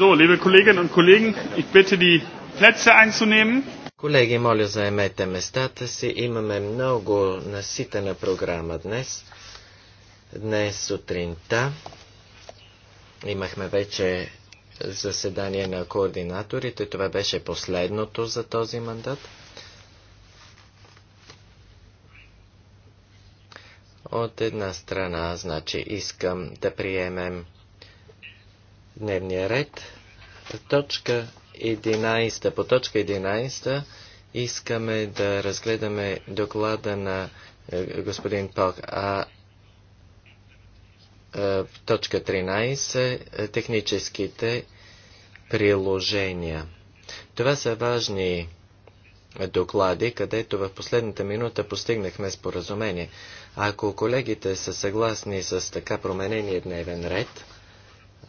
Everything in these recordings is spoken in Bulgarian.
So, liebe Kolleginnen und Kollegen, ich bitte die Plätze einzunehmen. Колеги, моля заемете местата си. Имаме много наситена програма днес. Днес сутринта имахме вече заседание на координаторите. Това беше последното за този мандат. От една страна, значи, искам да приемем дневния ред. Точка 11. По точка 11 искаме да разгледаме доклада на е, господин Пок, а е, точка 13 е, техническите приложения. Това са важни доклади, където в последната минута постигнахме споразумение. Ако колегите са съгласни с така променения дневен ред,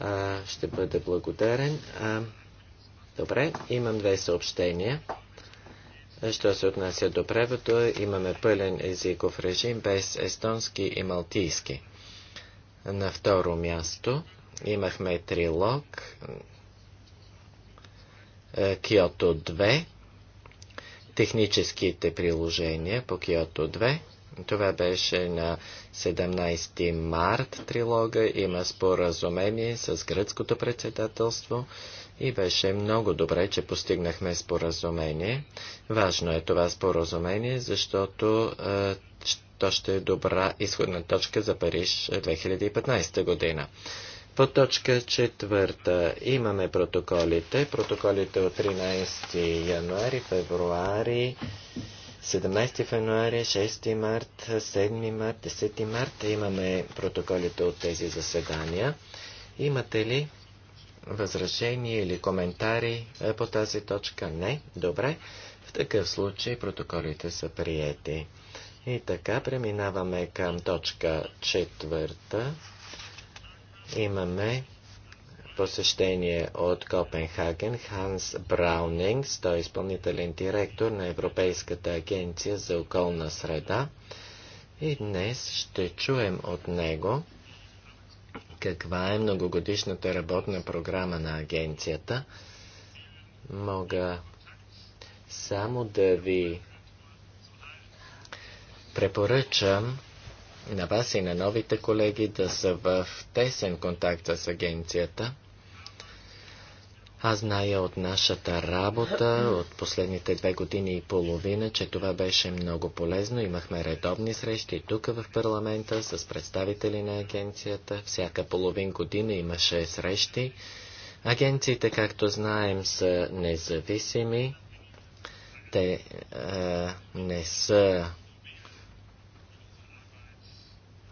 а, ще бъда благодарен. А, добре, имам две съобщения. Що се отнася до превода, имаме пълен езиков режим без естонски и малтийски. На второ място имахме трилог Киото 2, техническите приложения по Киото 2 това беше на 17 март трилога. Има споразумение с гръцкото председателство и беше много добре, че постигнахме споразумение. Важно е това споразумение, защото е, то ще е добра изходна точка за Париж 2015 е, година. По точка четвърта имаме протоколите. Протоколите от 13 януари, февруари, 17 февруари, 6 март, 7 март, 10 март имаме протоколите от тези заседания. Имате ли възражения или коментари е, по тази точка? Не? Добре. В такъв случай протоколите са приети. И така преминаваме към точка четвърта. Имаме посещение от Копенхаген Ханс Браунингс, той е изпълнителен директор на Европейската агенция за околна среда. И днес ще чуем от него каква е многогодишната работна програма на агенцията. Мога само да ви препоръчам на вас и на новите колеги да са в тесен контакт с агенцията. Аз зная от нашата работа от последните две години и половина, че това беше много полезно. Имахме редовни срещи тук в парламента с представители на агенцията. Всяка половин година имаше срещи. Агенциите, както знаем, са независими. Те а, е, не са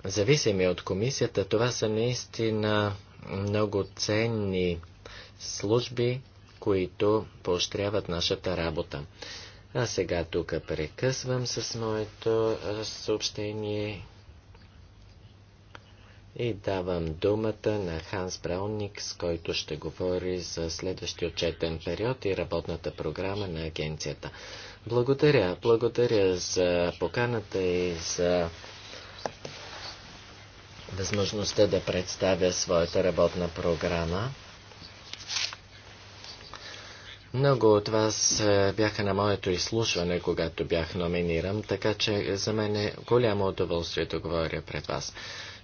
зависими от комисията. Това са наистина много ценни служби, които поощряват нашата работа. А сега тук прекъсвам с моето съобщение и давам думата на Ханс Брауник, с който ще говори за следващия отчетен период и работната програма на агенцията. Благодаря, благодаря за поканата и за възможността да представя своята работна програма. Много от вас е, бяха на моето изслушване, когато бях номиниран, така че за мен е голямо удоволствие да говоря пред вас.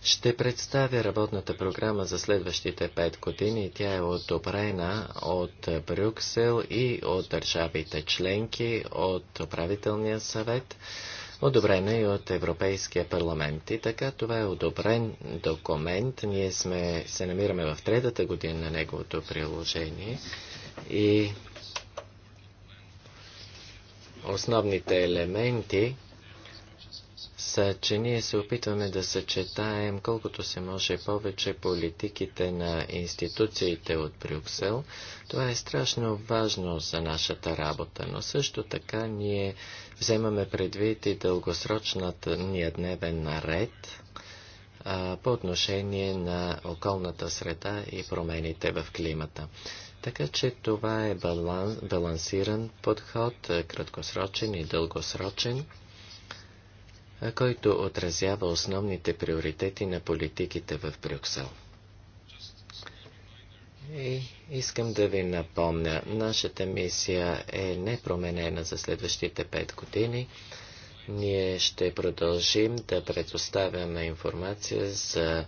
Ще представя работната програма за следващите пет години. Тя е одобрена от Брюксел и от държавите членки, от управителния съвет, одобрена е и от Европейския парламент. И така това е одобрен документ. Ние сме, се намираме в третата година на неговото приложение и основните елементи са, че ние се опитваме да съчетаем колкото се може повече политиките на институциите от Брюксел. Това е страшно важно за нашата работа, но също така ние вземаме предвид и дългосрочната ни дневен наред а, по отношение на околната среда и промените в климата. Така че това е баланс, балансиран подход, е, краткосрочен и дългосрочен, е, който отразява основните приоритети на политиките в Брюксел. И искам да ви напомня, нашата мисия е непроменена за следващите пет години. Ние ще продължим да предоставяме информация за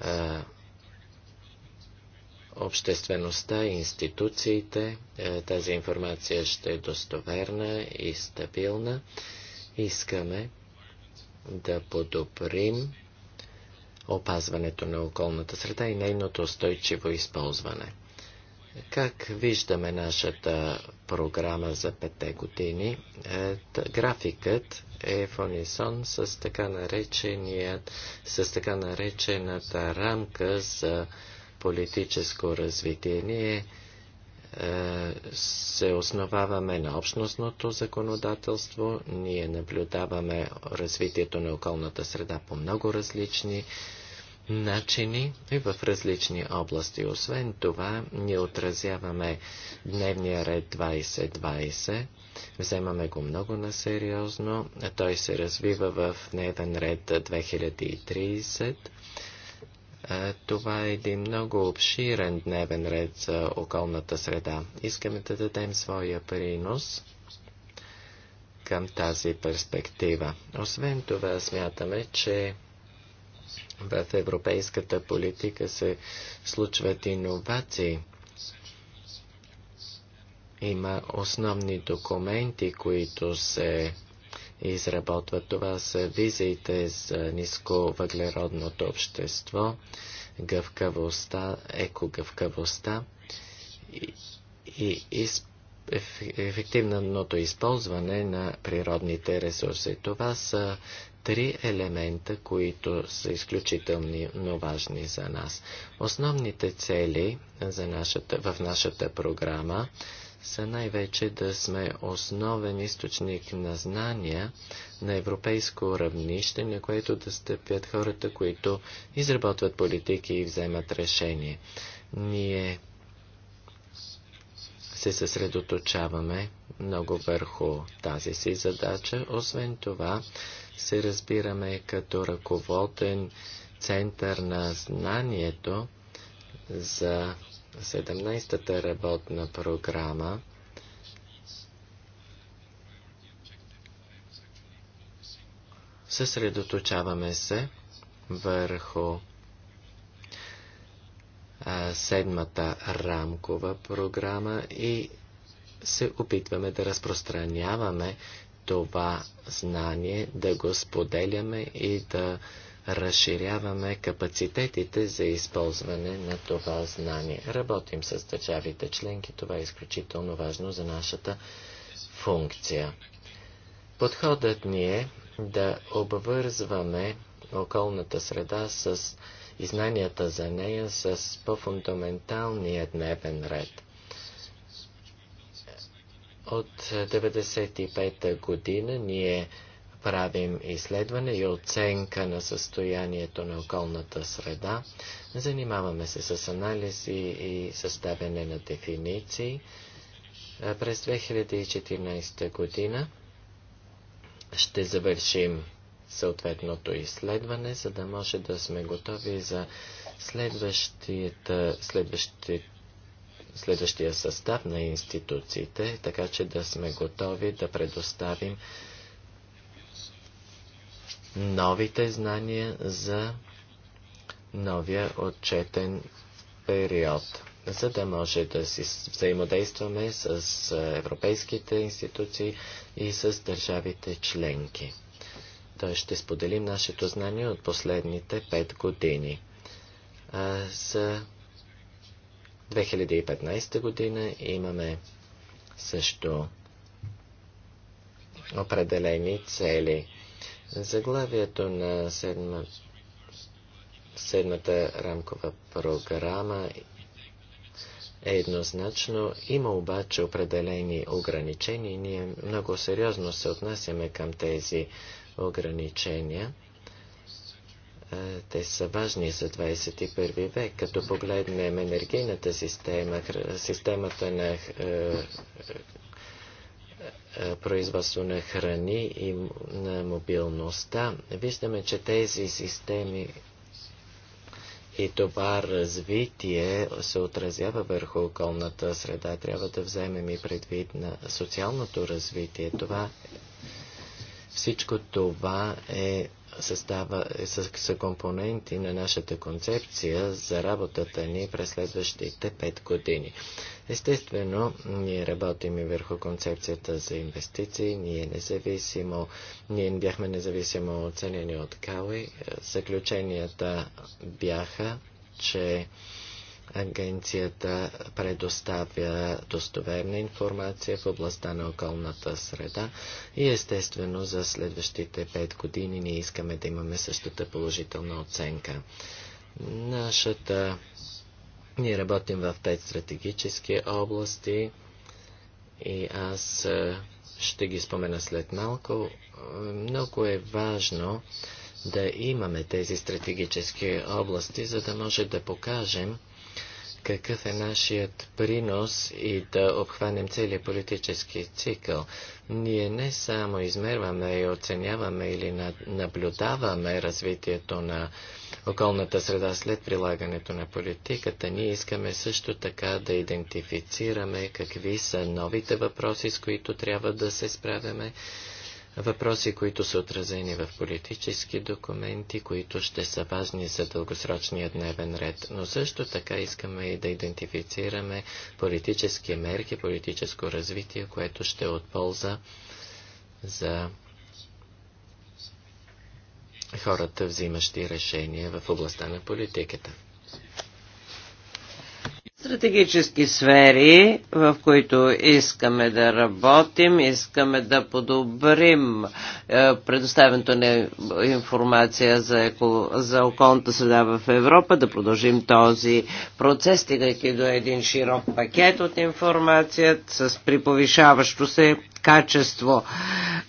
а, е, обществеността институциите. Е, тази информация ще е достоверна и стабилна. Искаме да подобрим опазването на околната среда и нейното устойчиво използване. Как виждаме нашата програма за пете години? Е, графикът е в унисон с така, с така наречената рамка за политическо развитие. Ние е, се основаваме на общностното законодателство, ние наблюдаваме развитието на околната среда по много различни начини и в различни области. Освен това, ние отразяваме дневния ред 2020, вземаме го много насериозно, той се развива в дневен ред 2030 това е един много обширен дневен ред за околната среда. Искаме да дадем своя принос към тази перспектива. Освен това, смятаме, че в европейската политика се случват иновации. Има основни документи, които се изработват. Това са визиите за нисковъглеродното общество, гъвкавостта, екогъвкавостта и, и, ефективното използване на природните ресурси. Това са три елемента, които са изключително важни за нас. Основните цели за нашата, в нашата програма са най-вече да сме основен източник на знания на европейско равнище, на което да стъпят хората, които изработват политики и вземат решение. Ние се съсредоточаваме много върху тази си задача. Освен това, се разбираме като ръководен център на знанието за 17-та работна програма съсредоточаваме се върху седмата рамкова програма и се опитваме да разпространяваме това знание, да го споделяме и да разширяваме капацитетите за използване на това знание. Работим с държавите членки, това е изключително важно за нашата функция. Подходът ни е да обвързваме околната среда с и знанията за нея с по-фундаменталния дневен ред. От 1995 година ние правим изследване и оценка на състоянието на околната среда. Занимаваме се с анализи и, съставяне на дефиниции. През 2014 година ще завършим съответното изследване, за да може да сме готови за следващия, следващия състав на институциите, така че да сме готови да предоставим новите знания за новия отчетен период, за да може да си взаимодействаме с европейските институции и с държавите членки. Той ще споделим нашето знание от последните 5 години. За 2015 година имаме също определени цели. Заглавието на седма, седмата рамкова програма е еднозначно. Има обаче определени ограничения и ние много сериозно се отнасяме към тези ограничения. Е, те са важни за 21 век. Като погледнем енергийната система, системата на е, производство на храни и на мобилността, виждаме, че тези системи и това развитие се отразява върху околната среда. Трябва да вземем и предвид на социалното развитие. Това, всичко това е състава, е, са, са компоненти на нашата концепция за работата ни през следващите 5 години. Естествено, ние работим и върху концепцията за инвестиции. Ние независимо, ние бяхме независимо оценени от Кауи. Заключенията бяха, че Агенцията предоставя достоверна информация в областта на околната среда и естествено за следващите 5 години ние искаме да имаме същата положителна оценка. Нашата... Ние работим в 5 стратегически области и аз ще ги спомена след малко. Много е важно да имаме тези стратегически области, за да може да покажем, какъв е нашият принос и да обхванем целият политически цикъл. Ние не само измерваме и оценяваме или наблюдаваме развитието на околната среда след прилагането на политиката, ние искаме също така да идентифицираме какви са новите въпроси, с които трябва да се справяме въпроси, които са отразени в политически документи, които ще са важни за дългосрочния дневен ред. Но също така искаме и да идентифицираме политически мерки, политическо развитие, което ще е от полза за хората, взимащи решения в областта на политиката стратегически сфери, в които искаме да работим, искаме да подобрим е, предоставянето на информация за, еко, за околната среда в Европа, да продължим този процес, стигайки до един широк пакет от информация с приповишаващо се качество,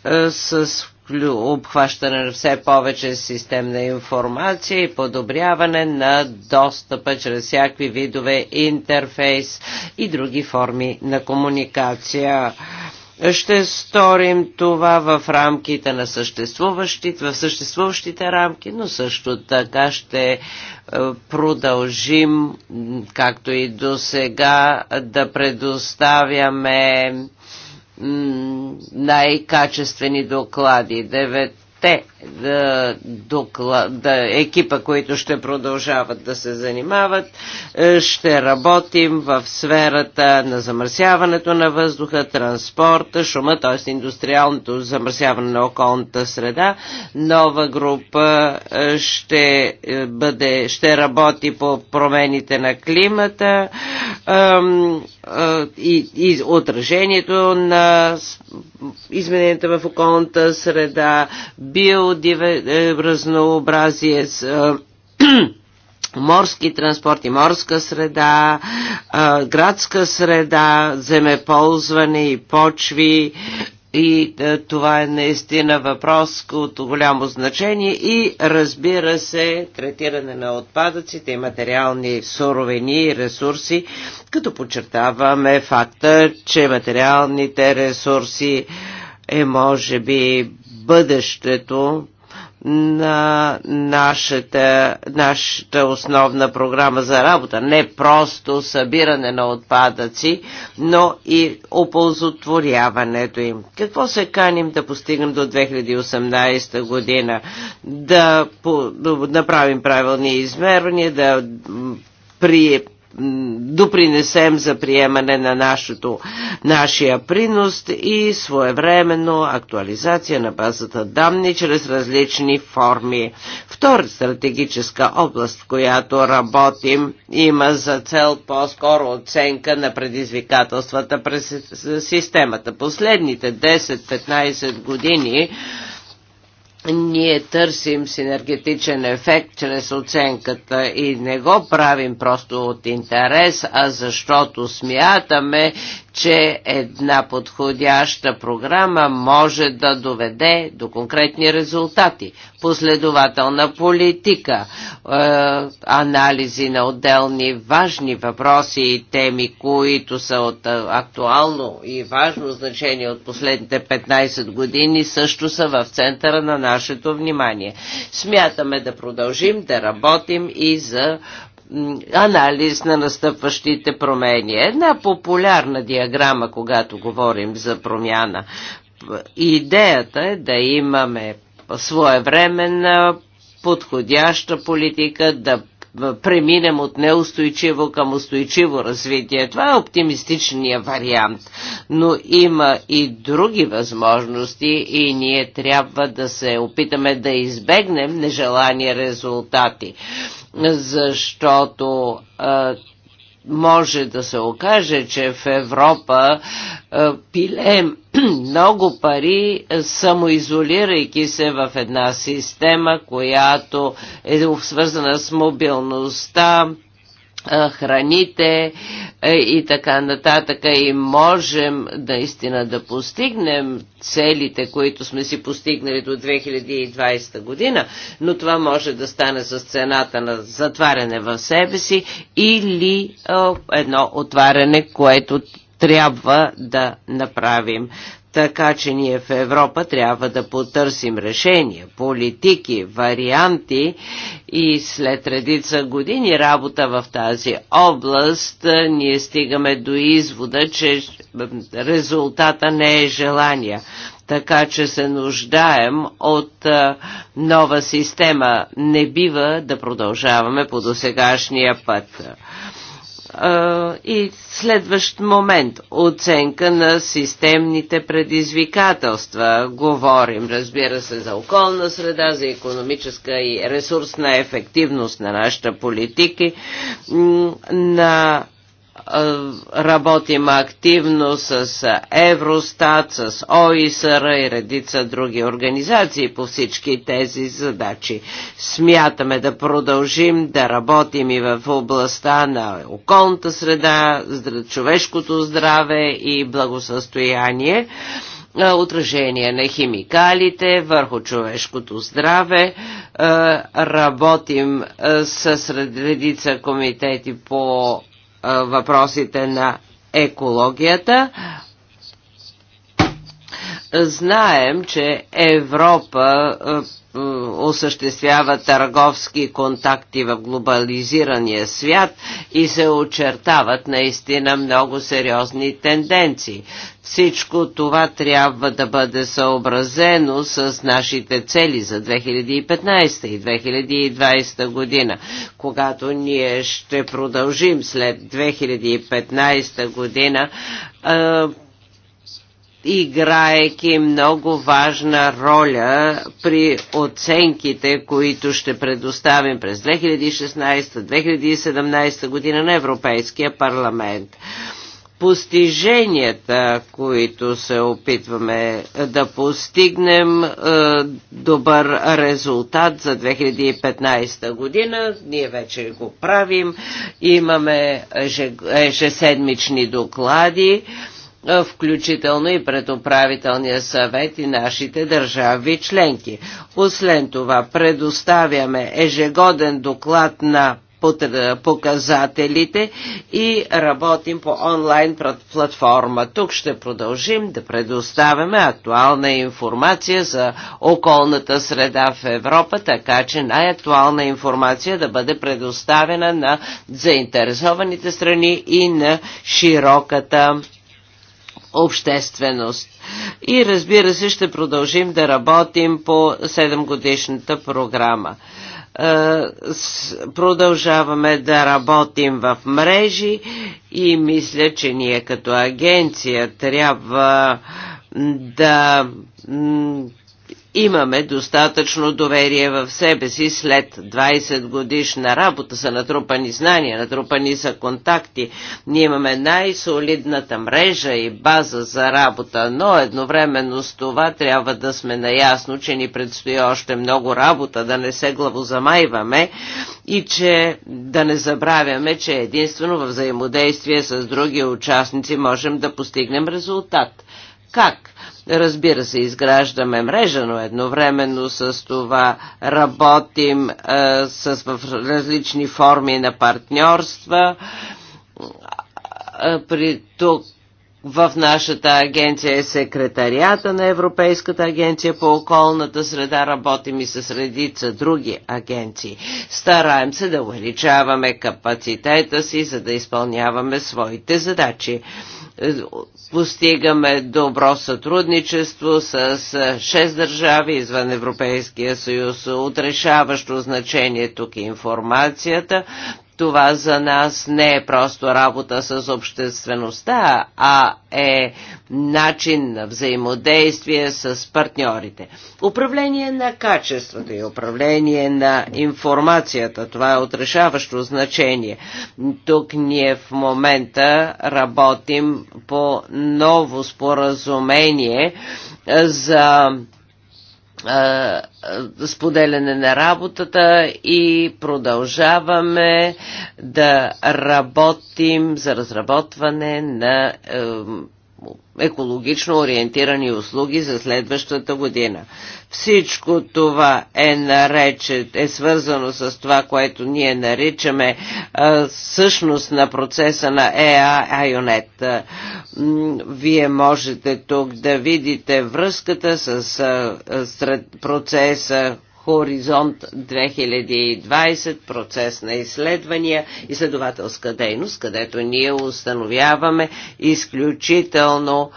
е, с обхващане на все повече системна информация и подобряване на достъпа чрез всякакви видове интерфейс и други форми на комуникация. Ще сторим това в рамките на съществуващите, в съществуващите рамки, но също така ще е, продължим, както и до сега, да предоставяме най-качествени доклади, те да, докла, да, екипа, които ще продължават да се занимават, е, ще работим в сферата на замърсяването на въздуха, транспорта, шума, т.е. индустриалното замърсяване на околната среда. Нова група е, ще, е, бъде, ще работи по промените на климата и, и отражението на измененията в околната среда, биоразнообразие, морски транспорт и морска среда, градска среда, земеползване и почви, и това е наистина въпрос от голямо значение и разбира се третиране на отпадъците и материални суровини и ресурси, като подчертаваме факта, че материалните ресурси е може би бъдещето на нашата, нашата основна програма за работа. Не просто събиране на отпадъци, но и оползотворяването им. Какво се каним да постигнем до 2018 година? Да, по, да направим правилни измервания, да при допринесем за приемане на нашото, нашия принос и своевременно актуализация на базата данни чрез различни форми. Втора стратегическа област, в която работим, има за цел по-скоро оценка на предизвикателствата през системата. Последните 10-15 години ние търсим синергетичен ефект чрез оценката и не го правим просто от интерес, а защото смятаме, че една подходяща програма може да доведе до конкретни резултати, последователна политика, е, анализи на отделни важни въпроси и теми, които са от е, актуално и важно значение от последните 15 години, също са в центъра на нашата вашето внимание. Смятаме да продължим да работим и за анализ на настъпващите промени. Една популярна диаграма, когато говорим за промяна. Идеята е да имаме своевременна подходяща политика да преминем от неустойчиво към устойчиво развитие. Това е оптимистичният вариант, но има и други възможности и ние трябва да се опитаме да избегнем нежелани резултати, защото може да се окаже, че в Европа е, пиле много пари, самоизолирайки се в една система, която е свързана с мобилността, храните е, и така нататък и можем наистина да постигнем целите, които сме си постигнали до 2020 година, но това може да стане с цената на затваряне в себе си или едно отваряне, което трябва да направим. Така че ние в Европа трябва да потърсим решения, политики, варианти и след редица години работа в тази област ние стигаме до извода, че е, резултата не е желания така че се нуждаем от нова система. Не бива да продължаваме по досегашния път и следващ момент оценка на системните предизвикателства. Говорим, разбира се, за околна среда, за економическа и ресурсна ефективност на нашите политики, на Работим активно с Евростат, с ОИСР и редица други организации по всички тези задачи. Смятаме да продължим да работим и в областта на околната среда, човешкото здраве и благосъстояние отражение на химикалите върху човешкото здраве. Работим с редица комитети по въпросите на екологията. Знаем, че Европа осъществява търговски контакти в глобализирания свят и се очертават наистина много сериозни тенденции. Всичко това трябва да бъде съобразено с нашите цели за 2015 и 2020 година, когато ние ще продължим след 2015 година играеки много важна роля при оценките, които ще предоставим през 2016-2017 година на Европейския парламент. Постиженията, които се опитваме да постигнем, е, добър резултат за 2015 година, ние вече го правим, имаме ежеседмични доклади, включително и пред управителния съвет и нашите държави членки. Освен това, предоставяме ежегоден доклад на показателите и работим по онлайн платформа. Тук ще продължим да предоставяме актуална информация за околната среда в Европа, така че най-актуална информация да бъде предоставена на заинтересованите страни и на широката общественост. И разбира се, ще продължим да работим по 7 годишната програма е, продължаваме да работим в мрежи и мисля, че ние като агенция трябва да имаме достатъчно доверие в себе си след 20 годишна работа, са натрупани знания, натрупани са контакти. Ние имаме най-солидната мрежа и база за работа, но едновременно с това трябва да сме наясно, че ни предстои още много работа, да не се главозамайваме и че да не забравяме, че единствено в взаимодействие с други участници можем да постигнем резултат. Как? Разбира се, изграждаме мрежа, но едновременно с това работим а, е, с, в различни форми на партньорства. А, е, при тук в нашата агенция е секретарията на Европейската агенция по околната среда. Работим и с редица други агенции. Стараем се да увеличаваме капацитета си, за да изпълняваме своите задачи постигаме добро сътрудничество с шест държави извън Европейския съюз. Отрешаващо значение тук е информацията. Това за нас не е просто работа с обществеността, а е начин на взаимодействие с партньорите. Управление на качеството и управление на информацията, това е отрешаващо значение. Тук ние в момента работим по ново споразумение за споделяне на работата и продължаваме да работим за разработване на екологично ориентирани услуги за следващата година. Всичко това е, нарече, е свързано с това, което ние наричаме а, същност на процеса на ЕА Айонет. Вие можете тук да видите връзката с а, процеса Хоризонт 2020, процес на изследвания, и следователска дейност, където ние установяваме изключително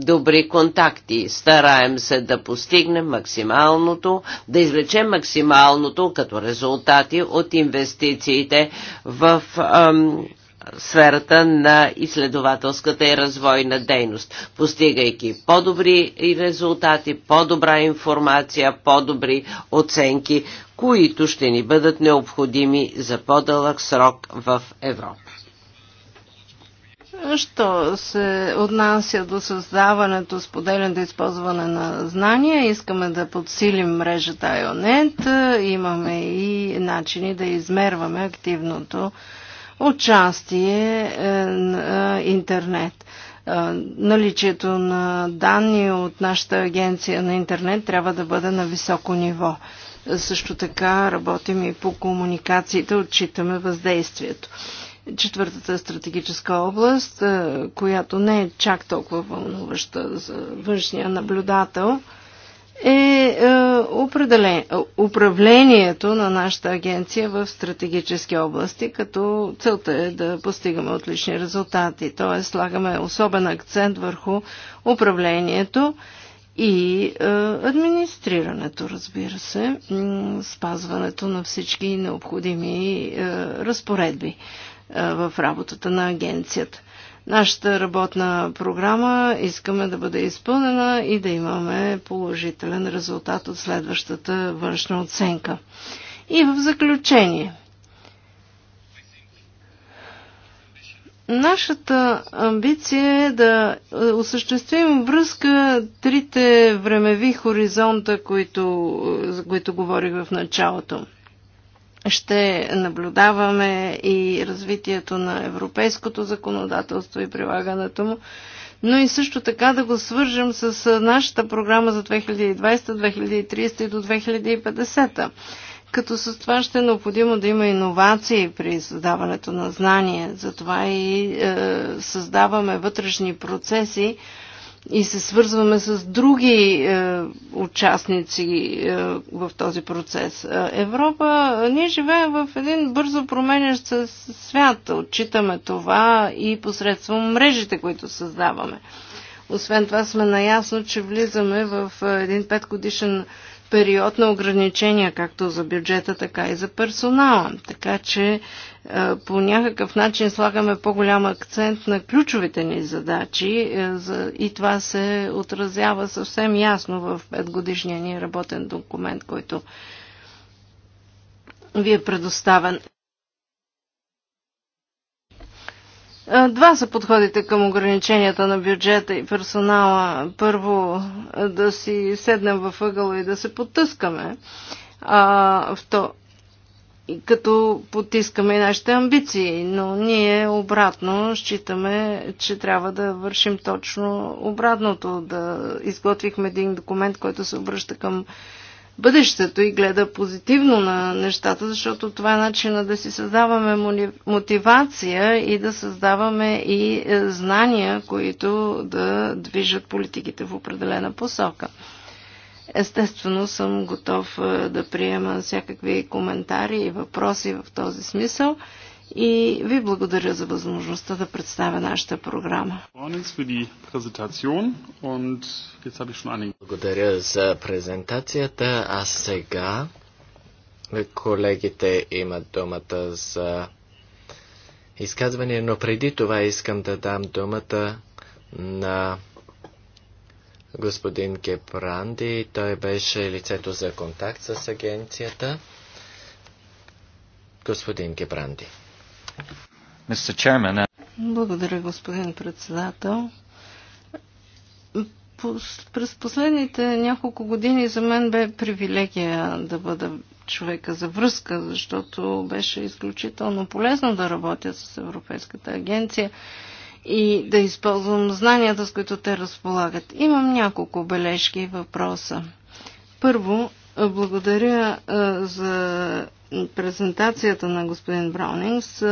добри контакти. Стараем се да постигнем максималното, да извлечем максималното като резултати от инвестициите в сферата на изследователската и развойна дейност, постигайки по-добри резултати, по-добра информация, по-добри оценки, които ще ни бъдат необходими за по-дълъг срок в Европа. Що се отнася до създаването, споделянето и използване на знания, искаме да подсилим мрежата IONET. Имаме и начини да измерваме активното участие е, на е, интернет. Е, наличието на данни от нашата агенция на интернет трябва да бъде на високо ниво. Също така работим и по комуникациите, отчитаме въздействието. Четвъртата стратегическа област, която не е чак толкова вълнуваща за външния наблюдател – е, е управлението на нашата агенция в стратегически области, като целта е да постигаме отлични резултати. Т.е. слагаме особен акцент върху управлението и е, администрирането, разбира се, спазването на всички необходими е, разпоредби е, в работата на агенцията. Нашата работна програма искаме да бъде изпълнена и да имаме положителен резултат от следващата външна оценка. И в заключение. Нашата амбиция е да осъществим връзка трите времеви хоризонта, които, за които говорих в началото ще наблюдаваме и развитието на европейското законодателство и прилагането му, но и също така да го свържем с нашата програма за 2020, 2030 и до 2050. Като с това ще е необходимо да има иновации при създаването на знания, затова и е, създаваме вътрешни процеси, и се свързваме с други е, участници е, в този процес. Е, Европа, ние живеем в един бързо променящ се свят. Отчитаме това и посредством мрежите, които създаваме. Освен това сме наясно, че влизаме в е, един петгодишен годишен период на ограничения, както за бюджета, така и за персонала. Така че е, по някакъв начин слагаме по-голям акцент на ключовите ни задачи е, и това се отразява съвсем ясно в петгодишния ни работен документ, който ви е предоставен. Два са подходите към ограниченията на бюджета и персонала. Първо да си седнем във ъгъла и да се потъскаме. А, вто, като потискаме и нашите амбиции, но ние обратно считаме, че трябва да вършим точно обратното, да изготвихме един документ, който се обръща към бъдещето и гледа позитивно на нещата, защото това е начина да си създаваме мотивация и да създаваме и е, знания, които да движат политиките в определена посока. Естествено съм готов е, да приема всякакви коментари и въпроси в този смисъл и ви благодаря за възможността да представя нашата програма. Благодаря за презентацията, а сега колегите имат думата за изказване, но преди това искам да дам думата на господин Кепранди, Той беше лицето за контакт с агенцията. Господин Кепранди. Uh, благодаря, господин председател. През последните няколко години за мен бе привилегия да бъда човека за връзка, защото беше изключително полезно да работя с Европейската агенция и да използвам знанията, с които те разполагат. Имам няколко бележки и въпроса. Първо, благодаря за презентацията на господин Браунингс,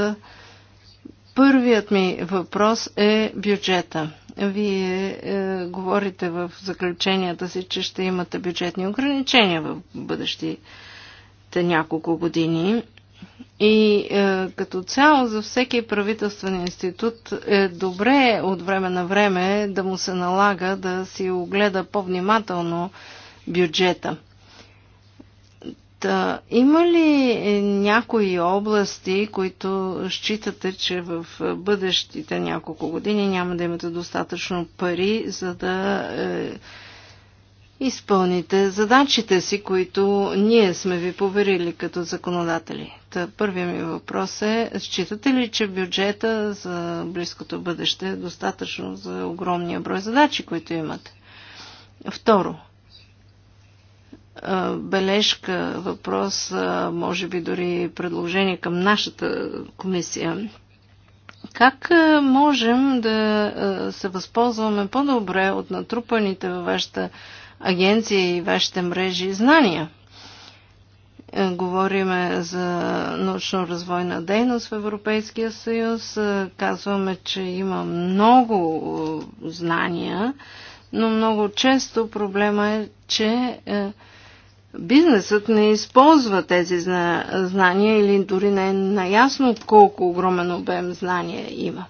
първият ми въпрос е бюджета. Вие е, говорите в заключенията си, че ще имате бюджетни ограничения в бъдещите няколко години. И е, като цяло за всеки правителствен институт е добре от време на време да му се налага да си огледа по-внимателно бюджета. Та, има ли е, някои области, които считате, че в е, бъдещите няколко години няма да имате достатъчно пари, за да е, изпълните задачите си, които ние сме ви поверили като законодатели? Та, първият ми въпрос е, считате ли, че бюджета за близкото бъдеще е достатъчно за огромния брой задачи, които имате? Второ, бележка, въпрос, може би дори предложение към нашата комисия. Как можем да се възползваме по-добре от натрупаните във вашата агенция и вашите мрежи и знания? Е, говориме за научно-развойна дейност в Европейския съюз. Е, казваме, че има много е, знания, но много често проблема е, че бизнесът не използва тези знания или дори не е наясно колко огромен обем знания има.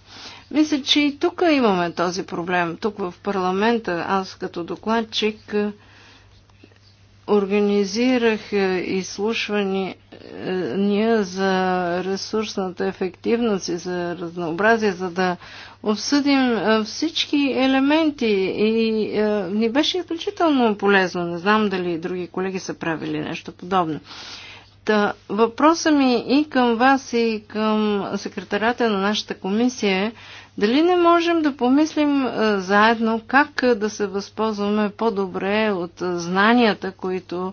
Мисля, че и тук имаме този проблем. Тук в парламента аз като докладчик Организирах е, изслушвания е, за ресурсната ефективност и за разнообразие, за да обсъдим е, всички елементи и ни беше изключително полезно. Не знам дали други колеги са правили нещо подобно. Та, въпросът ми и към вас, и към секретарата на нашата комисия е дали не можем да помислим е, заедно как е, да се възползваме по-добре от е, знанията, които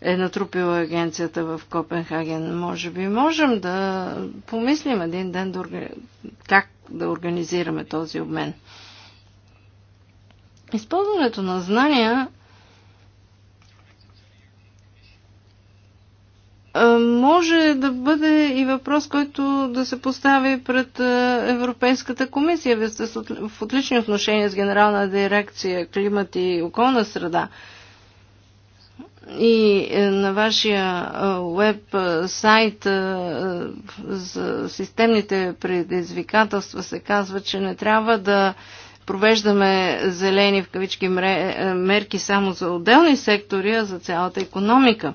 е натрупила агенцията в Копенхаген? Може би можем да помислим един ден да, как да организираме този обмен. Използването на знания Е, може да бъде и въпрос, който да се постави пред е, Европейската комисия. Вие сте в отлични отношения с Генерална дирекция Климат и околна среда. И е, на вашия веб сайт за системните предизвикателства се казва, че не трябва да провеждаме зелени в кавички мерки само за отделни сектори, а за цялата економика.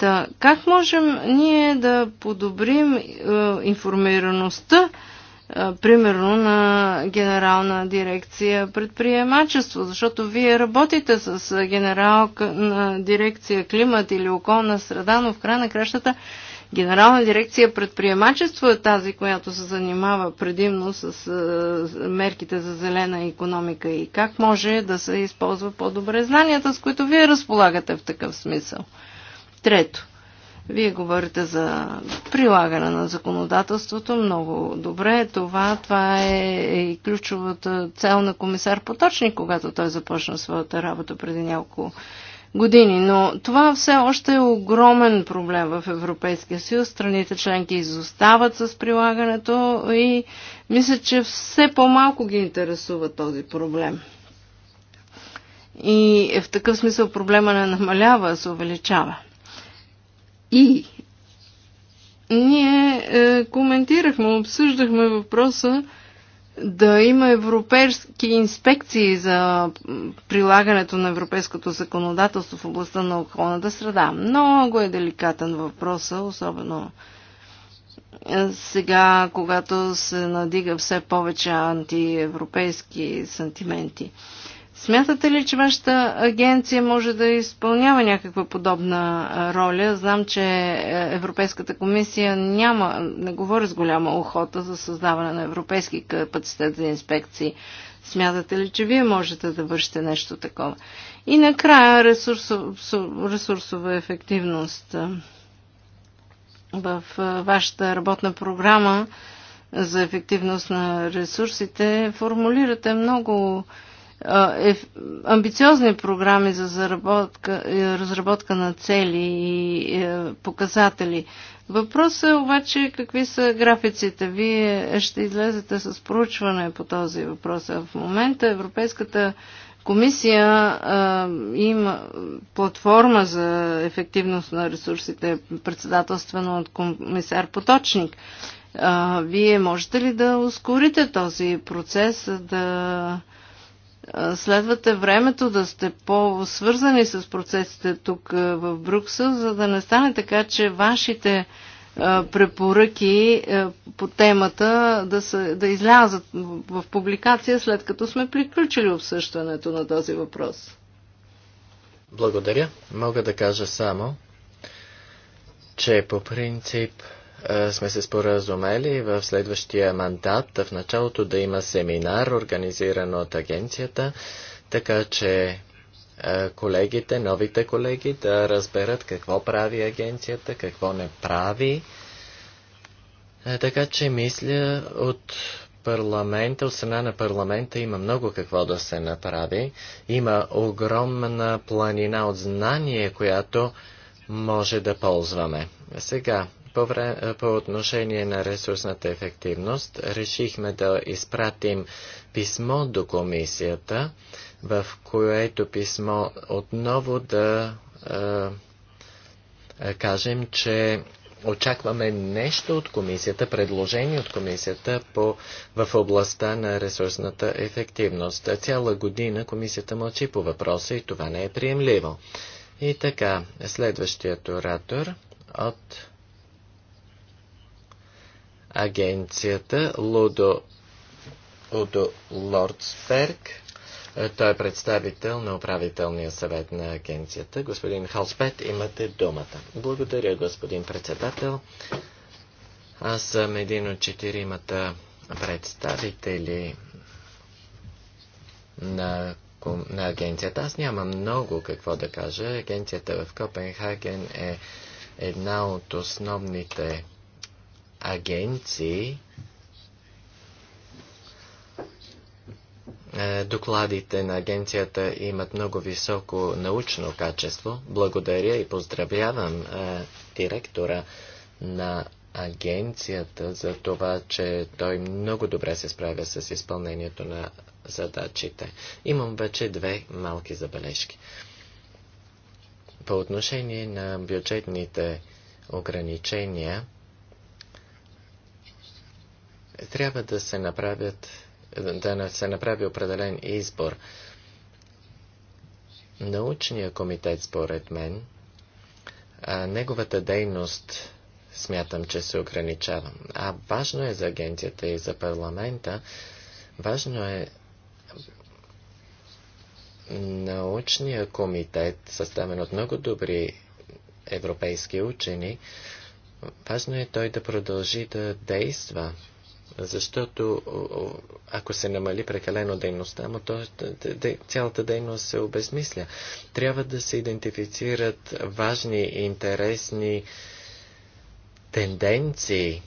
Та, как можем ние да подобрим е, информираността, е, примерно на генерална дирекция предприемачество, защото вие работите с генерал на дирекция климат или околна среда, но в край на кращата генерална дирекция предприемачество е тази, която се занимава предимно с е, мерките за зелена економика и как може да се използва по-добре знанията, с които вие разполагате в такъв смисъл. Трето, вие говорите за прилагане на законодателството. Много добре. Това, това е, е и ключовата цел на комисар Поточник, когато той започна своята работа преди няколко години. Но това все още е огромен проблем в Европейския съюз. Страните членки изостават с прилагането и мисля, че все по-малко ги интересува този проблем. И в такъв смисъл проблема не намалява, а се увеличава. И ние е, коментирахме, обсъждахме въпроса да има европейски инспекции за прилагането на европейското законодателство в областта на околната среда. Много е деликатен въпрос, особено е, сега, когато се надига все повече антиевропейски сантименти. Смятате ли, че вашата агенция може да изпълнява някаква подобна роля? Знам, че е, Европейската комисия няма, не говори с голяма охота за създаване на европейски капацитет за инспекции. Смятате ли, че вие можете да вършите нещо такова? И накрая ресурсова, ресурсова ефективност. В вашата работна програма за ефективност на ресурсите формулирате много е, амбициозни програми за заработка, е, разработка на цели и е, показатели. Въпросът е обаче какви са графиците. Вие ще излезете с проучване по този въпрос. А в момента Европейската комисия има платформа за ефективност на ресурсите, председателствено от комисар Поточник. вие можете ли да ускорите този процес, да следвате времето да сте по-свързани с процесите тук в Бруксел, за да не стане така, че вашите препоръки по темата да, се, да излязат в публикация, след като сме приключили обсъждането на този въпрос. Благодаря. Мога да кажа само, че по принцип е, сме се споразумели в следващия мандат в началото да има семинар, организиран от агенцията, така че е, колегите, новите колеги да разберат какво прави агенцията, какво не прави. Е, така че мисля от парламента, от страна на парламента има много какво да се направи. Има огромна планина от знание, която може да ползваме. Сега, по, вре... по отношение на ресурсната ефективност, решихме да изпратим писмо до комисията, в което писмо отново да е, кажем, че очакваме нещо от комисията, предложение от комисията по, в областта на ресурсната ефективност. Цяла година комисията мълчи по въпроса и това не е приемливо. И така, следващият оратор от агенцията Лудо, Лудо Лордсберг. Е, той е представител на управителния съвет на агенцията. Господин Халспет, имате думата. Благодаря, господин председател. Аз съм един от четиримата представители на, на агенцията. Аз нямам много какво да кажа. Агенцията в Копенхаген е една от основните агенции е, Докладите на агенцията имат много високо научно качество. Благодаря и поздравявам е, директора на агенцията за това, че той много добре се справя с изпълнението на задачите. Имам вече две малки забележки. По отношение на бюджетните ограничения, трябва да се, направят, да се направи определен избор. Научния комитет, според мен, а, неговата дейност смятам, че се ограничава. А важно е за агенцията и за парламента, важно е научния комитет, съставен от много добри европейски учени, важно е той да продължи да действа защото ако се намали прекалено дейността, му, то, цялата дейност се обезмисля. Трябва да се идентифицират важни и интересни тенденции.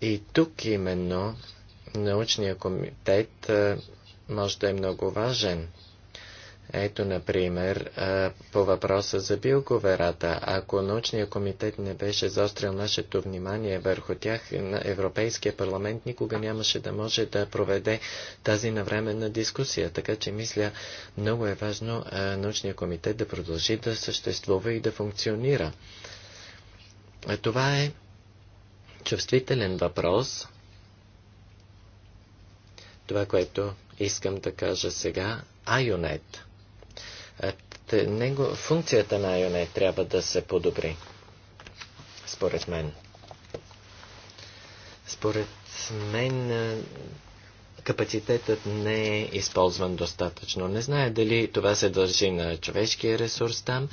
И тук именно научния комитет е, може да е много важен. Ето, например, по въпроса за билковерата. ако научният комитет не беше заострил нашето внимание върху тях, Европейския парламент никога нямаше да може да проведе тази навременна дискусия. Така че, мисля, много е важно научният комитет да продължи да съществува и да функционира. Това е чувствителен въпрос. Това, което искам да кажа сега, Айонет – е, него, функцията на Айоне трябва да се подобри, според мен. Според мен е, капацитетът не е използван достатъчно. Не знае дали това се дължи на човешкия ресурс там,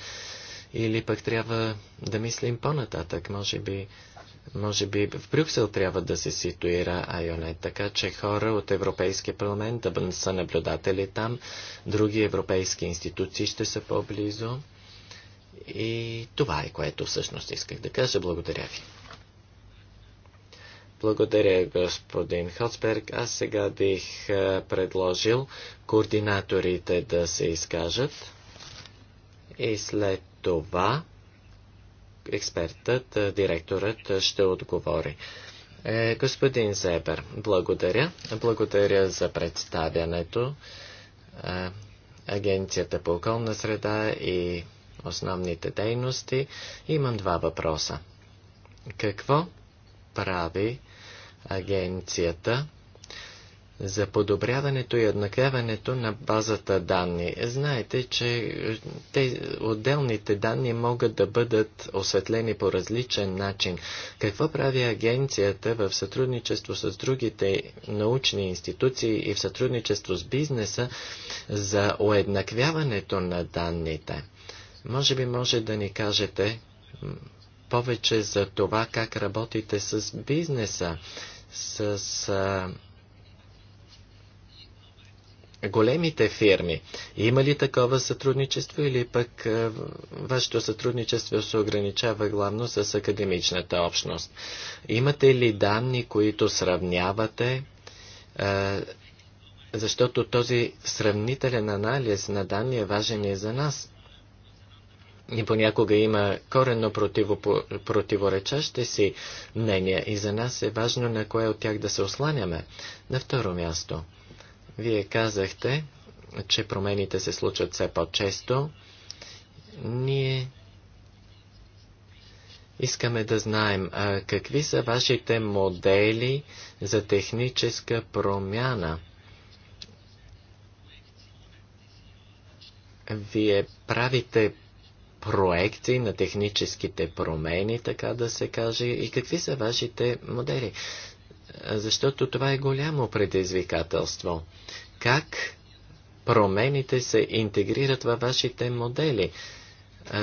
или пък трябва да мислим по-нататък. Може би може би в Брюксел трябва да се ситуира Айонет, така че хора от Европейския парламент да са наблюдатели там, други европейски институции ще са по-близо. И това е което всъщност исках да кажа. Благодаря ви. Благодаря, господин Хоцберг. Аз сега бих е, предложил координаторите да се изкажат и след това експертът, директорът ще отговори. Е, господин Зебер, благодаря. Благодаря за представянето. Е, Агенцията по околна среда и основните дейности. Имам два въпроса. Какво прави агенцията за подобряването и еднакряването на базата данни. Знаете, че те, отделните данни могат да бъдат осветлени по различен начин. Какво прави агенцията в сътрудничество с другите научни институции и в сътрудничество с бизнеса за уеднаквяването на данните? Може би може да ни кажете повече за това как работите с бизнеса, с големите фирми. Има ли такова сътрудничество или пък е, вашето сътрудничество се ограничава главно с академичната общност? Имате ли данни, които сравнявате? Е, защото този сравнителен анализ на данни е важен и за нас. И понякога има коренно противоречащи си мнения и за нас е важно на кое от тях да се осланяме. На второ място – вие казахте, че промените се случат все по-често. Ние искаме да знаем а, какви са вашите модели за техническа промяна. Вие правите проекти на техническите промени, така да се каже, и какви са вашите модели защото това е голямо предизвикателство. Как промените се интегрират във вашите модели?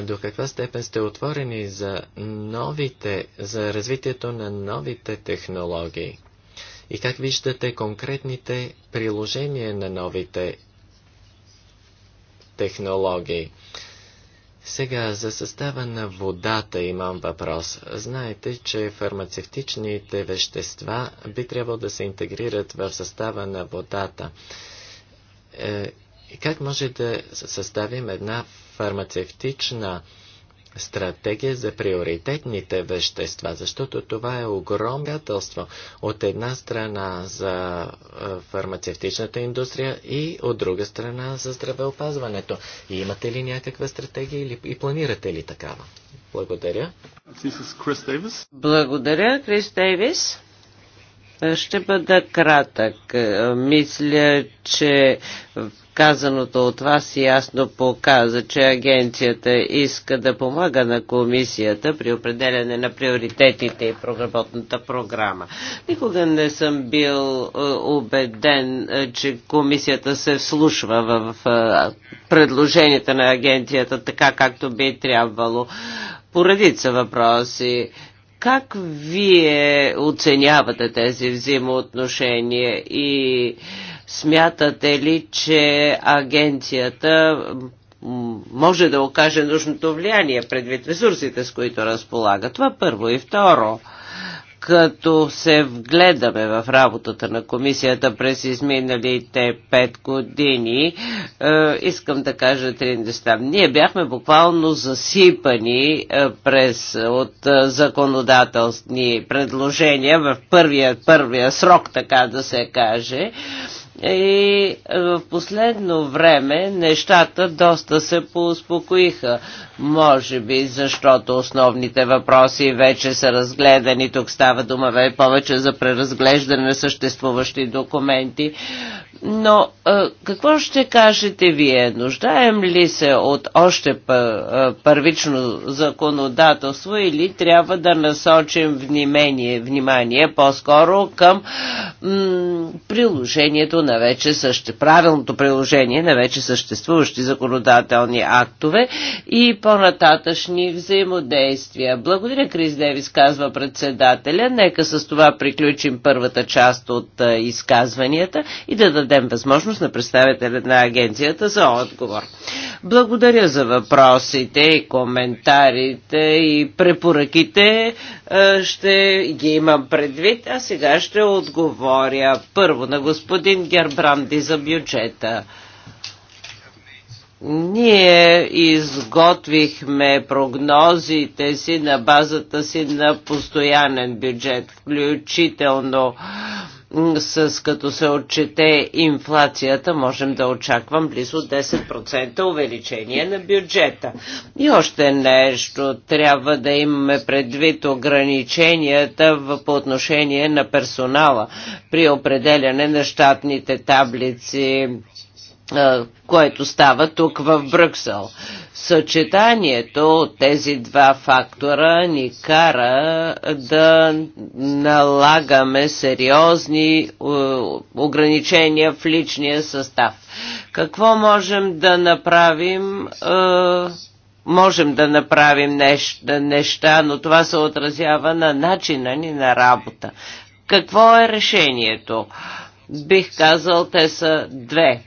До каква степен сте отворени за новите, за развитието на новите технологии? И как виждате конкретните приложения на новите технологии? Сега за състава на водата имам въпрос. Знаете, че фармацевтичните вещества би трябвало да се интегрират в състава на водата. Е, как може да съставим една фармацевтична стратегия за приоритетните вещества, защото това е огромнятелство. от една страна за фармацевтичната индустрия и от друга страна за здравеопазването. И имате ли някаква стратегия или и планирате ли такава? Благодаря. Благодаря, Крис Дейвис. Ще бъда кратък. Мисля, че Казаното от вас ясно показа, че агенцията иска да помага на комисията при определяне на приоритетите и проработната програма. Никога не съм бил е, убеден, е, че комисията се вслушва в е, предложенията на агенцията така, както би трябвало. Поредица въпроси как вие оценявате тези взаимоотношения и Смятате ли, че агенцията може да окаже нужното влияние предвид ресурсите, с които разполага? Това първо. И второ, като се вгледаме в работата на комисията през изминалите пет години, е, искам да кажа три неща. Ние бяхме буквално засипани е, през от е, законодателни предложения в първия, първия срок, така да се каже. Е, и е, в последно време нещата доста се поуспокоиха. Може би, защото основните въпроси вече са разгледани. Тук става дума и повече за преразглеждане на съществуващи документи. Но е, какво ще кажете вие? Нуждаем ли се от още е, първично законодателство или трябва да насочим внимание, внимание по-скоро към приложението на вече съще, правилното приложение на вече съществуващи законодателни актове и по-нататъчни взаимодействия. Благодаря, Крис Девис, казва председателя. Нека с това приключим първата част от изказванията и да дадем възможност на представителя на агенцията за отговор. Благодаря за въпросите и коментарите и препоръките. Е, ще ги имам предвид, а сега ще отговоря първо на господин Гербранди за бюджета. Ние изготвихме прогнозите си на базата си на постоянен бюджет, включително с като се отчете инфлацията, можем да очаквам близо 10% увеличение на бюджета. И още нещо, трябва да имаме предвид ограниченията в, по отношение на персонала при определяне на щатните таблици което става тук в Брюксел. Съчетанието от тези два фактора ни кара да налагаме сериозни ограничения в личния състав. Какво можем да направим? Можем да направим неща, неща, но това се отразява на начина ни на работа. Какво е решението? Бих казал, те са две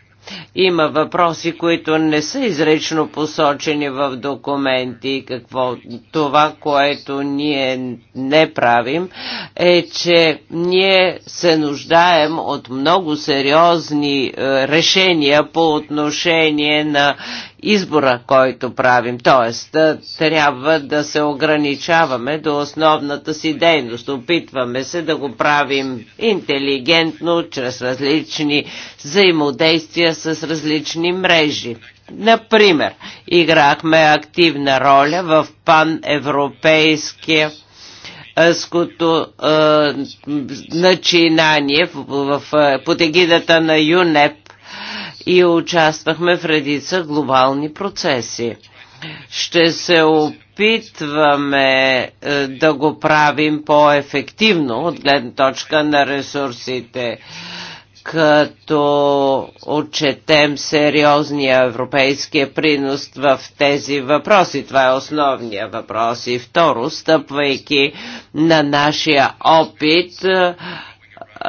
има въпроси, които не са изрично посочени в документи. Какво това, което ние не правим, е, че ние се нуждаем от много сериозни е, решения по отношение на избора, който правим. Тоест, трябва да се ограничаваме до основната си дейност. Опитваме се да го правим интелигентно, чрез различни взаимодействия с различни мрежи. Например, играхме активна роля в паневропейския ското е, начинание в, в, в, под егидата на ЮНЕП и участвахме в редица глобални процеси. Ще се опитваме е, да го правим по-ефективно от гледна точка на ресурсите като отчетем сериозния европейския принос в тези въпроси. Това е основния въпрос. И второ, стъпвайки на нашия опит, е,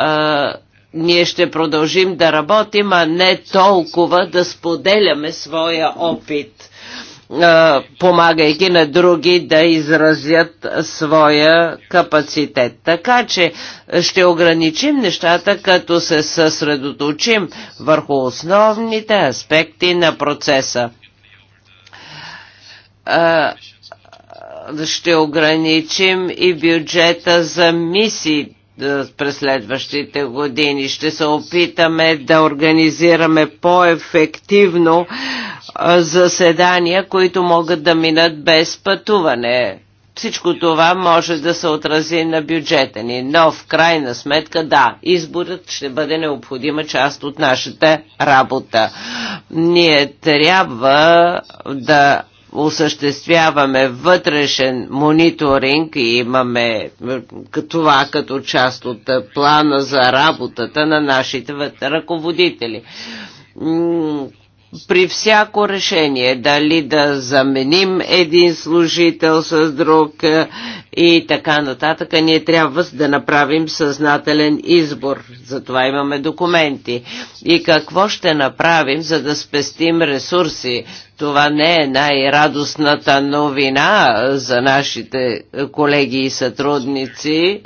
е, ние ще продължим да работим, а не толкова да споделяме своя опит, помагайки на други да изразят своя капацитет. Така че ще ограничим нещата, като се съсредоточим върху основните аспекти на процеса ще ограничим и бюджета за мисии. Е, през следващите години. Ще се опитаме да организираме по-ефективно е, заседания, които могат да минат без пътуване. Всичко това може да се отрази на бюджета ни, но в крайна сметка да, изборът ще бъде необходима част от нашата работа. Ние трябва да осъществяваме вътрешен мониторинг и имаме това като част от плана за работата на нашите ръководители. При всяко решение, дали да заменим един служител с друг и така нататък, ние трябва да направим съзнателен избор. Затова имаме документи. И какво ще направим, за да спестим ресурси? Това не е най-радостната новина за нашите колеги и сътрудници,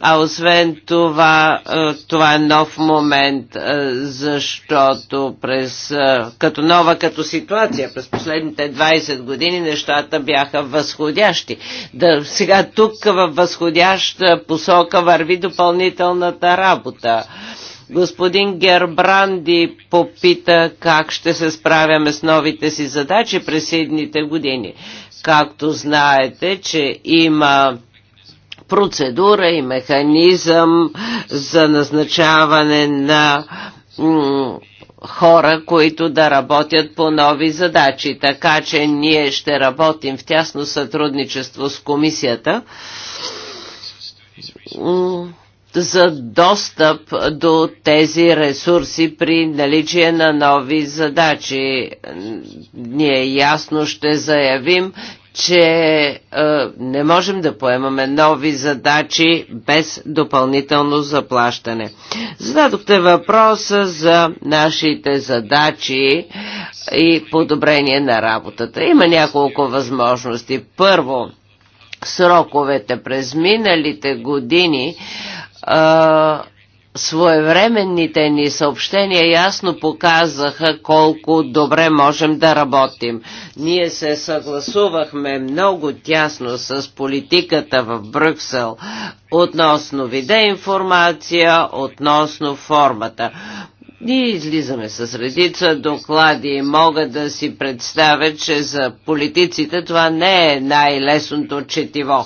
а освен това, е, това е нов момент, е, защото през, е, като нова като ситуация, през последните 20 години нещата бяха възходящи. Да, сега тук във възходяща посока върви допълнителната работа Господин Гербранди попита как ще се справяме с новите си задачи през едните години. Както знаете, че има процедура и механизъм за назначаване на хора, които да работят по нови задачи. Така че ние ще работим в тясно сътрудничество с комисията за достъп до тези ресурси при наличие на нови задачи. Ние ясно ще заявим, че е, не можем да поемаме нови задачи без допълнително заплащане. Зададохте въпроса за нашите задачи и подобрение на работата. Има няколко възможности. Първо, сроковете през миналите години а, своевременните ни съобщения ясно показаха колко добре можем да работим. Ние се съгласувахме много тясно с политиката в Брюксел относно вида информация, относно формата. Ние излизаме с редица доклади и мога да си представя, че за политиците това не е най-лесното четиво.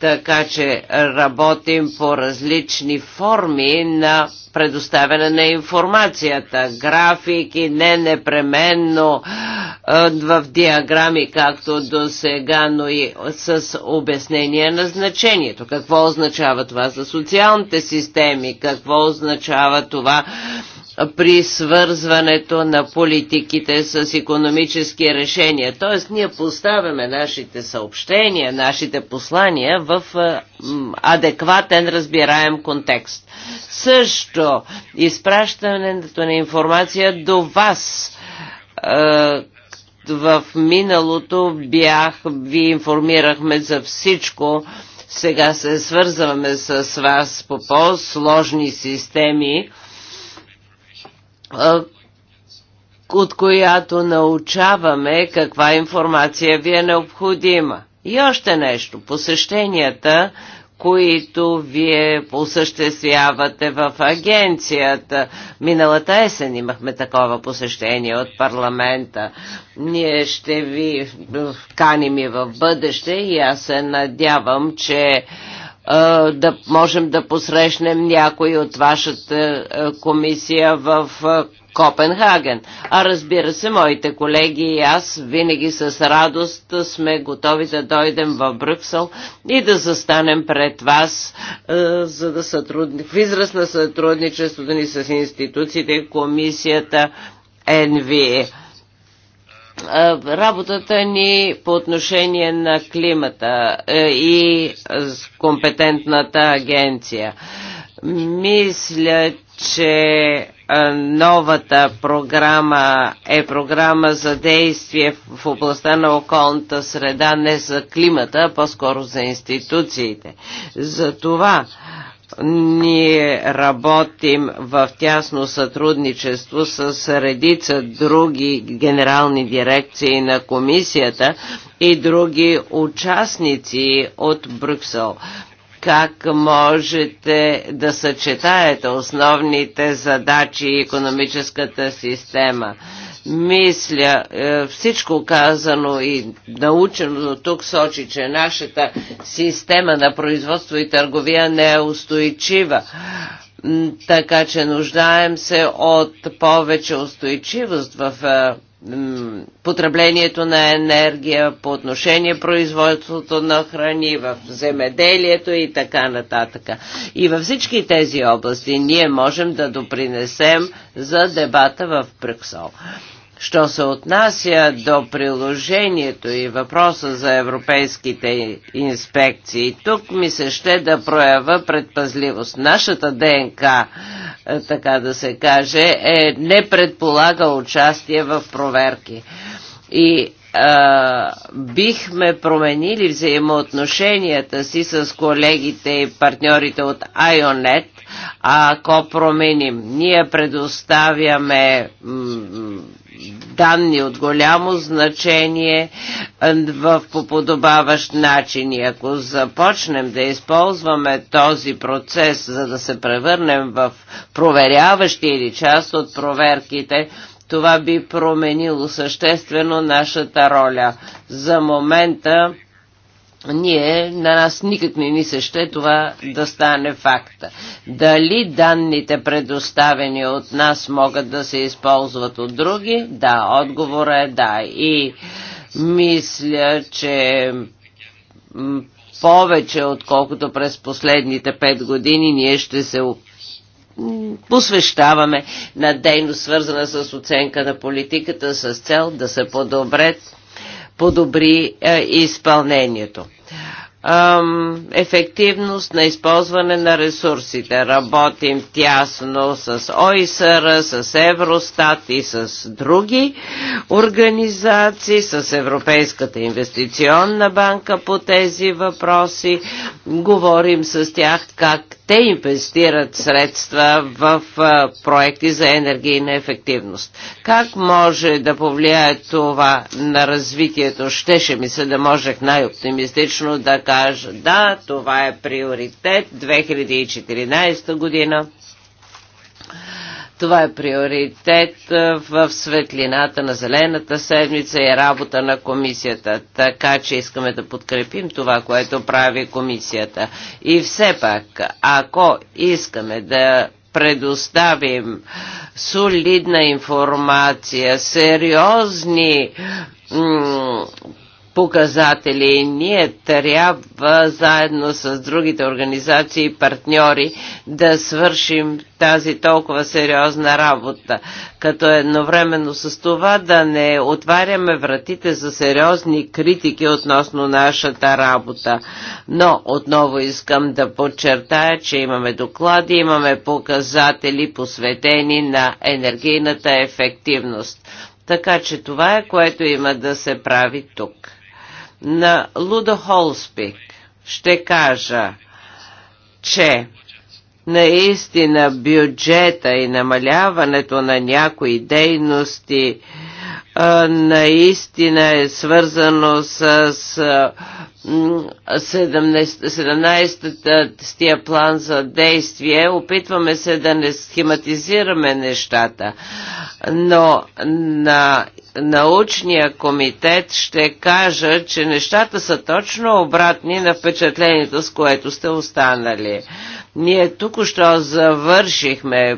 Така че работим по различни форми на предоставяне на информацията, графики, не непременно в диаграми, както до сега, но и с обяснение на значението. Какво означава това за социалните системи, какво означава това при свързването на политиките с економически решения. Тоест ние поставяме нашите съобщения, нашите послания в е, адекватен разбираем контекст. Също изпращането на информация до вас е, в миналото бях, ви информирахме за всичко. Сега се свързваме с вас по по-сложни системи от която научаваме каква информация ви е необходима. И още нещо, посещенията, които вие осъществявате в агенцията. Миналата есен имахме такова посещение от парламента. Ние ще ви каним и в бъдеще и аз се надявам, че да можем да посрещнем някой от вашата комисия в Копенхаген. А разбира се, моите колеги и аз винаги с радост сме готови да дойдем в Брюксел и да застанем пред вас за да сътрудни... в израз на сътрудничеството ни с институциите, комисията, НВИ работата ни по отношение на климата и компетентната агенция. Мисля, че новата програма е програма за действие в областта на околната среда, не за климата, а по-скоро за институциите. За това ние работим в тясно сътрудничество с редица други генерални дирекции на комисията и други участници от Брюксел как можете да съчетаете основните задачи и економическата система. Мисля, е, всичко казано и научено тук сочи, че нашата система на производство и търговия не е устойчива така че нуждаем се от повече устойчивост в е, потреблението на енергия по отношение производството на храни, в земеделието и така нататък. И във всички тези области ние можем да допринесем за дебата в Брюксел. Що се отнася до приложението и въпроса за европейските инспекции, тук ми се ще да проява предпазливост. Нашата ДНК, е, така да се каже, е, не предполага участие в проверки. И а, бихме променили взаимоотношенията си с колегите и партньорите от IONET, ако променим. Ние предоставяме данни от голямо значение е, в поподобаващ начин. И ако започнем да използваме този процес, за да се превърнем в проверяващи или част от проверките, това би променило съществено нашата роля. За момента ние, на нас никак не ни се ще това да стане факта. Дали данните предоставени от нас могат да се използват от други? Да, отговора е да. И мисля, че повече отколкото през последните пет години ние ще се посвещаваме на дейност, свързана с оценка на политиката, с цел да се подобрят подобри е, изпълнението ефективност на използване на ресурсите. Работим тясно с ОИСР, с Евростат и с други организации, с Европейската инвестиционна банка по тези въпроси. Говорим с тях как те инвестират средства в проекти за енергийна ефективност. Как може да повлияе това на развитието? Щеше ми се да можех най-оптимистично да кажа да, това е приоритет 2014 година това е приоритет в светлината на Зелената седмица и работа на комисията, така че искаме да подкрепим това, което прави комисията. И все пак, ако искаме да предоставим солидна информация, сериозни показатели. Ние трябва заедно с другите организации и партньори да свършим тази толкова сериозна работа, като едновременно с това да не отваряме вратите за сериозни критики относно нашата работа. Но отново искам да подчертая, че имаме доклади, имаме показатели посветени на енергийната ефективност. Така че това е, което има да се прави тук. На Лудо Холспик ще кажа, че наистина бюджета и намаляването на някои дейности наистина е свързано с 17-тия план за действие. Опитваме се да не схематизираме нещата но на научния комитет ще кажа, че нещата са точно обратни на впечатлението, с което сте останали. Ние тук-що завършихме е,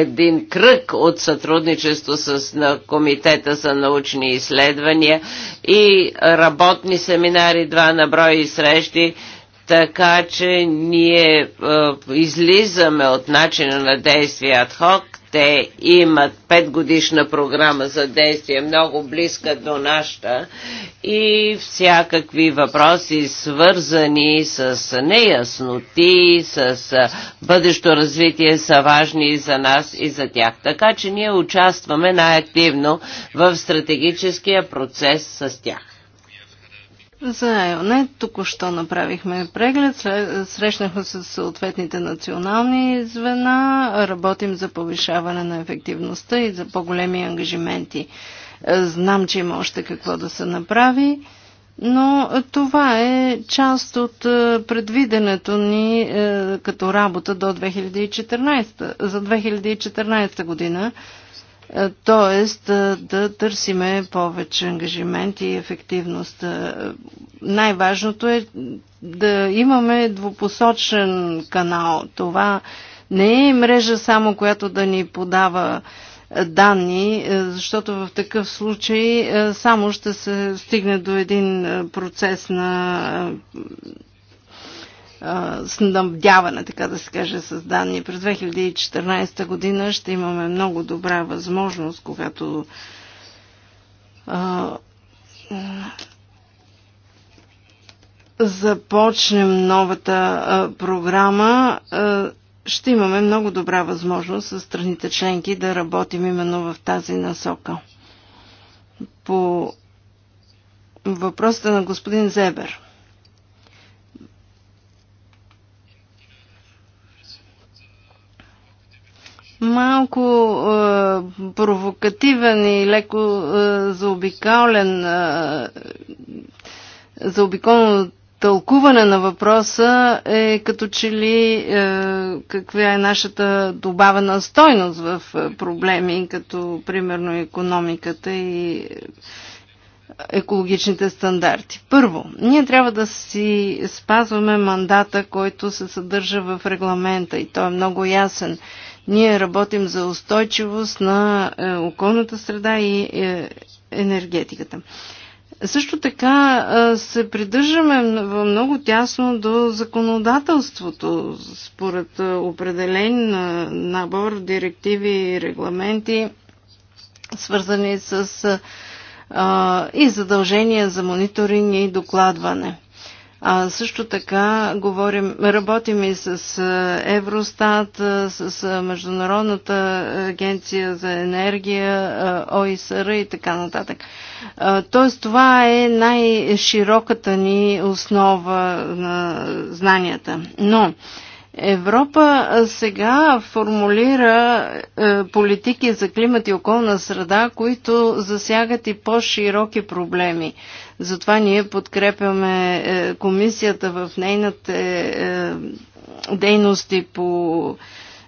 един кръг от сътрудничество с на Комитета за научни изследвания и работни семинари, два на брой и срещи така че ние е, излизаме от начина на действие адхок. Те имат петгодишна програма за действие, много близка до нашата и всякакви въпроси свързани с неясноти, с е, бъдещо развитие са важни и за нас и за тях. Така че ние участваме най-активно в стратегическия процес с тях. За не. току-що направихме преглед, срещнахме се с съответните национални звена, работим за повишаване на ефективността и за по-големи ангажименти. Е, знам, че има още какво да се направи, но това е част от е, предвиденето ни е, като работа до 2014, за 2014 година т.е. Е, да търсиме повече ангажимент и ефективност. Е, най-важното е да имаме двупосочен канал. Това не е мрежа само, която да ни подава е, данни, защото в такъв случай само ще се стигне до един процес на снабдяване, така да се каже, с данни. През 2014 година ще имаме много добра възможност, когато а, започнем новата а, програма, а, ще имаме много добра възможност с страните членки да работим именно в тази насока. По въпросите на господин Зебер – малко е, провокативен и леко е, заобикален, е, заобиколно тълкуване на въпроса е като че ли е, каква е нашата добавена стойност в е, проблеми, като примерно економиката и екологичните стандарти. Първо, ние трябва да си спазваме мандата, който се съдържа в регламента и той е много ясен – ние работим за устойчивост на е, околната среда и е, енергетиката. Също така е, се придържаме много тясно до законодателството според определен набор директиви и регламенти, свързани с и задължения за мониторинг и докладване. А също така говорим, работим и с е, Евростат, е, с е, Международната агенция за енергия, ОИСР и така нататък. Тоест това е най-широката ни основа на знанията. Но Европа сега формулира политики за климат и околна среда, които засягат и по-широки проблеми. Затова ние подкрепяме е, комисията в нейната е, е, дейности по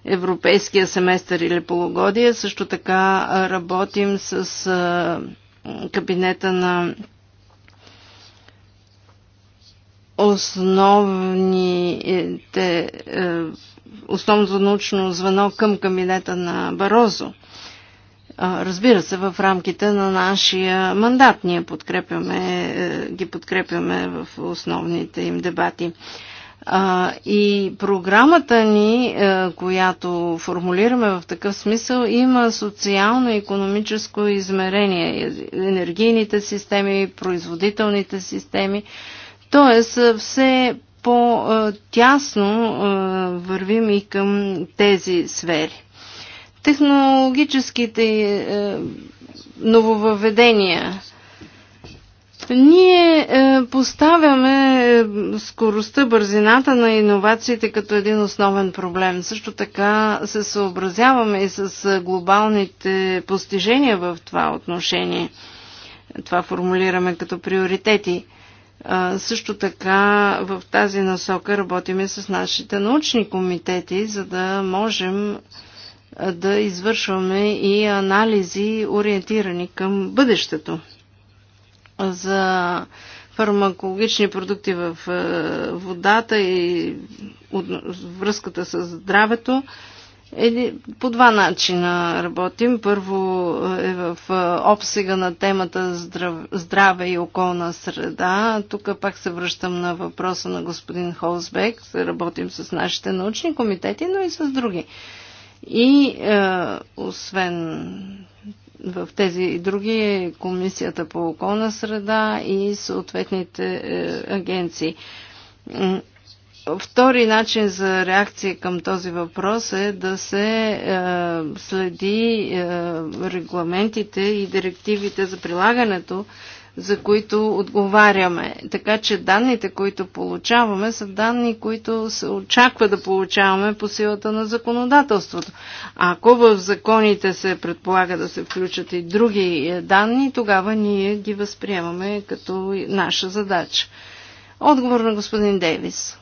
европейския семестър или полугодие. Също така работим с кабинета на основните, основното научно звено към кабинета на Барозо. Разбира се, в рамките на нашия мандат ние подкрепяме, е, ги подкрепяме в основните им дебати. И програмата ни, е, която формулираме в такъв смисъл, има социално-економическо измерение. Енергийните системи, производителните системи. Тоест, е, все по-тясно вървим и към тези сфери технологическите е, нововъведения. Ние е, поставяме е, скоростта, бързината на иновациите като един основен проблем. Също така се съобразяваме и с е, глобалните постижения в това отношение. Това формулираме като приоритети. А, е, също така в тази насока работиме с нашите научни комитети, за да можем да извършваме и анализи, ориентирани към бъдещето. За фармакологични продукти в е, водата и връзката с здравето. по два начина работим. Първо е, е в е, обсега на темата здраве и околна среда. Тук пак се връщам на въпроса на господин Холсбек. Работим с нашите научни комитети, но и с други и е, освен в тези и други е Комисията по околна среда и съответните е, агенции. Втори начин за реакция към този въпрос е да се е, следи е, регламентите и директивите за прилагането за които отговаряме. Така че данните, които получаваме, са данни, които се очаква да получаваме по силата на законодателството. Ако в законите се предполага да се включат и други е, данни, тогава ние ги възприемаме като наша задача. Отговор на господин Дейвис.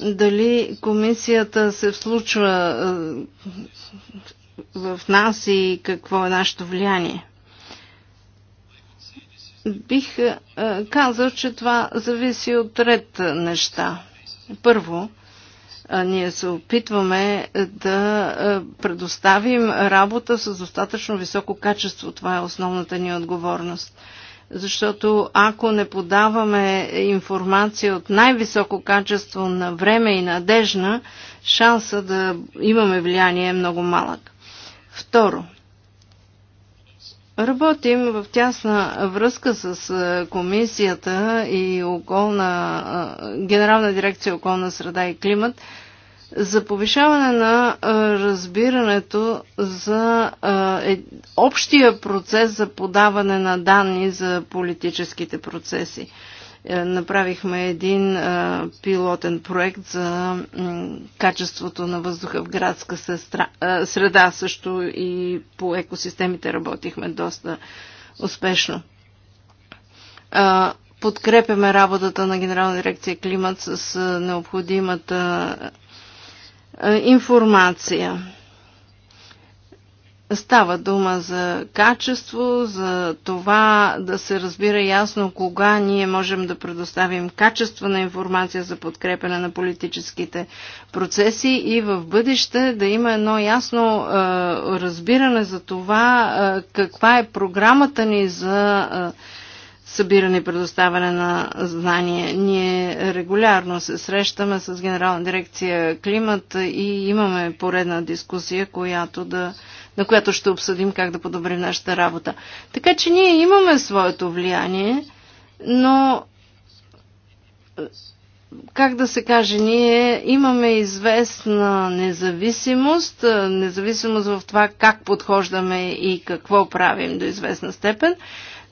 Дали комисията се вслучва е, в нас и какво е нашето влияние. Бих е, казал, че това зависи от ред неща. Първо, е, ние се опитваме е, да предоставим работа с достатъчно високо качество. Това е основната ни отговорност. Защото ако не подаваме информация от най-високо качество на време и надежна, шанса да имаме влияние е много малък. Второ, Работим в тясна връзка с комисията и околна, Генерална дирекция околна среда и климат за повишаване на разбирането за е, общия процес за подаване на данни за политическите процеси. Е, направихме един е, пилотен проект за качеството на въздуха в градска е, среда. Също и по екосистемите работихме доста успешно. Подкрепяме работата на Генерална дирекция Климат с необходимата информация. Става дума за качество, за това да се разбира ясно кога ние можем да предоставим качествена информация за подкрепене на политическите процеси и в бъдеще да има едно ясно е, разбиране за това е, каква е програмата ни за е, събиране и предоставяне на знания. Ние регулярно се срещаме с Генерална дирекция Климат и имаме поредна дискусия, която да на която ще обсъдим как да подобрим нашата работа. Така че ние имаме своето влияние, но е, как да се каже, ние имаме известна независимост, е, независимост в това как подхождаме и какво правим до известна степен,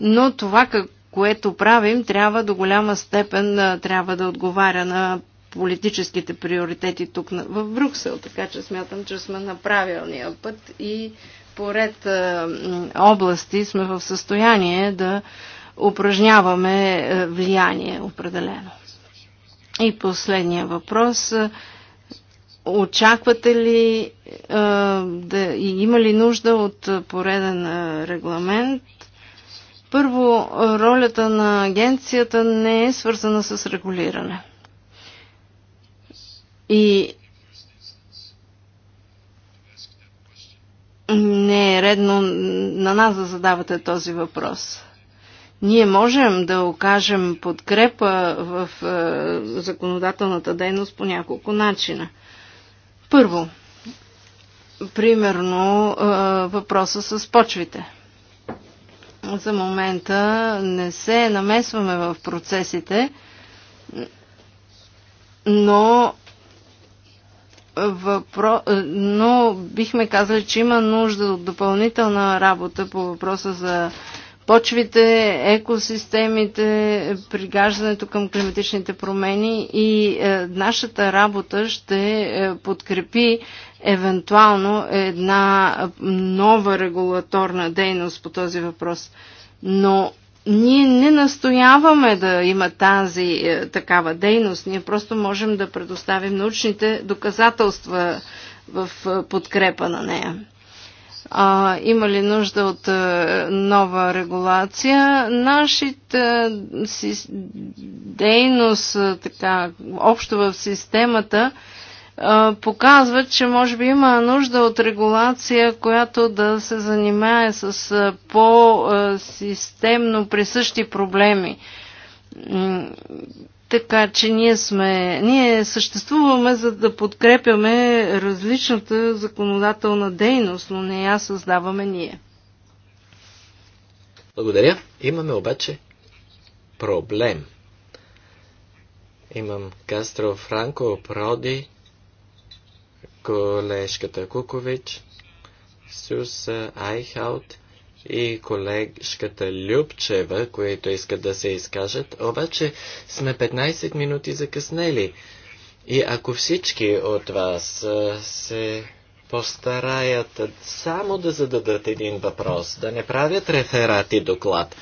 но това, което правим, трябва до голяма степен е, трябва да отговаря на политическите приоритети тук в Брюксел, така че смятам, че сме на правилния път и поред е, области сме в състояние да упражняваме е, влияние определено. И последния въпрос. Е, очаквате ли да, и има ли нужда от пореден регламент? Първо, ролята на агенцията не е свързана с регулиране и не е редно на нас да задавате този въпрос. Ние можем да окажем подкрепа в е, законодателната дейност по няколко начина. Първо, примерно е, въпроса с почвите. За момента не се намесваме в процесите, но въпро... Е, но бихме казали, че има нужда от допълнителна работа по въпроса за почвите, екосистемите, пригаждането към климатичните промени и е, нашата работа ще е, подкрепи евентуално една нова регулаторна дейност по този въпрос. Но ние не настояваме да има тази е, такава дейност, ние просто можем да предоставим научните доказателства в е, подкрепа на нея. А, има ли нужда от е, нова регулация? Нашата е, си, дейност, е, така, общо в системата, е, показват, че може би има нужда от регулация, която да се занимае с по-системно присъщи проблеми. Така че ние сме, ние съществуваме за да подкрепяме различната законодателна дейност, но не я създаваме ние. Благодаря. Имаме обаче проблем. Имам Кастро Франко, Проди, колежката Кукович, Сюса Айхаут и колежката Любчева, които искат да се изкажат. Обаче сме 15 минути закъснели. И ако всички от вас се постараят само да зададат един въпрос, да не правят реферат и доклад,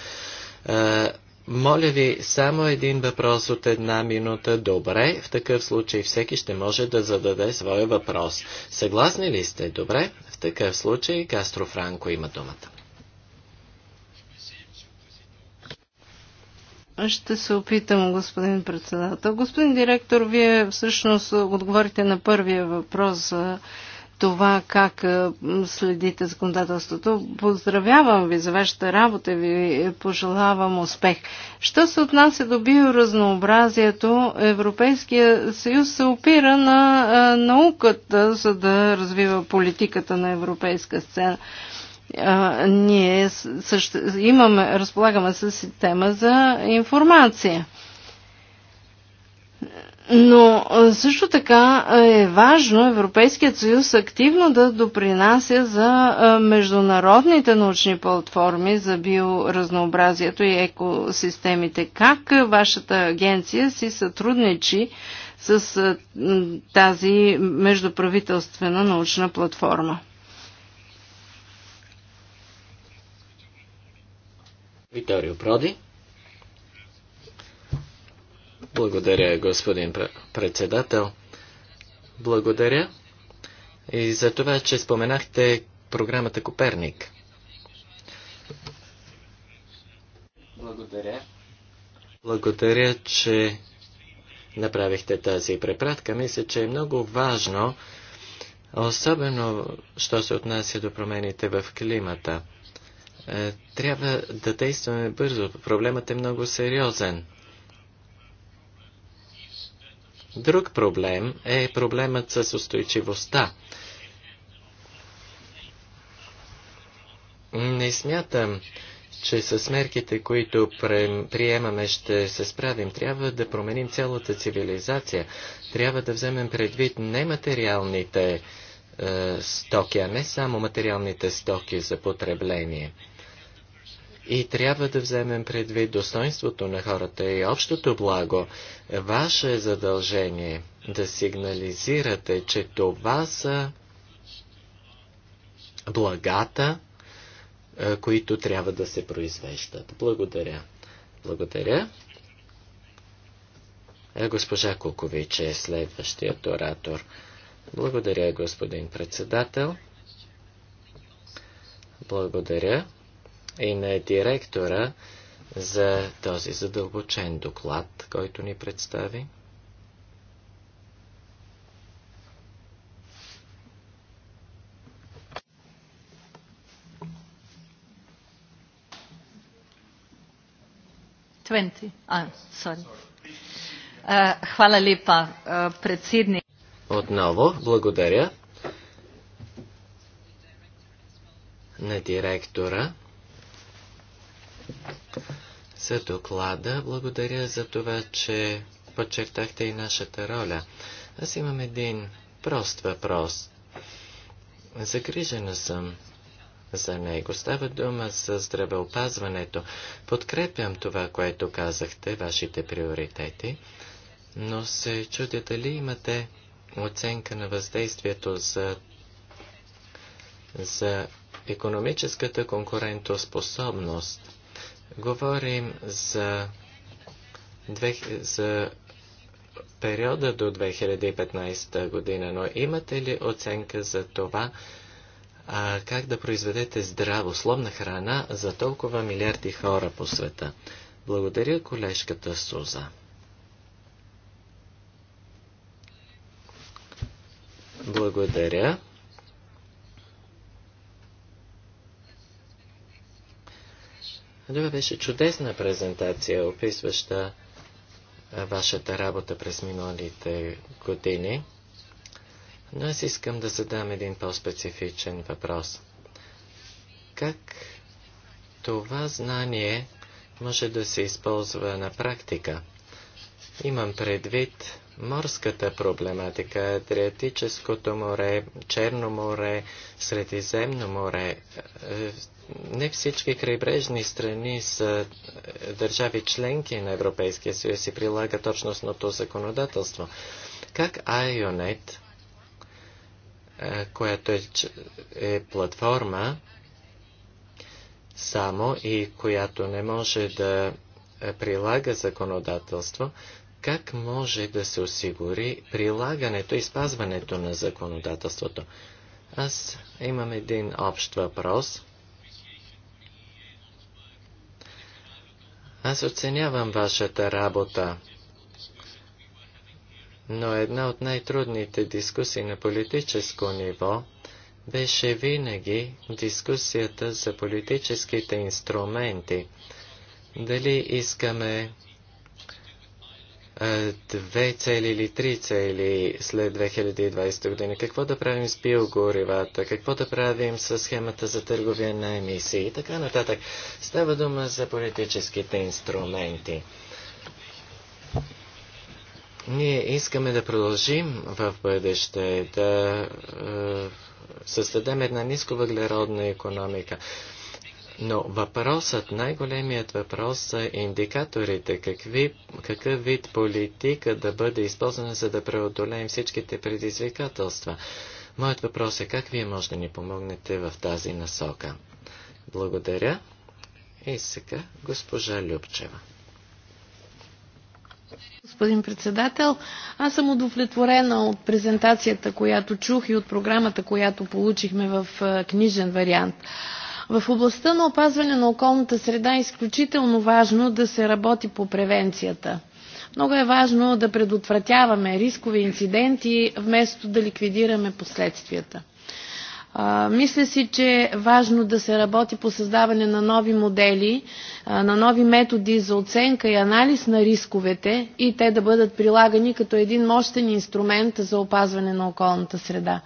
моля ви, само един въпрос от една минута. Добре, в такъв случай всеки ще може да зададе своя въпрос. Съгласни ли сте? Добре, в такъв случай Кастро Франко има думата. Ще се опитам, господин председател. Господин директор, вие всъщност отговорите на първия въпрос за това как е, следите законодателството. Поздравявам ви за вашата работа и ви пожелавам успех. Що се отнася до биоразнообразието, Европейския съюз се опира на е, науката, за да развива политиката на европейска сцена. Е, ние също, имаме, разполагаме с система за информация но също така е важно Европейският съюз активно да допринася за международните научни платформи за биоразнообразието и екосистемите. Как вашата агенция си сътрудничи с тази междуправителствена научна платформа? Виторио Проди. Благодаря, господин председател. Благодаря и за това, че споменахте програмата Коперник. Благодаря. Благодаря, че направихте тази препратка. Мисля, че е много важно, особено, що се отнася до промените в климата. Е, трябва да действаме бързо. Проблемът е много сериозен. Друг проблем е проблемът с устойчивостта. Не смятам, че с мерките, които приемаме, ще се справим. Трябва да променим цялата цивилизация. Трябва да вземем предвид нематериалните е, стоки, а не само материалните стоки за потребление и трябва да вземем предвид достоинството на хората и общото благо. Ваше е задължение да сигнализирате, че това са благата, които трябва да се произвеждат. Благодаря. Благодаря. Госпожа Кукович е следващият оратор. Благодаря, господин председател. Благодаря и на директора за този задълбочен доклад, който ни представи. Хвала uh, hvala Отново благодаря на директора за доклада. Благодаря за това, че подчертахте и нашата роля. Аз имам един прост въпрос. Загрижена съм за него. Става дума за здравеопазването. Подкрепям това, което казахте, вашите приоритети, но се чудя дали имате оценка на въздействието за, за економическата конкурентоспособност Говорим за, за периода до 2015 година, но имате ли оценка за това, а, как да произведете здравословна храна за толкова милиарди хора по света? Благодаря колежката Суза. Благодаря. Това беше чудесна презентация, описваща вашата работа през миналите години. Но аз искам да задам един по-специфичен въпрос. Как това знание може да се използва на практика? Имам предвид морската проблематика, Адриатическото море, Черно море, Средиземно море не всички крайбрежни страни са е, държави членки на Европейския съюз и прилагат точностното законодателство. Как IONET, е, която е, е платформа само и която не може да е, прилага законодателство, как може да се осигури прилагането и спазването на законодателството? Аз имам един общ въпрос – Аз оценявам вашата работа, но една от най-трудните дискусии на политическо ниво беше винаги дискусията за политическите инструменти. Дали искаме е, две цели или три цели след 2020 година? Какво да правим с биогоривата? Какво да правим с схемата за търговия на емисии? И така нататък. Става дума за политическите инструменти. Ние искаме да продължим в бъдеще да е, създадем една нисковъглеродна економика. Но въпросът, най-големият въпрос са индикаторите. Какви, какъв вид политика да бъде използвана, за да преодолеем всичките предизвикателства? Моят въпрос е как вие може да ни помогнете в тази насока? Благодаря. И сега госпожа Любчева. Господин председател, аз съм удовлетворена от презентацията, която чух и от програмата, която получихме в книжен вариант. В областта на опазване на околната среда е изключително важно да се работи по превенцията. Много е важно да предотвратяваме рискови инциденти, вместо да ликвидираме последствията мисля си, че е важно да се работи по създаване на нови модели, на нови методи за оценка и анализ на рисковете и те да бъдат прилагани като един мощен инструмент за опазване на околната среда.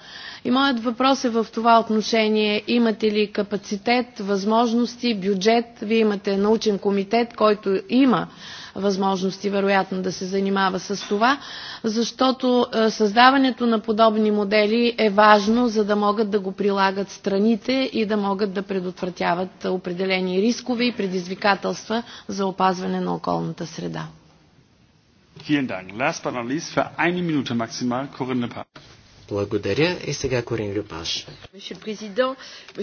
И моят въпрос е в това отношение. Имате ли капацитет, възможности, бюджет? Вие имате научен комитет, който има възможности вероятно да се занимава с това, защото е, създаването на подобни модели е важно, за да могат да го прилагат страните и да могат да предотвратяват е, определени рискове и предизвикателства за опазване на околната среда. Vielen Dank. Last but not least, für eine Minute maximal, Corinne Papp. Благодаря и сега Корин Люпаш.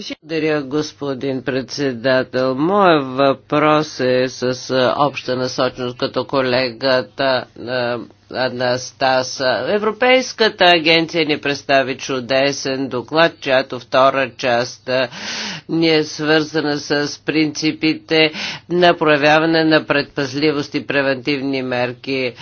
Благодаря, господин председател. Моя въпрос е с обща насоченост като колегата Анастаса. Европейската агенция ни представи чудесен доклад, чиято втора част ни е свързана с принципите на проявяване на предпазливост и превентивни мерки.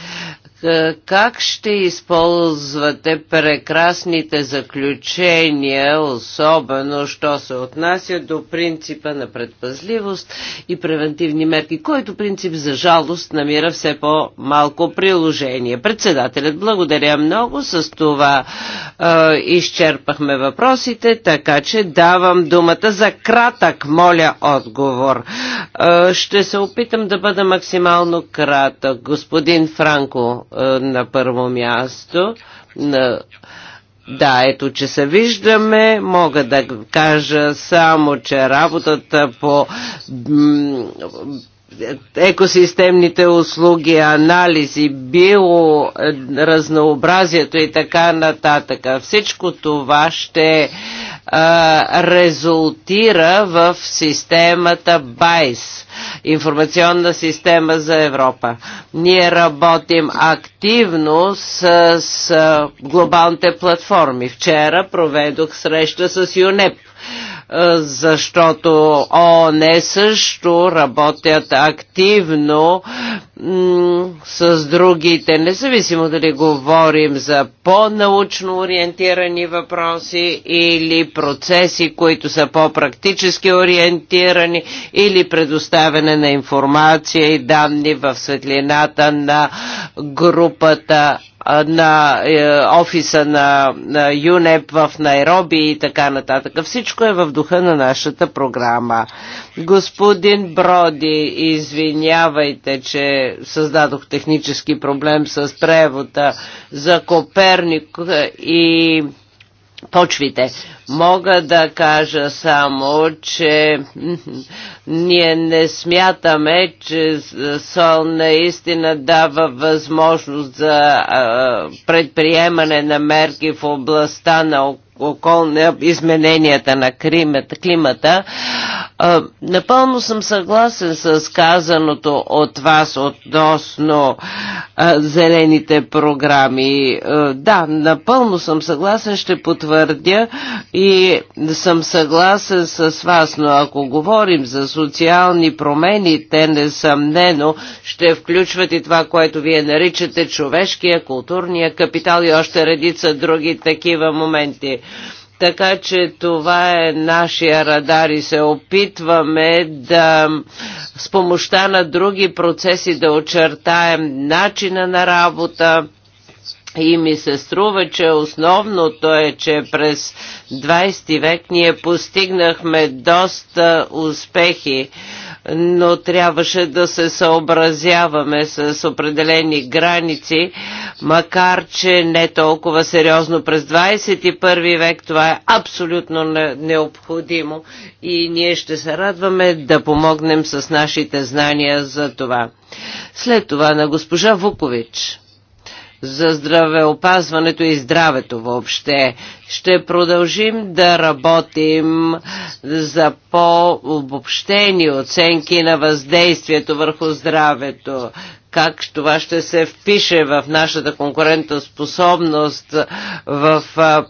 Е, как ще използвате прекрасните заключения, особено що се отнася до принципа на предпазливост и превентивни мерки, който принцип за жалост намира все по-малко приложение? Председателят, благодаря много. С това е, изчерпахме въпросите, така че давам думата за кратък, моля, отговор. Е, ще се опитам да бъда максимално кратък. Господин Франко, е, на първо място. Да, ето, че се виждаме. Мога да кажа само, че работата по екосистемните услуги, анализи, е, разнообразието и така нататък. Всичко това ще а, резултира в системата БАЙС, информационна система за Европа. Ние работим активно с, с глобалните платформи. Вчера проведох среща с ЮНЕП е, защото ООН също работят активно с другите, независимо дали говорим за по-научно ориентирани въпроси или процеси, които са по-практически ориентирани или предоставяне на информация и данни в светлината на групата на е, офиса на ЮНЕП в Найроби и така нататък. Всичко е в духа на нашата програма. Господин Броди, извинявайте, че създадох технически проблем с превода за Коперник и почвите. Мога да кажа само, че ние не смятаме, че сол наистина дава възможност за предприемане на мерки в областта на околна, измененията на климата, климата напълно съм съгласен с казаното от вас относно зелените програми. Да, напълно съм съгласен, ще потвърдя и съм съгласен с вас, но ако говорим за социални промени, те несъмнено ще включват и това, което вие наричате човешкия, културния капитал и още редица други такива моменти. Така че това е нашия радар и се опитваме да с помощта на други процеси да очертаем начина на работа, и ми се струва, че основното е, че през 20 век ние постигнахме доста успехи но трябваше да се съобразяваме с определени граници, макар че не толкова сериозно през 21 век. Това е абсолютно необходимо и ние ще се радваме да помогнем с нашите знания за това. След това на госпожа Вукович за здравеопазването и здравето въобще. Ще продължим да работим за по-обобщени оценки на въздействието върху здравето как това ще се впише в нашата конкурентоспособност в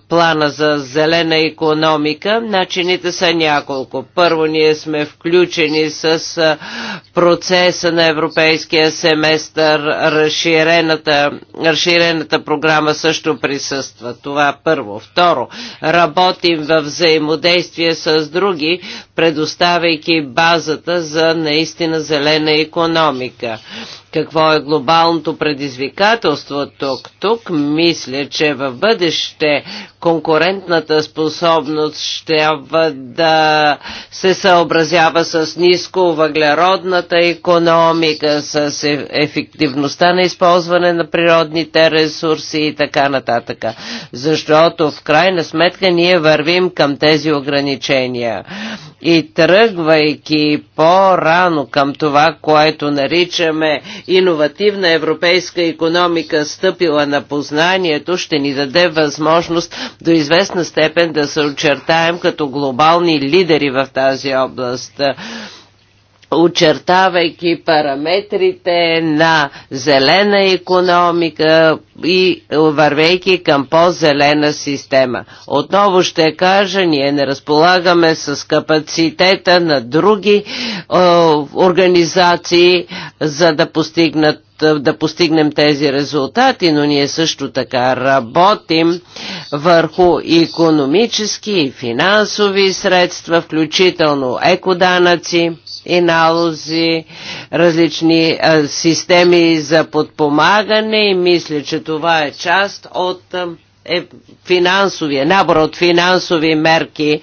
плана за зелена економика. Начините са няколко. Първо, ние сме включени с процеса на европейския семестър, разширената, разширената програма също присъства. Това първо. Второ, работим в взаимодействие с други, предоставяйки базата за наистина зелена економика. Какво е глобалното предизвикателство тук? Тук мисля, че в бъдеще конкурентната способност ще трябва да се съобразява с ниско въглеродната економика, с ефективността на използване на природните ресурси и така нататък. Защото в крайна сметка ние вървим към тези ограничения. И тръгвайки по-рано към това, което наричаме иновативна европейска економика, стъпила на познанието, ще ни даде възможност до известна степен да се очертаем като глобални лидери в тази област очертавайки параметрите на зелена економика и вървейки към по-зелена система. Отново ще кажа, ние не разполагаме с капацитета на други е, организации, за да постигнат да постигнем тези резултати, но ние също така работим върху економически и финансови средства, включително екоданъци и налози, различни а, системи за подпомагане и мисля, че това е част от е финансовия, набор от финансови мерки,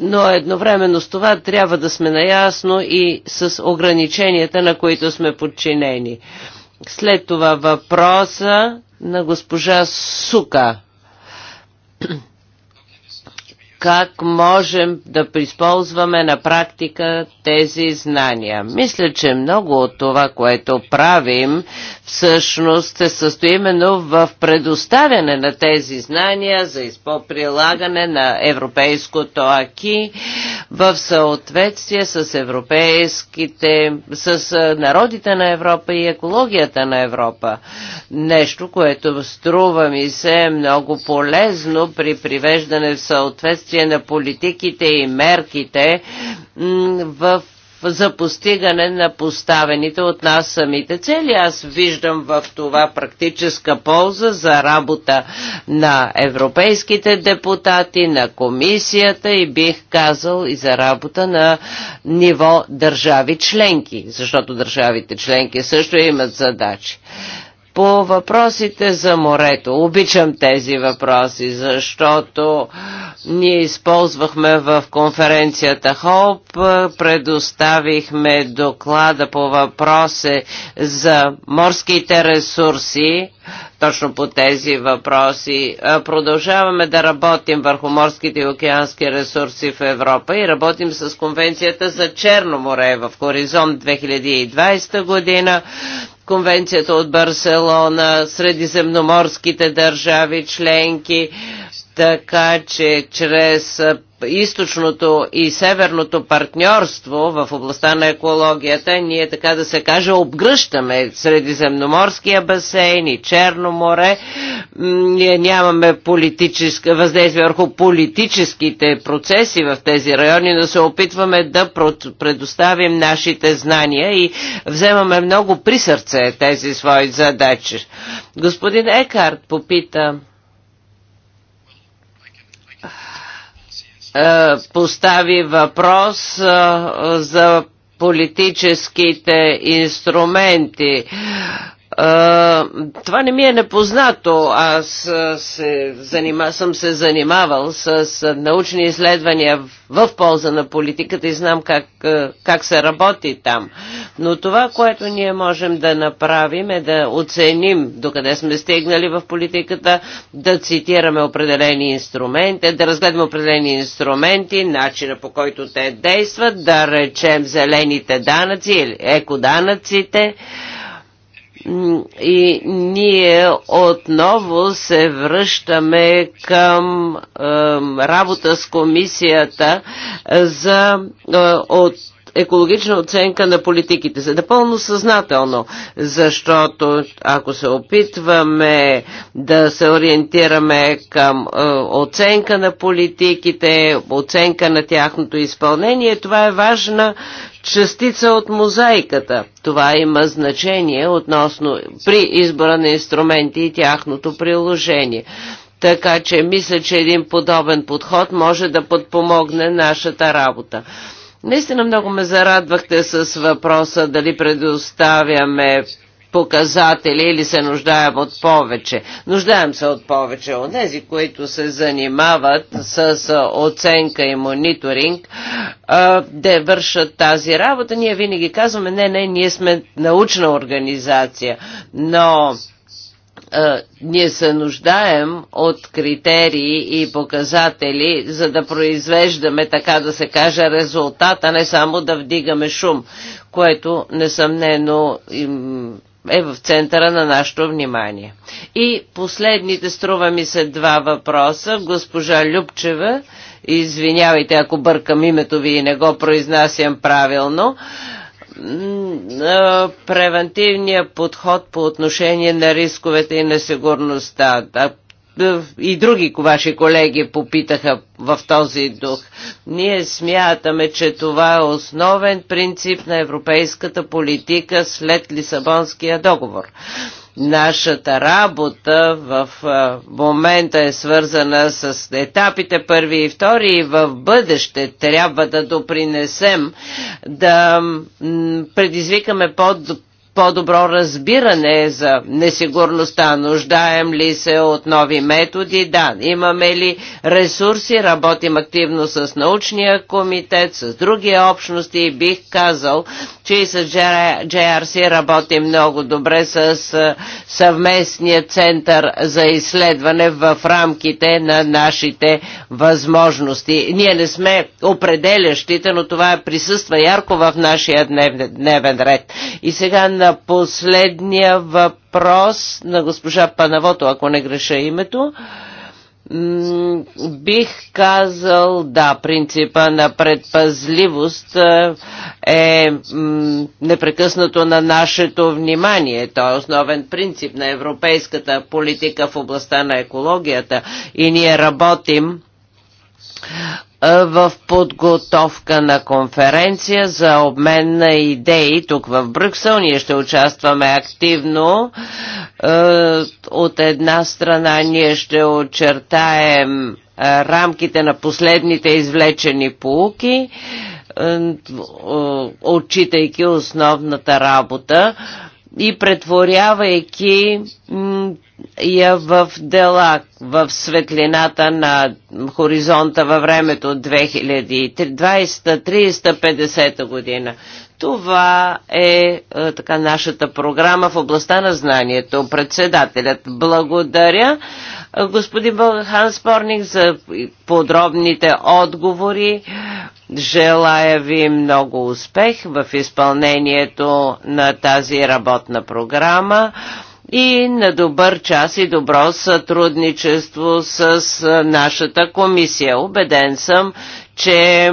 но едновременно с това трябва да сме наясно и с ограниченията, на които сме подчинени. След това въпроса на госпожа Сука как можем да присползваме на практика тези знания. Мисля, че много от това, което правим, всъщност се състои именно в предоставяне на тези знания за изпоприлагане на европейското АКИ в съответствие с европейските, с народите на Европа и екологията на Европа. Нещо, което струва ми се е много полезно при привеждане в съответствие действие на политиките и мерките в за постигане на поставените от нас самите цели. Аз виждам в това практическа полза за работа на европейските депутати, на комисията и бих казал и за работа на ниво държави членки, защото държавите членки също имат задачи. По въпросите за морето. Обичам тези въпроси, защото ние използвахме в конференцията ХОП, предоставихме доклада по въпроси за морските ресурси, точно по тези въпроси. Продължаваме да работим върху морските и океански ресурси в Европа и работим с Конвенцията за Черно море в Хоризонт 2020 година конвенцията от Барселона, средиземноморските държави членки, така че чрез източното и северното партньорство в областта на екологията, ние така да се каже обгръщаме Средиземноморския басейн и Черно море. Ние нямаме политическа въздействие върху политическите процеси в тези райони, но се опитваме да предоставим нашите знания и вземаме много при сърце тези свои задачи. Господин Екарт попита Е, постави въпрос е, за политическите инструменти това не ми е непознато. Аз се занима, съм се занимавал с научни изследвания в, в полза на политиката и знам как, как се работи там. Но това, което ние можем да направим е да оценим докъде сме стигнали в политиката, да цитираме определени инструменти, да разгледаме определени инструменти, начина по който те действат, да речем зелените данъци или екоданъците и ние отново се връщаме към е, работа с комисията за е, от екологична оценка на политиките За Напълно съзнателно, защото ако се опитваме да се ориентираме към е, оценка на политиките, оценка на тяхното изпълнение, това е важна частица от мозайката. Това има значение относно при избора на инструменти и тяхното приложение. Така че мисля, че един подобен подход може да подпомогне нашата работа. Наистина много ме зарадвахте с въпроса дали предоставяме показатели или се нуждаем от повече. Нуждаем се от повече. от тези, които се занимават с оценка и мониторинг, да вършат тази работа. Ние винаги казваме, не, не, ние сме научна организация, но е, ние се нуждаем от критерии и показатели, за да произвеждаме, така да се каже, резултат, а не само да вдигаме шум, което несъмнено е в центъра на нашето внимание. И последните струва ми се два въпроса. Госпожа Любчева, извинявайте ако бъркам името ви и не го произнасям правилно, превентивния подход по отношение на рисковете и несигурността. И други ваши колеги попитаха в този дух. Ние смятаме, че това е основен принцип на европейската политика след Лисабонския договор. Нашата работа в момента е свързана с етапите първи и втори и в бъдеще трябва да допринесем да предизвикаме под по-добро разбиране за несигурността. Нуждаем ли се от нови методи? Да. Имаме ли ресурси? Работим активно с научния комитет, с други общности и бих казал, че и с JRC работим много добре с съвместния център за изследване в рамките на нашите възможности. Ние не сме определящите, но това присъства ярко в нашия дневен ред. И сега на последния въпрос на госпожа Панавото, ако не греша името, бих казал, да, принципа на предпазливост е, е непрекъснато на нашето внимание. Той е основен принцип на европейската политика в областта на екологията и ние работим в подготовка на конференция за обмен на идеи тук в Брюксел. Ние ще участваме активно. От една страна ние ще очертаем рамките на последните извлечени полуки, отчитайки основната работа и претворявайки я в дела, в светлината на хоризонта във времето 2020-30-50 година. Това е, е така нашата програма в областта на знанието. Председателят благодаря господин Хан Спорник за подробните отговори. Желая ви много успех в изпълнението на тази работна програма и на добър час и добро сътрудничество с нашата комисия. Обеден съм, че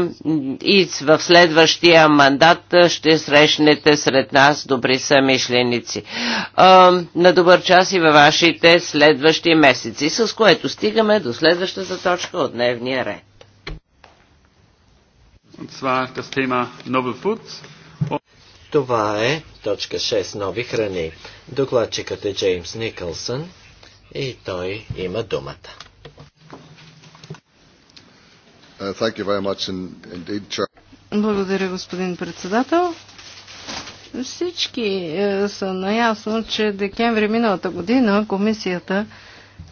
и в следващия мандат ще срещнете сред нас добри самишленици. На добър час и във вашите следващи месеци, с което стигаме до следващата точка от дневния ред. Und zwar das Thema Novel Foods. Това е точка 6 нови храни. Докладчикът е Джеймс Никълсън и той има думата. Uh, Благодаря, господин председател. Всички е, са наясно, че декември миналата година комисията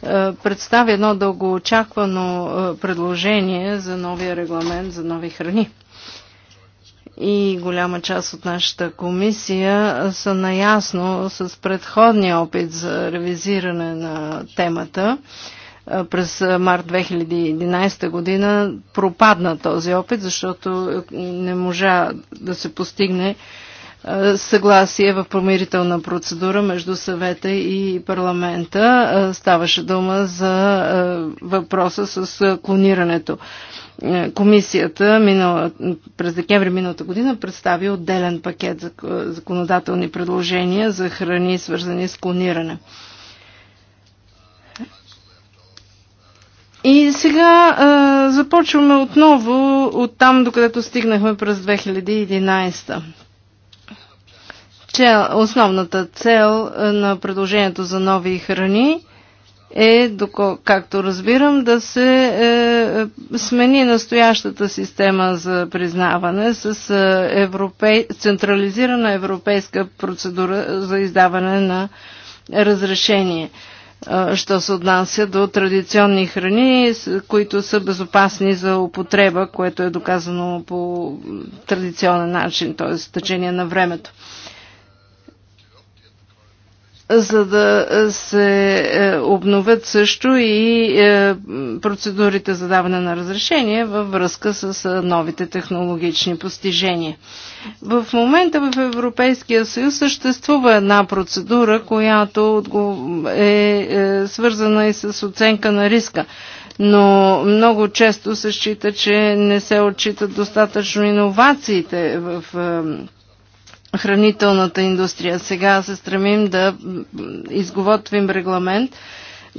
е, представи едно дългоочаквано е, предложение за новия регламент за нови храни и голяма част от нашата комисия са наясно с предходния опит за ревизиране на темата. През март 2011 година пропадна този опит, защото не можа да се постигне съгласие в помирителна процедура между съвета и парламента. Ставаше дума за въпроса с клонирането. Е, комисията минала, през декември миналата година представи отделен пакет за е, законодателни предложения за храни, свързани с клониране. И сега а, е, започваме отново от там, докъдето стигнахме през 2011. Че основната цел на предложението за нови храни – е, както разбирам, да се е, смени настоящата система за признаване с е, европей, централизирана европейска процедура за издаване на разрешение. Е, що се отнася до традиционни храни, които са безопасни за употреба, което е доказано по традиционен начин, т.е. течение на времето за да е, се е, обновят също и е, процедурите за даване на разрешение във връзка с новите технологични постижения. В момента в Европейския съюз съществува една процедура, която е свързана и с оценка на риска но много често се счита, че не се отчитат достатъчно иновациите в хранителната индустрия. Сега се стремим да изготвим регламент,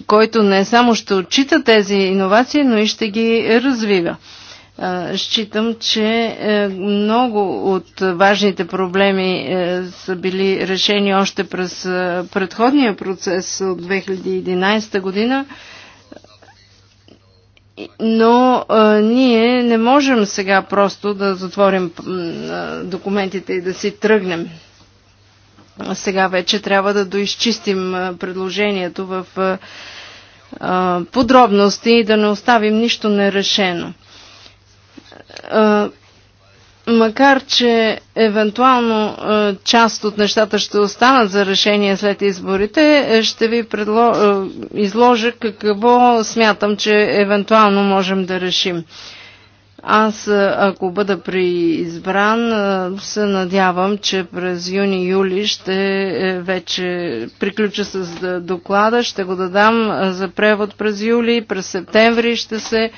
който не само ще отчита тези иновации, но и ще ги развива. Считам, че е, много от важните проблеми е, са били решени още през е, предходния процес от 2011 година но а, ние не можем сега просто да затворим а, документите и да си тръгнем. Сега вече трябва да доизчистим а, предложението в а, подробности и да не оставим нищо нерешено. А, макар че евентуално е, част от нещата ще останат за решение след изборите, е, ще ви е, изложа какво смятам, че евентуално можем да решим. Аз, ако бъда преизбран, се надявам, че през юни-юли ще вече приключа с доклада, ще го дадам за превод през юли, през септември ще се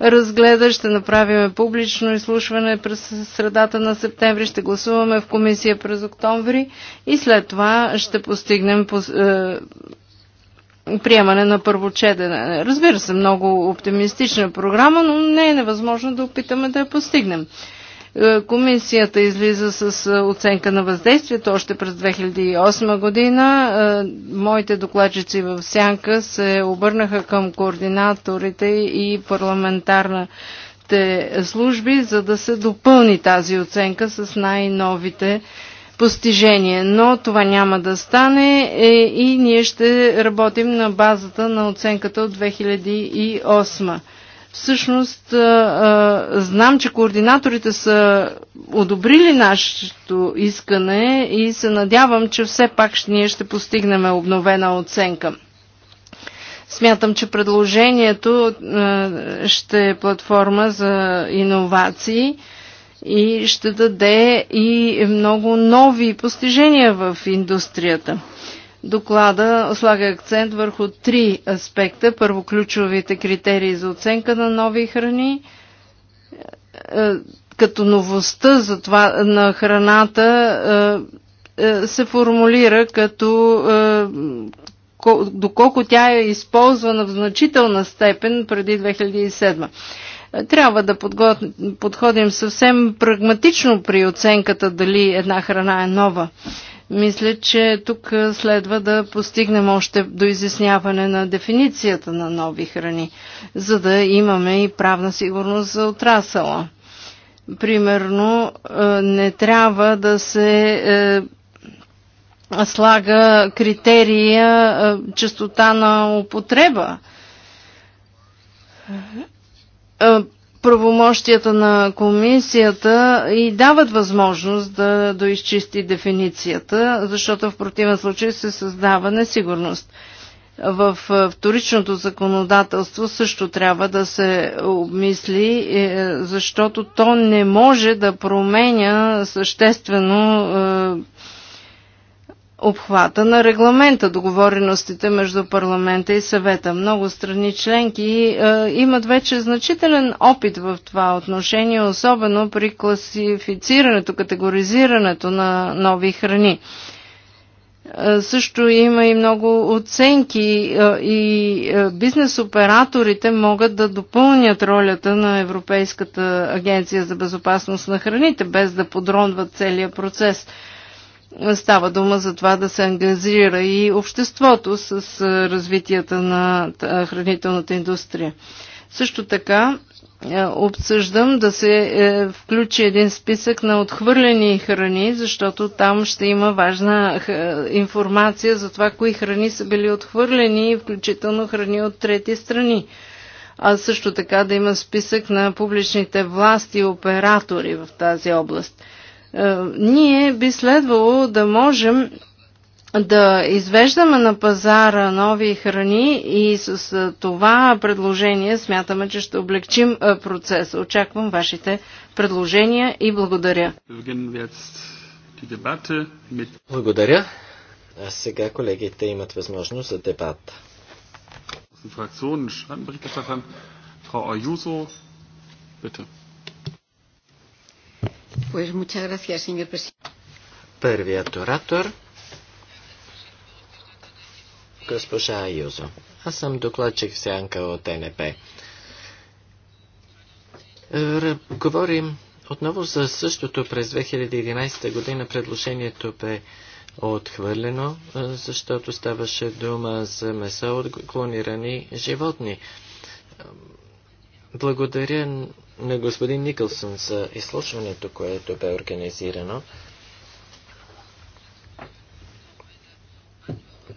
разгледа. Ще направим публично изслушване през средата на септември. Ще гласуваме в комисия през октомври и след това ще постигнем е, приемане на първо четене. Разбира се, много оптимистична програма, но не е невъзможно да опитаме да я постигнем. Е, комисията излиза с е, оценка на въздействието още през 2008 година. Е, моите докладчици в Сянка се обърнаха към координаторите и парламентарните служби, за да се допълни тази оценка с най-новите постижение, но това няма да стане и ние ще работим на базата на оценката от 2008. Всъщност, знам, че координаторите са одобрили нашето искане и се надявам, че все пак ние ще постигнем обновена оценка. Смятам, че предложението ще е платформа за иновации и ще даде и много нови постижения в индустрията. Доклада слага акцент върху три аспекта. Първо, ключовите критерии за оценка на нови храни, е, като новостта за това, на храната е, е, се формулира като доколко тя е използвана в значителна степен преди 2007. Трябва да подгод... подходим съвсем прагматично при оценката дали една храна е нова. Мисля, че тук следва да постигнем още до изясняване на дефиницията на нови храни, за да имаме и правна сигурност за отрасъла. Примерно, не трябва да се слага критерия частота на употреба правомощията на комисията и дават възможност да доизчисти дефиницията, защото в противен случай се създава несигурност. В е, вторичното законодателство също трябва да се обмисли, е, защото то не може да променя съществено е, обхвата на регламента, договореностите между парламента и съвета. Много страни членки е, имат вече значителен опит в това отношение, особено при класифицирането, категоризирането на нови храни. Е, също има и много оценки е, и е, бизнес операторите могат да допълнят ролята на Европейската агенция за безопасност на храните, без да подронват целият процес. Става дума за това да се ангазира и обществото с развитията на хранителната индустрия. Също така обсъждам да се е, включи един списък на отхвърлени храни, защото там ще има важна информация за това, кои храни са били отхвърлени, включително храни от трети страни. А също така да има списък на публичните власти и оператори в тази област. Е, ние би следвало да можем да извеждаме на пазара нови храни и с е, това предложение смятаме, че ще облегчим е, процеса. Очаквам вашите предложения и благодаря. Благодаря. А сега колегите имат възможност за дебат. Фракционен Frau Ayuso, bitte. Първият оратор госпожа Аюзо. Аз съм докладчик в Сянка от НП. Говорим отново за същото през 2011 година. Предложението бе отхвърлено, защото ставаше дума за месо от клонирани животни. Благодаря на господин Никълсън за изслушването, което бе организирано.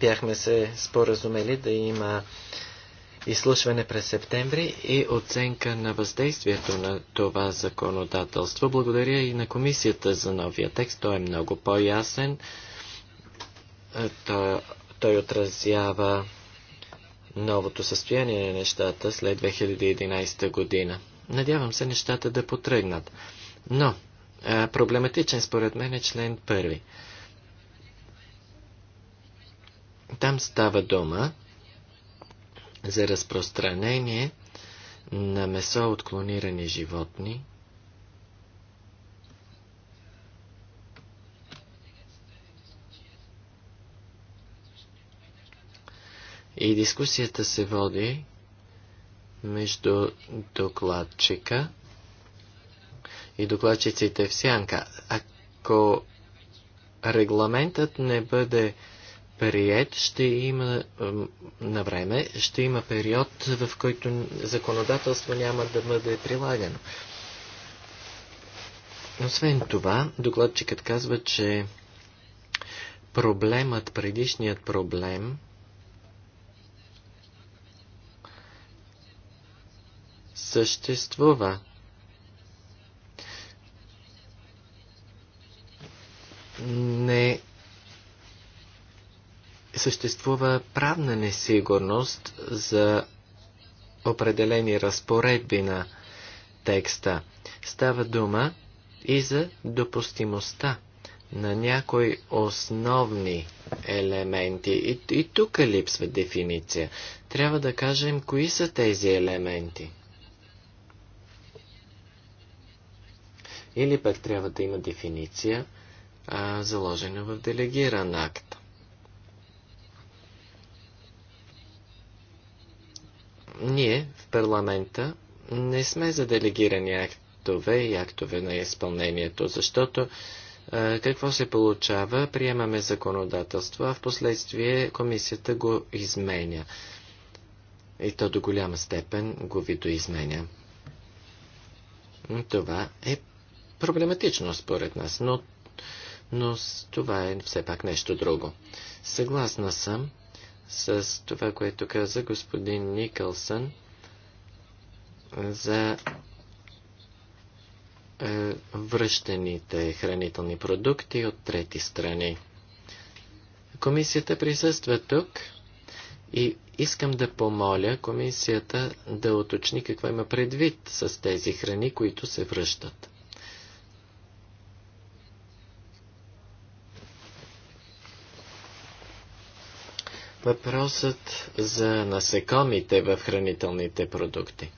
Бяхме се споразумели да има изслушване през септември и оценка на въздействието на това законодателство. Благодаря и на комисията за новия текст. Той е много по-ясен. Е, той, той отразява новото състояние на нещата след 2011 година. Надявам се нещата да потръгнат. Но а, е, проблематичен според мен е член първи. Там става дума за разпространение на месо от клонирани животни. И дискусията се води между докладчика и докладчиците в сянка. Ако регламентът не бъде прият, ще има на време, ще има период, в който законодателство няма да бъде прилагано. Освен това, докладчикът казва, че проблемът, предишният проблем, съществува. Не съществува правна несигурност за определени разпоредби на текста. Става дума и за допустимостта на някои основни елементи. И, и тук липсва дефиниция. Трябва да кажем кои са тези елементи. или пък трябва да има дефиниция, а, заложена в делегиран акт. Ние в парламента не сме за делегирани актове и актове на изпълнението, защото какво се получава? Приемаме законодателство, а в последствие комисията го изменя. И то до голяма степен го видоизменя. Това е проблематично според нас, но, но това е все пак нещо друго. Съгласна съм с това, което каза господин Никълсън за е, връщаните хранителни продукти от трети страни. Комисията присъства тук и искам да помоля комисията да уточни какво има предвид с тези храни, които се връщат. Въпросът за насекомите в хранителните продукти.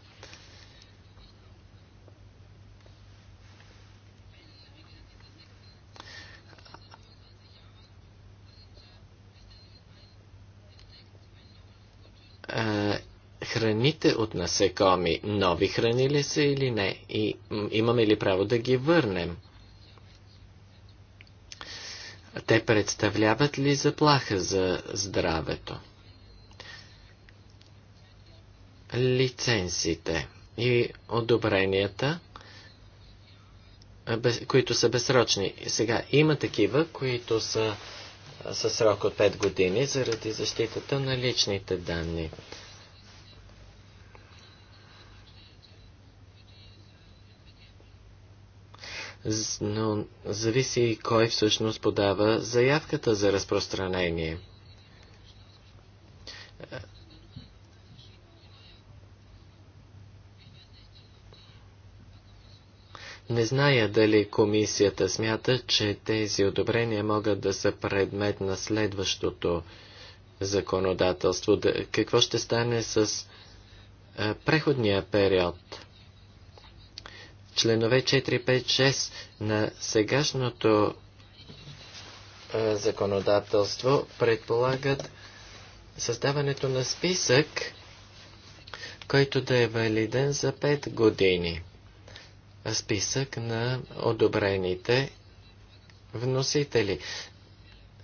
храните от насекоми нови храни ли са или не? И имаме ли право да ги върнем? Те представляват ли заплаха за здравето? Лицензите и одобренията, които са безсрочни. Сега има такива, които са със срок от 5 години заради защитата на личните данни. но зависи и кой всъщност подава заявката за разпространение. Не зная дали комисията смята, че тези одобрения могат да са предмет на следващото законодателство. Какво ще стане с е, преходния период? Членове 4, 5, 6 на сегашното а, законодателство предполагат създаването на списък, който да е валиден за 5 години. Списък на одобрените вносители.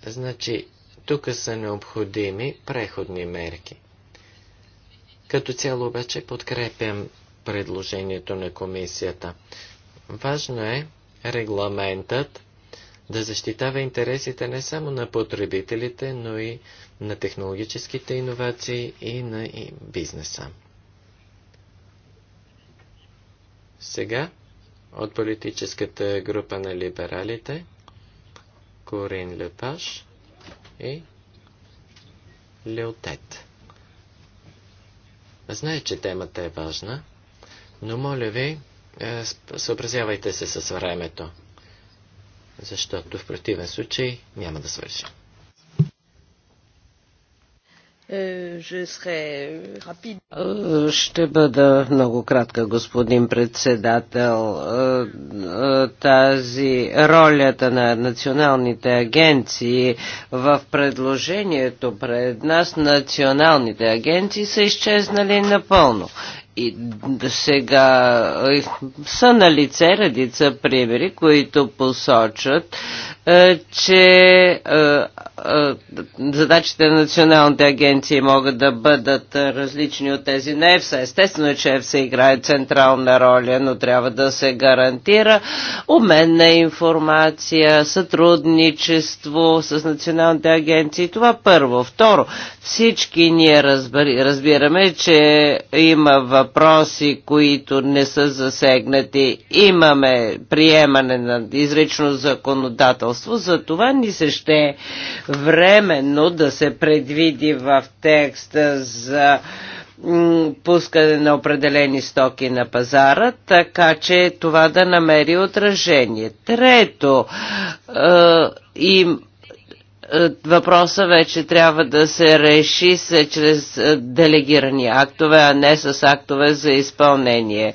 Значи, тук са необходими преходни мерки. Като цяло обаче подкрепям предложението на комисията. Важно е регламентът да защитава интересите не само на потребителите, но и на технологическите иновации и на и бизнеса. Сега от политическата група на либералите Корин Лепаш и Леотет. Знае, че темата е важна. Но моля ви, е, съобразявайте се с времето, защото в противен случай няма да свършим. Е, е, ще бъда много кратка, господин председател. Тази ролята на националните агенции в предложението пред нас националните агенции са изчезнали напълно. И сега е, са на лице редица примери, които посочат, е, че е, е, задачите на националните агенции могат да бъдат различни от тези на ЕФСА. Естествено, че ЕФСА играе централна роля, но трябва да се гарантира обмен на информация, сътрудничество с националните агенции. Това първо. Второ, всички ние разбираме, че има въпроси, които не са засегнати. Имаме приемане на изрично законодателство законодателство. За това ни се ще временно да се предвиди в текста за пускане на определени стоки на пазара, така че това да намери отражение. Трето, е, им въпроса вече трябва да се реши се чрез делегирани актове, а не с актове за изпълнение.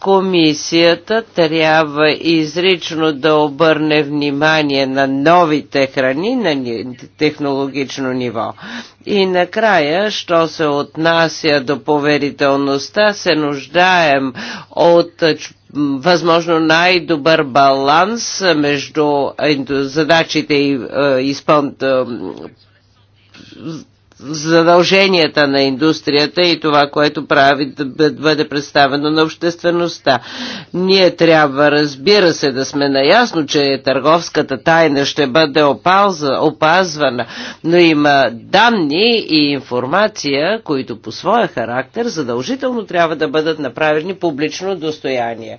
Комисията трябва изрично да обърне внимание на новите храни на технологично ниво. И накрая, що се отнася до поверителността, се нуждаем от възможно най-добър баланс между задачите и е, изпълнението задълженията на индустрията и това, което прави да бъде представено на обществеността. Ние трябва, разбира се, да сме наясно, че търговската тайна ще бъде опалза, опазвана, но има данни и информация, които по своя характер задължително трябва да бъдат направени публично достояние.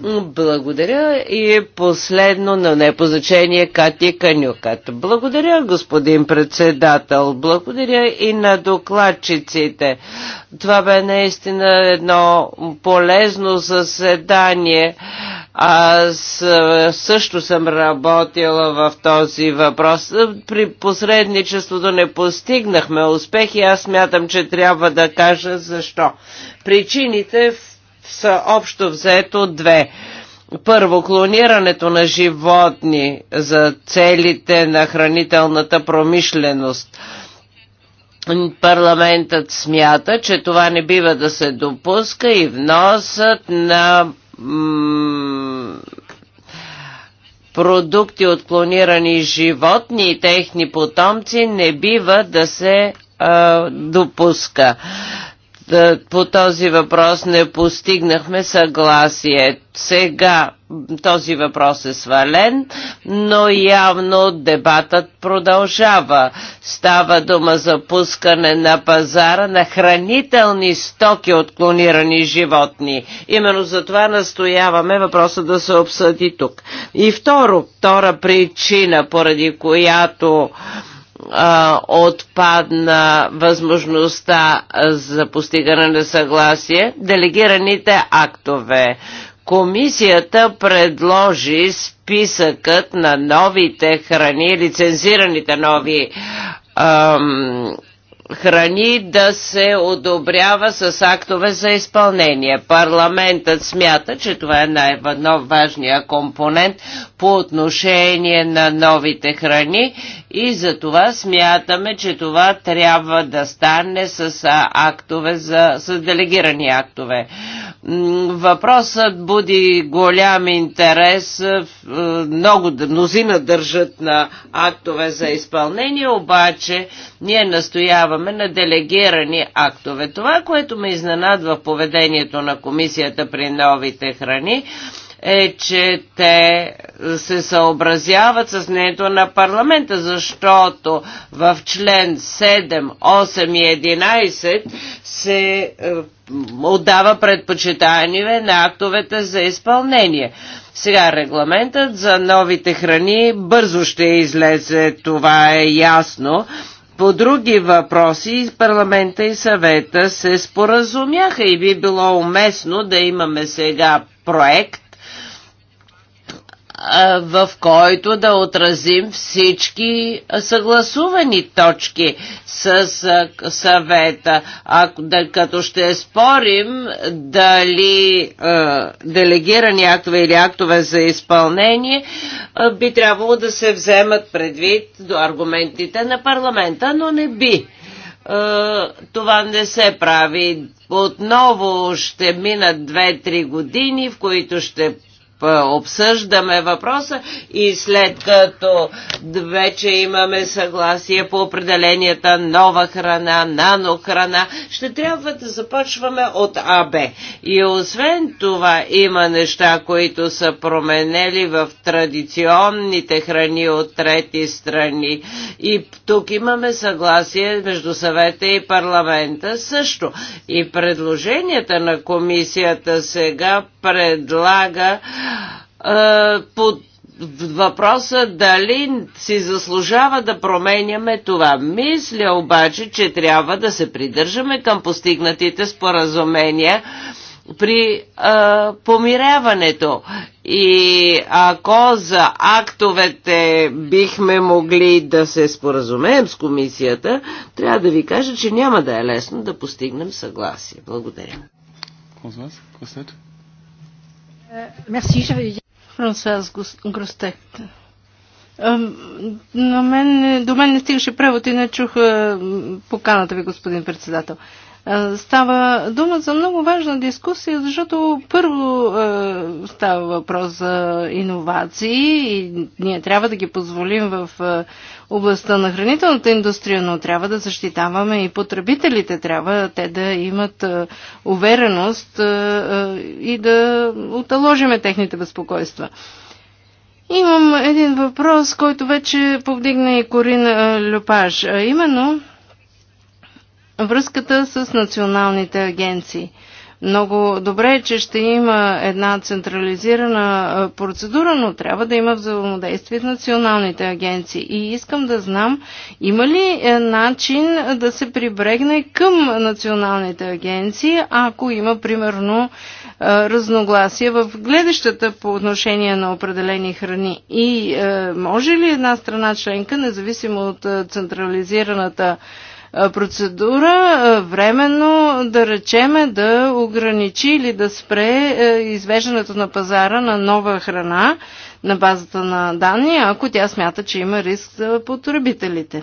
Благодаря и последно, но не по значение, Кати Канюкат. Благодаря, господин председател. Благодаря и на докладчиците. Това бе наистина едно полезно заседание. Аз също съм работила в този въпрос. При посредничеството не постигнахме успехи. Аз мятам, че трябва да кажа защо. Причините в са общо взето две. Първо, клонирането на животни за целите на хранителната промишленост. Парламентът смята, че това не бива да се допуска и вносът на продукти от клонирани животни и техни потомци не бива да се а, допуска. Е, по този въпрос не постигнахме съгласие. Сега този въпрос е свален, но явно дебатът продължава. Става дума за пускане на пазара на хранителни стоки от клонирани животни. Именно за това настояваме въпроса да се обсъди тук. И второ, втора причина, поради която отпадна възможността за постигане на съгласие, делегираните актове. Комисията предложи списъкът на новите храни, лицензираните нови ам, храни да се одобрява с актове за изпълнение. Парламентът смята, че това е най-важният компонент по отношение на новите храни и за това смятаме, че това трябва да стане с актове за, с делегирани актове. Въпросът буди голям интерес. Е, Много мнозина държат на актове за изпълнение, обаче ние настояваме на делегирани актове. Това, което ме изненадва в поведението на комисията при новите храни, е, че те се съобразяват с нето на парламента, защото в член 7, 8 и 11 се е, отдава предпочитание на актовете за изпълнение. Сега регламентът за новите храни бързо ще излезе, това е ясно. По други въпроси парламента и съвета се споразумяха и би било уместно да имаме сега проект, в който да отразим всички съгласувани точки с съвета. А, да, като ще спорим дали а, делегирани актове или актове за изпълнение а, би трябвало да се вземат предвид до аргументите на парламента, но не би това не се прави. Отново ще минат 2-3 години, в които ще е, обсъждаме въпроса и след като вече имаме съгласие по определенията нова храна, нанохрана, ще трябва да започваме от АБ. И освен това има неща, които са променели в традиционните храни от трети страни. И тук имаме съгласие между съвета и парламента също. И предложенията на комисията сега предлага по въпроса дали си заслужава да променяме това. Мисля обаче, че трябва да се придържаме към постигнатите споразумения при е, помиряването. И ако за актовете бихме могли да се споразумеем с комисията, трябва да ви кажа, че няма да е лесно да постигнем съгласие. Благодаря. Какво с вас? Мерси, euh, Франсуаз На мен, до мен не стигаше превод и не чух поканата ви, господин председател. Става дума за много важна дискусия, защото първо става въпрос за иновации и ние трябва да ги позволим в областта на хранителната индустрия, но трябва да защитаваме и потребителите. Трябва те да имат увереност и да оталожиме техните безпокойства. Имам един въпрос, който вече повдигна и Корин Люпаж, а именно връзката с националните агенции. Много добре е, че ще има една централизирана процедура, но трябва да има взаимодействие с националните агенции. И искам да знам, има ли е, начин да се прибрегне към националните агенции, ако има примерно разногласие в гледащата по отношение на определени храни. И е, може ли една страна членка, независимо от е, централизираната процедура временно, да речеме, да ограничи или да спре е, извеждането на пазара на нова храна на базата на данни, ако тя смята, че има риск за потребителите.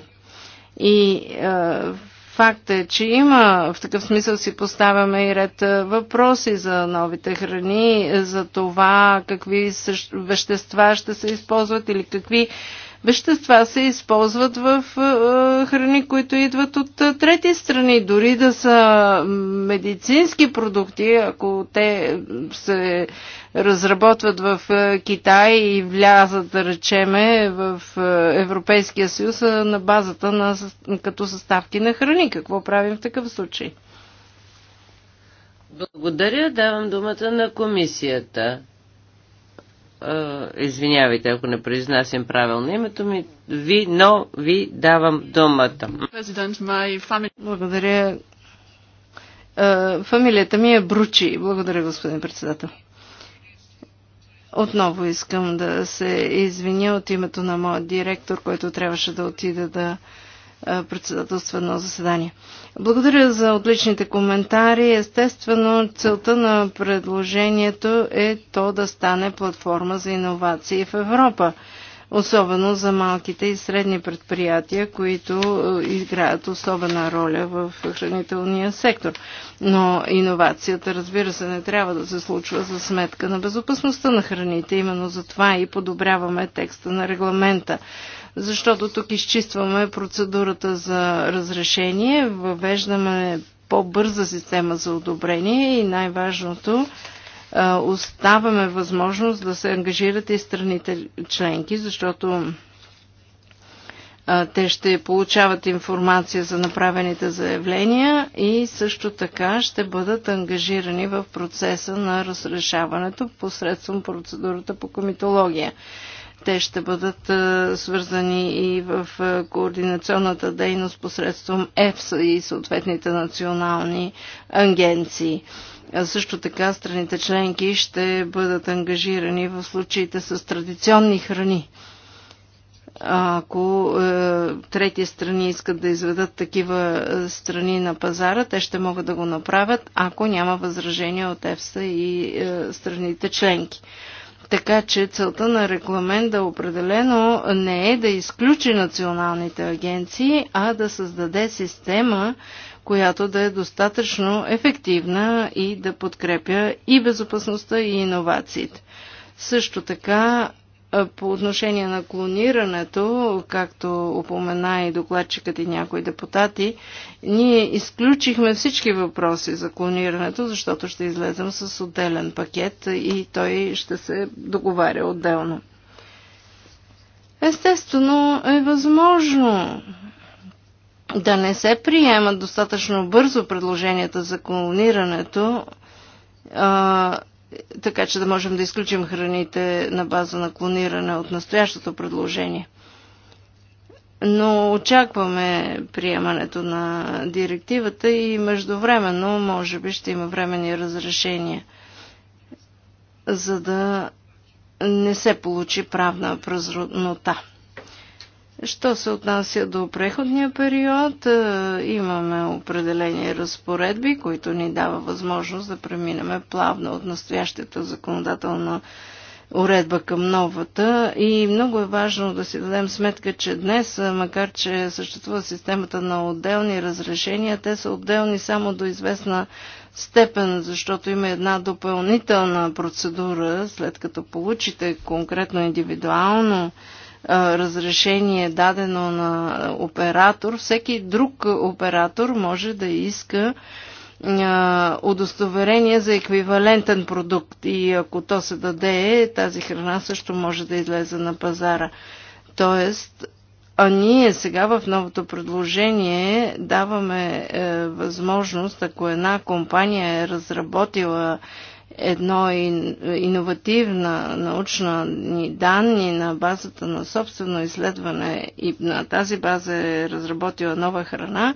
И е, факт е, че има, в такъв смисъл си поставяме и ред е, въпроси за новите храни, за това какви вещества ще се използват или какви вещества се използват в е, храни, които идват от е, трети страни, дори да са медицински продукти, ако те се разработват в е, Китай и влязат, да речеме, в Европейския съюз на базата на, като съставки на храни. Какво правим в такъв случай? Благодаря. Давам думата на комисията извинявайте, ако не произнасям правилно името ми, ви, но ви давам думата. Благодаря. Фамилията ми е Бручи. Благодаря, господин председател. Отново искам да се извиня от името на моят директор, който трябваше да отида да председателства едно заседание. Благодаря за отличните коментари. Естествено, целта на предложението е то да стане платформа за иновации в Европа, особено за малките и средни предприятия, които е, играят особена роля в хранителния сектор. Но иновацията, разбира се, не трябва да се случва за сметка на безопасността на храните. Именно за това и подобряваме текста на регламента защото тук изчистваме процедурата за разрешение, въвеждаме по-бърза система за одобрение и най-важното оставаме възможност да се ангажират и страните членки, защото те ще получават информация за направените заявления и също така ще бъдат ангажирани в процеса на разрешаването посредством процедурата по комитология. Те ще бъдат свързани и в координационната дейност посредством ЕФСА и съответните национални агенции. Също така страните членки ще бъдат ангажирани в случаите с традиционни храни. Ако е, трети страни искат да изведат такива е, страни на пазара, те ще могат да го направят, ако няма възражения от ЕФСА и е, страните членки. Така че целта на регламента определено не е да изключи националните агенции, а да създаде система, която да е достатъчно ефективна и да подкрепя и безопасността и иновациите. Също така по отношение на клонирането, както упомена и докладчикът и някои депутати, ние изключихме всички въпроси за клонирането, защото ще излезем с отделен пакет и той ще се договаря отделно. Естествено е възможно да не се приемат достатъчно бързо предложенията за клонирането, така че да можем да изключим храните на база на клониране от настоящото предложение. Но очакваме приемането на директивата и междувременно, може би, ще има времени разрешения, за да не се получи правна празнота. Що се отнася до преходния период, е, имаме определени разпоредби, които ни дава възможност да преминеме плавно от настоящата законодателна уредба към новата. И много е важно да си дадем сметка, че днес, е, макар че съществува системата на отделни разрешения, те са отделни само до известна степен, защото има една допълнителна процедура, след като получите конкретно индивидуално разрешение дадено на оператор, всеки друг оператор може да иска удостоверение за еквивалентен продукт и ако то се даде, тази храна също може да излезе на пазара. Тоест, а ние сега в новото предложение даваме е, възможност, ако една компания е разработила едно иновативна научна ни данни на базата на собствено изследване и на тази база е разработила нова храна,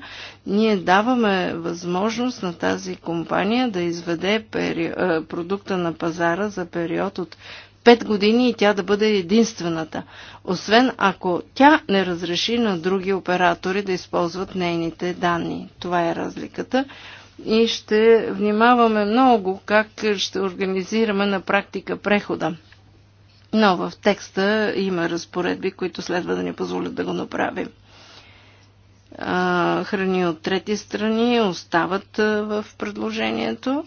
ние даваме възможност на тази компания да изведе пери... Е, продукта на пазара за период от 5 години и тя да бъде единствената. Освен ако тя не разреши на други оператори да използват нейните данни. Това е разликата и ще внимаваме много как ще организираме на практика прехода. Но в текста има разпоредби, които следва да ни позволят да го направим. храни от трети страни остават в предложението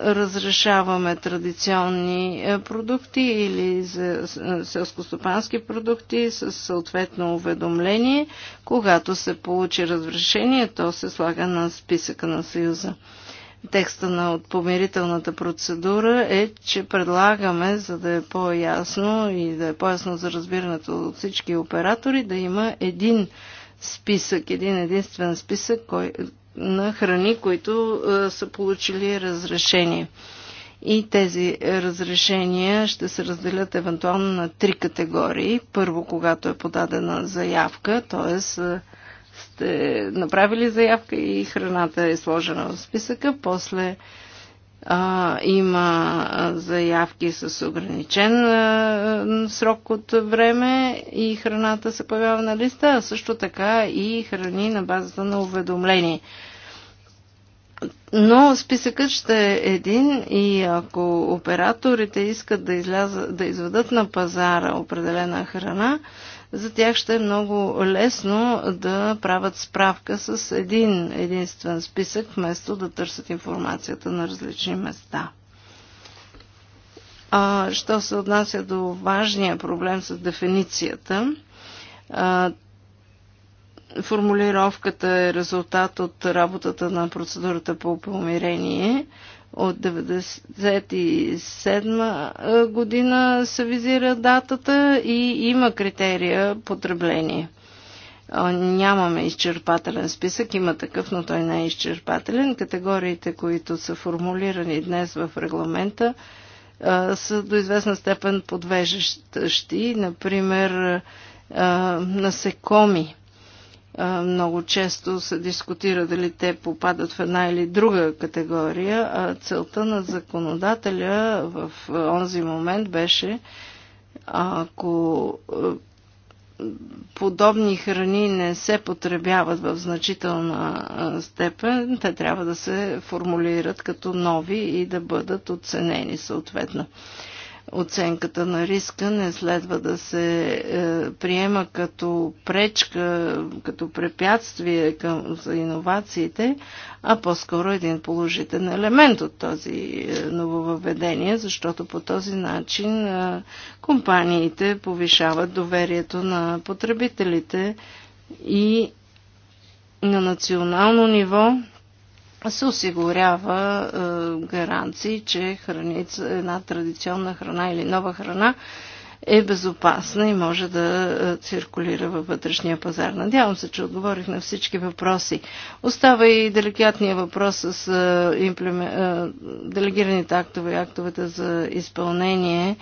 разрешаваме традиционни е, продукти или е, селскостопански продукти с съответно уведомление. Когато се получи разрешение, то се слага на списъка на Съюза. Текста на помирителната процедура е, че предлагаме, за да е по-ясно и да е по-ясно за разбирането от всички оператори, да има един списък, един единствен списък, кой, на храни, които е, са получили разрешение. И тези разрешения ще се разделят евентуално на три категории. Първо, когато е подадена заявка, т.е. сте направили заявка и храната е сложена в списъка. После а, има заявки с ограничен а, срок от време и храната се появява на листа, а също така и храни на базата на уведомление. Но списъкът ще е един и ако операторите искат да, изляза, да изведат на пазара определена храна, за тях ще е много лесно да правят справка с един единствен списък, вместо да търсят информацията на различни места. А, що се отнася до важния проблем с дефиницията, Формулировката е резултат от работата на процедурата по помирение от 1997 година се визира датата и има критерия потребление. Нямаме изчерпателен списък, има такъв, но той не е изчерпателен. Категориите, които са формулирани днес в регламента, са до известна степен подвеждащи, например насекоми – много често се дискутира дали те попадат в една или друга категория, а целта на законодателя в онзи момент беше, ако подобни храни не се потребяват в значителна степен, те трябва да се формулират като нови и да бъдат оценени съответно оценката на риска не следва да се е, приема като пречка, като препятствие към, за иновациите, а по-скоро един положителен елемент от този е, нововъведение, защото по този начин е, компаниите повишават доверието на потребителите и на национално ниво се осигурява е, гаранции, че храница, една традиционна храна или нова храна е безопасна и може да е, циркулира във вътрешния пазар. Надявам се, че отговорих на всички въпроси. Остава и деликатния въпрос с е, имплеме... Е, делегираните актове и актовете за изпълнение.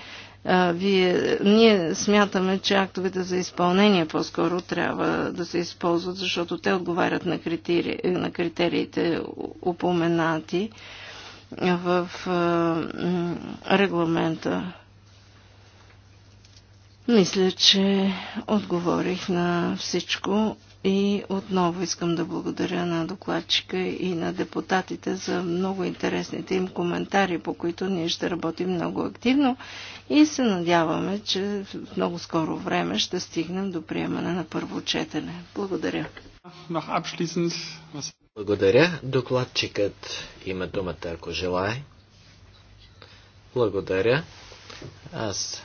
Вие, ние смятаме, че актовете за изпълнение по-скоро трябва да се използват, защото те отговарят на, критери, на критериите упоменати в регламента мисля, че отговорих на всичко и отново искам да благодаря на докладчика и на депутатите за много интересните им коментари, по които ние ще работим много активно и се надяваме, че в много скоро време ще стигнем до приемане на първо четене. Благодаря. Благодаря. Докладчикът има думата, ако желая. Благодаря. Аз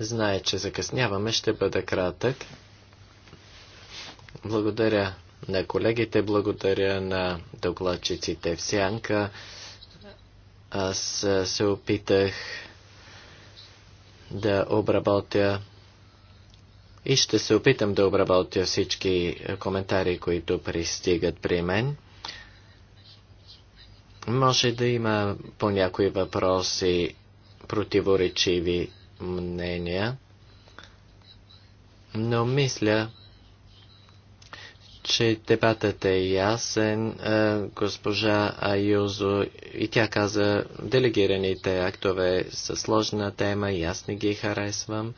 Знае, че закъсняваме, ще бъда кратък. Благодаря на колегите, благодаря на докладчиците в Сянка. Аз се опитах да обработя и ще се опитам да обработя всички коментари, които пристигат при мен. Може да има по някои въпроси противоречиви мнения, но мисля, че дебатът е ясен. Госпожа Аюзо и тя каза, делегираните актове са сложна тема и аз не ги харесвам.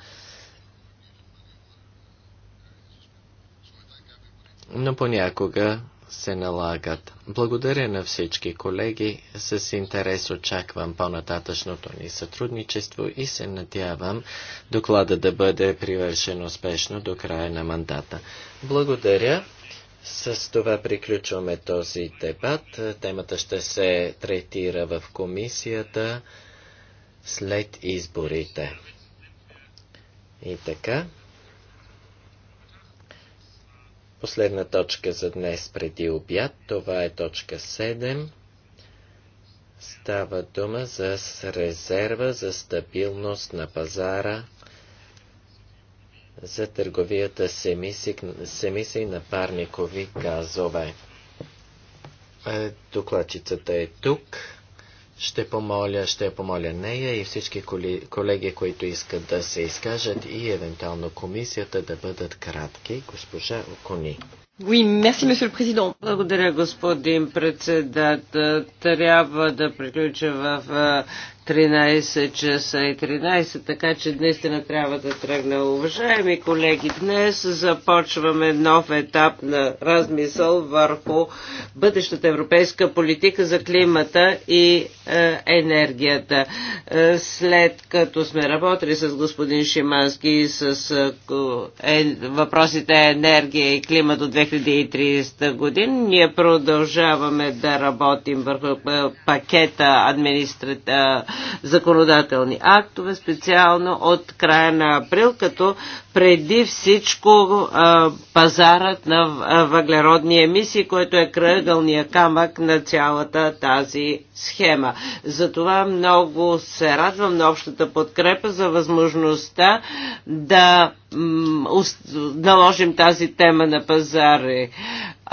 Но понякога се налагат. Благодаря на всички колеги. С интерес очаквам по-нататъчното ни сътрудничество и се надявам доклада да бъде привършен успешно до края на мандата. Благодаря. С това приключваме този дебат. Темата ще се третира в комисията след изборите. И така. Последна точка за днес преди обяд, това е точка 7. Става дума за резерва за стабилност на пазара за търговията с емисии, на парникови газове. Е, докладчицата е тук. Ще помоля, ще помоля нея и всички колеги, които искат да се изкажат и евентуално комисията да бъдат кратки. Госпожа Окони. Oui, merci, monsieur le président. Благодаря, господин председател. Трябва да приключа в 13 часа и 13, така че наистина трябва да тръгна. Уважаеми колеги, днес започваме нов етап на размисъл върху бъдещата европейска политика за климата и е, енергията. Е, след като сме работили с господин Шимански и с е, е, въпросите енергия и климат до 2030 година, ние продължаваме да работим върху е, пакета администрация законодателни актове, специално от края на април, като преди всичко пазарът на въглеродни емисии, който е кръгълния камък на цялата тази схема. Затова много се радвам на общата подкрепа за възможността да наложим тази тема на пазари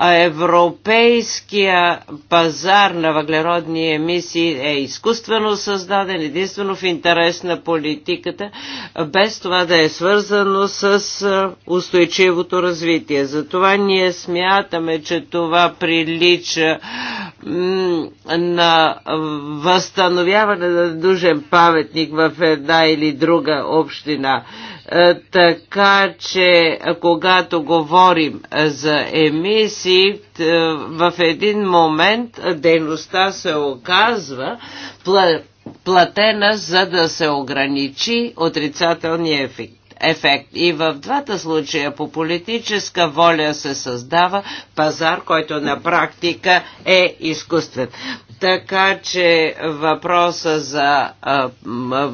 европейския пазар на въглеродни емисии е изкуствено създаден единствено в интерес на политиката, без това да е свързано с устойчивото развитие. Затова ние смятаме, че това прилича на възстановяване на дужен паметник в една или друга община. Е, така че, е, когато говорим е, за емисии, в един момент дейността се оказва платена, за да се ограничи отрицателния ефект ефект. И в двата случая по политическа воля се създава пазар, който на практика е изкуствен. Така че въпроса за а, а,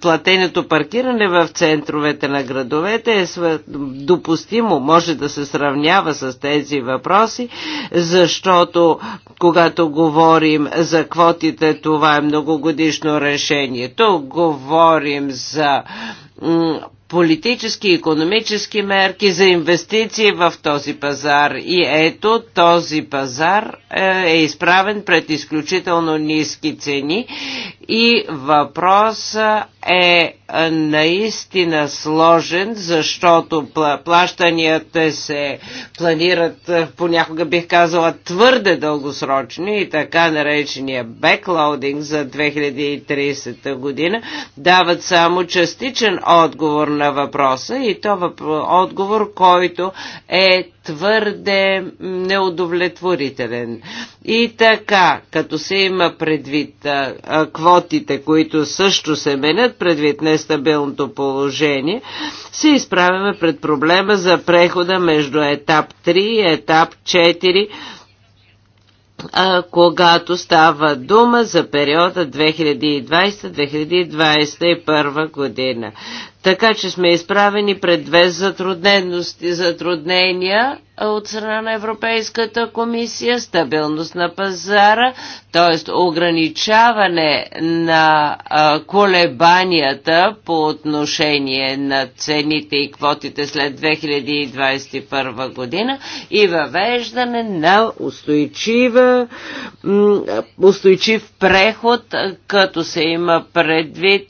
платеното паркиране в центровете на градовете е допустимо, може да се сравнява с тези въпроси, защото когато говорим за квотите, това е многогодишно решение. Тук говорим за политически и економически мерки за инвестиции в този пазар. И ето, този пазар е, е изправен пред изключително ниски цени и въпроса е наистина сложен, защото плащанията се планират, понякога бих казала, твърде дългосрочни и така наречения беклоудинг за 2030 година дават само частичен отговор на въпроса и то отговор, който е твърде неудовлетворителен. И така, като се има предвид квотите, които също се менят, предвид нестабилното положение, се изправяме пред проблема за прехода между етап 3 и етап 4 когато става дума за периода 2020-2021 година. Така че сме изправени пред две затруднения от страна на Европейската комисия, стабилност на пазара, т.е. ограничаване на колебанията по отношение на цените и квотите след 2021 година и въвеждане на устойчива, устойчив преход, като се има предвид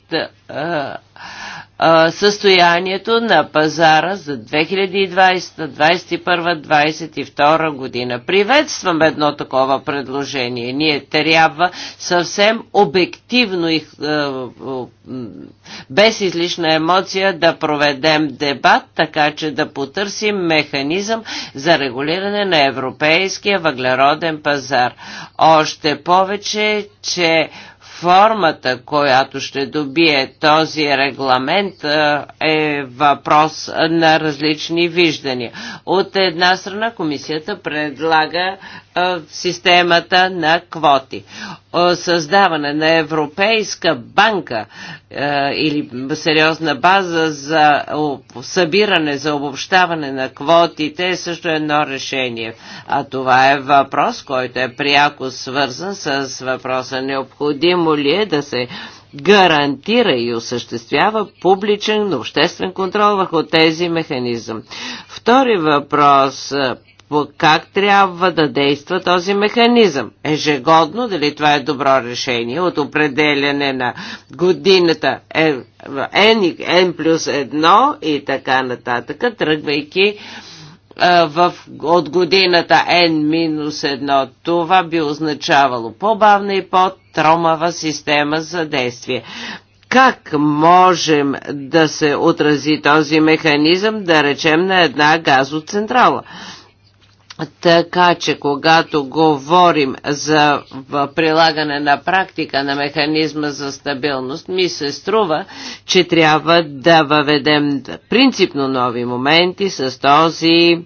състоянието на пазара за 2020, 2021, 2022 година. Приветствам едно такова предложение. Ние трябва съвсем обективно и без излишна емоция да проведем дебат, така че да потърсим механизъм за регулиране на европейския въглероден пазар. Още повече, че формата, която ще добие този регламент, е, е въпрос на различни виждания. От една страна комисията предлага е, системата на квоти. Създаване на Европейска банка е, или сериозна база за събиране, за обобщаване на квотите е също едно решение. А това е въпрос, който е пряко свързан с въпроса необходимо Необходимо ли е да се гарантира и осъществява публичен обществен контрол върху тези механизъм? Втори въпрос как трябва да действа този механизъм. Ежегодно, дали това е добро решение от определяне на годината е, N, N плюс 1 и така нататък, тръгвайки в, от годината N-1. минус Това би означавало по-бавна и по тромава система за действие. Как можем да се отрази този механизъм, да речем, на една газоцентрала? Така че, когато говорим за прилагане на практика на механизма за стабилност, ми се струва, че трябва да въведем принципно нови моменти с този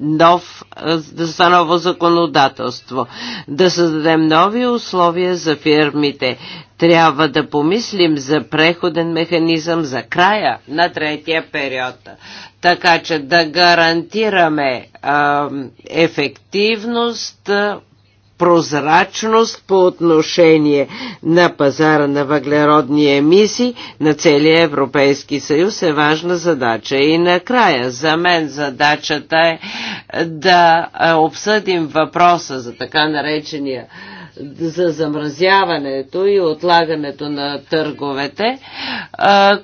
нов, за ново законодателство, да създадем нови условия за фирмите. Трябва да помислим за преходен механизъм за края на третия период, така че да гарантираме а, ефективност, прозрачност по отношение на пазара на въглеродни емисии на целия Европейски съюз е важна задача. И накрая, за мен задачата е да е, обсъдим въпроса за така наречения за замразяването и отлагането на търговете, е,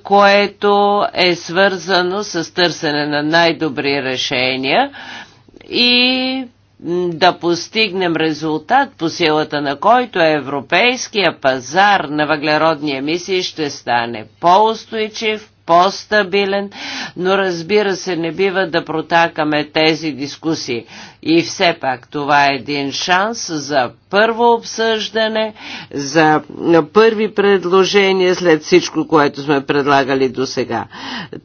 което е свързано с търсене на най-добри решения и да постигнем резултат, по силата на който европейския пазар на въглеродни емисии ще стане по-устойчив, по-стабилен, но разбира се, не бива да протакаме тези дискусии. И все пак това е един шанс за първо обсъждане, за първи предложения след всичко, което сме предлагали до сега.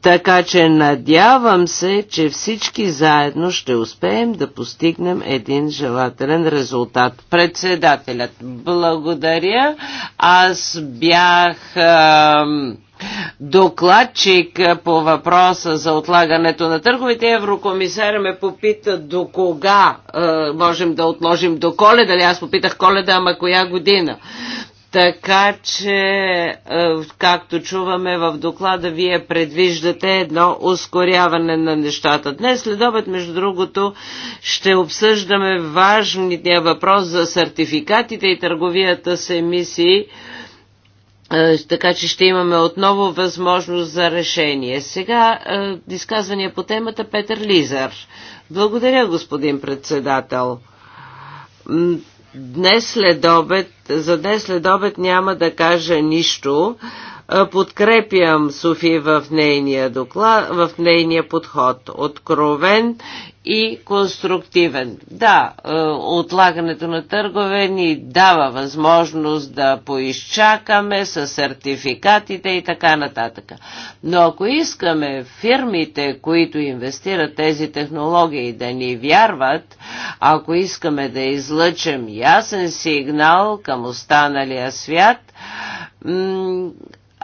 Така че надявам се, че всички заедно ще успеем да постигнем един желателен резултат. Председателят, благодаря. Аз бях... Ам Докладчик по въпроса за отлагането на търговите, еврокомисаря ме попита до кога е, можем да отложим до коледа. Аз попитах коледа, ама коя година? Така че, е, както чуваме в доклада, вие предвиждате едно ускоряване на нещата. Днес след обед, между другото, ще обсъждаме важния въпрос за сертификатите и търговията с емисии е, така че ще имаме отново възможност за решение. Сега е, изказвания по темата Петър Лизар. Благодаря, господин председател. Днес след обед, за днес след обед няма да кажа нищо. Е, подкрепям Софи в нейния доклад, в нейния подход. Откровен и конструктивен. Да, е, отлагането на търгове ни дава възможност да поизчакаме с сертификатите и така нататък. Но ако искаме фирмите, които инвестират тези технологии да ни вярват, ако искаме да излъчим ясен сигнал към останалия свят,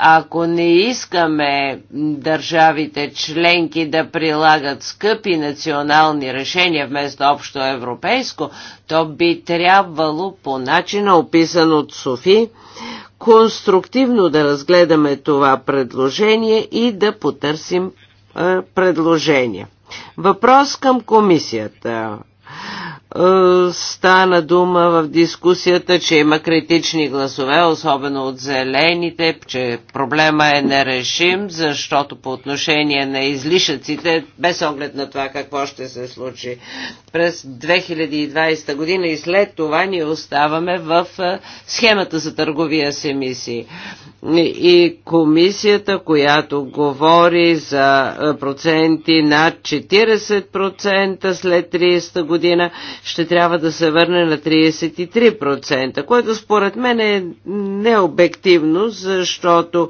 ако не искаме държавите членки да прилагат скъпи национални решения вместо общо европейско, то би трябвало по начина описан от Софи конструктивно да разгледаме това предложение и да потърсим е, предложение. Въпрос към комисията. Е, стана дума в дискусията, че има критични гласове, особено от зелените, че проблема е нерешим, защото по отношение на излишъците, без оглед на това какво ще се случи през 2020 година и след това ние оставаме в е, схемата за търговия с емисии. И комисията, която говори за е, проценти над 40% след 30 година, ще трябва да се върне на 33%, което според мен е необективно, защото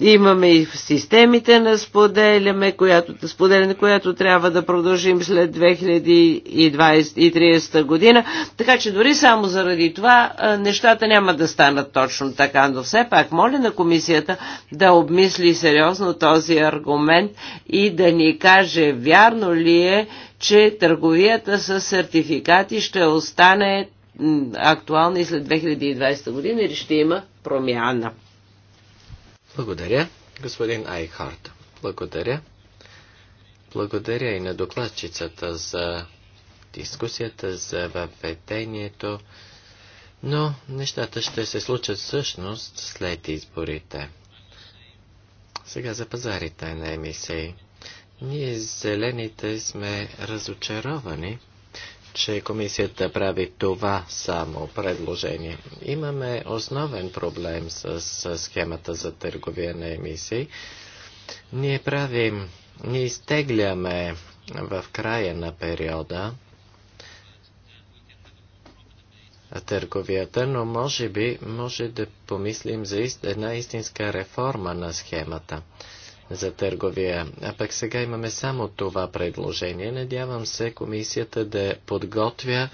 имаме и в системите на споделяме, която, споделяне, която трябва да продължим след 2030 година. Така че дори само заради това нещата няма да станат точно така, но все пак моля на комисията да обмисли сериозно този аргумент и да ни каже вярно ли е, че търговията с сертификати ще остане актуална и след 2020 година или ще има промяна. Благодаря, господин Айхарт. Благодаря. Благодаря и на докладчицата за дискусията, за въведението, но нещата ще се случат всъщност след изборите. Сега за пазарите на емисии. Ние зелените сме разочаровани, че комисията прави това само предложение. Имаме основен проблем с, схемата за търговия на емисии. Ние правим, ние изтегляме в края на периода търговията, но може би може да помислим за една истинска реформа на схемата за търговия. А пък сега имаме само това предложение. Надявам се комисията да подготвя,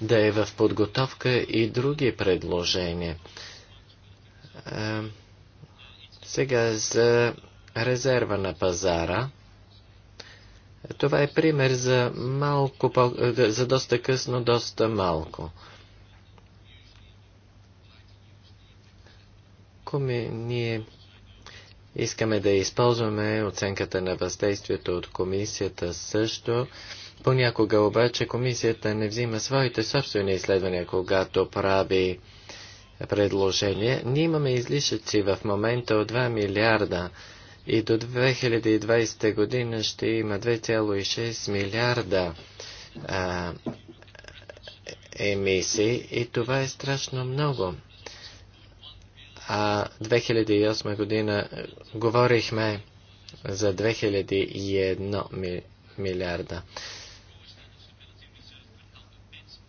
да е в подготовка и други предложения. А, сега за резерва на пазара. Това е пример за малко, за доста късно, доста малко. Коми, ние Искаме да използваме оценката на въздействието от комисията също. Понякога обаче комисията не взима своите собствени изследвания, когато прави предложение. Ние имаме излишъци в момента от 2 милиарда и до 2020 година ще има 2,6 милиарда а, емисии и това е страшно много. А 2008 година говорихме за 2001 милиарда.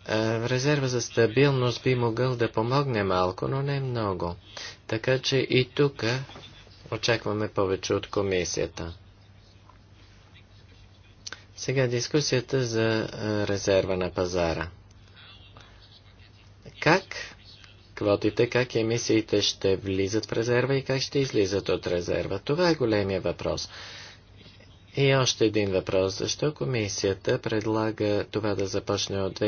Е, резерва за стабилност би могъл да помогне малко, но не много. Така че и тук очакваме повече от комисията. Сега дискусията за е, резерва на пазара. квотите, как емисиите ще влизат в резерва и как ще излизат от резерва. Това е големия въпрос. И още един въпрос. Защо комисията предлага това да започне от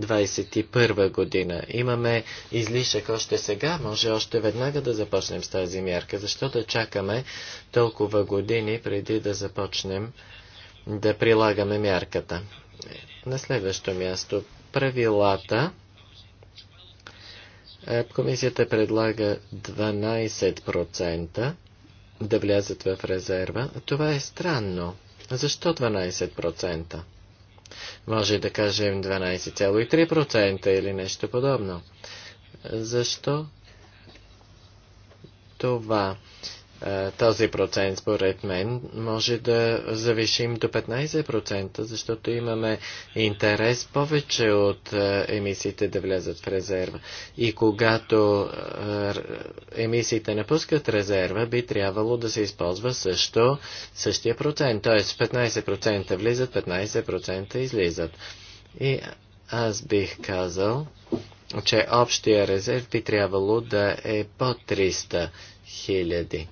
2021 година. Имаме излишък още сега, може още веднага да започнем с тази мярка, защо да чакаме толкова години преди да започнем да прилагаме мярката. На следващо място правилата е, комисията предлага 12% да влязат в резерва. Това е странно. Защо 12%? Може да кажем 12,3% или нещо подобно. Защо това? Е, този процент, според мен, може да завишим до 15%, защото имаме интерес повече от е, емисиите да влязат в резерва. И когато е, емисиите напускат резерва, би трябвало да се използва също същия процент. Тоест 15% влизат, 15% излизат. И аз бих казал, че общия резерв би трябвало да е по 300 хиляди.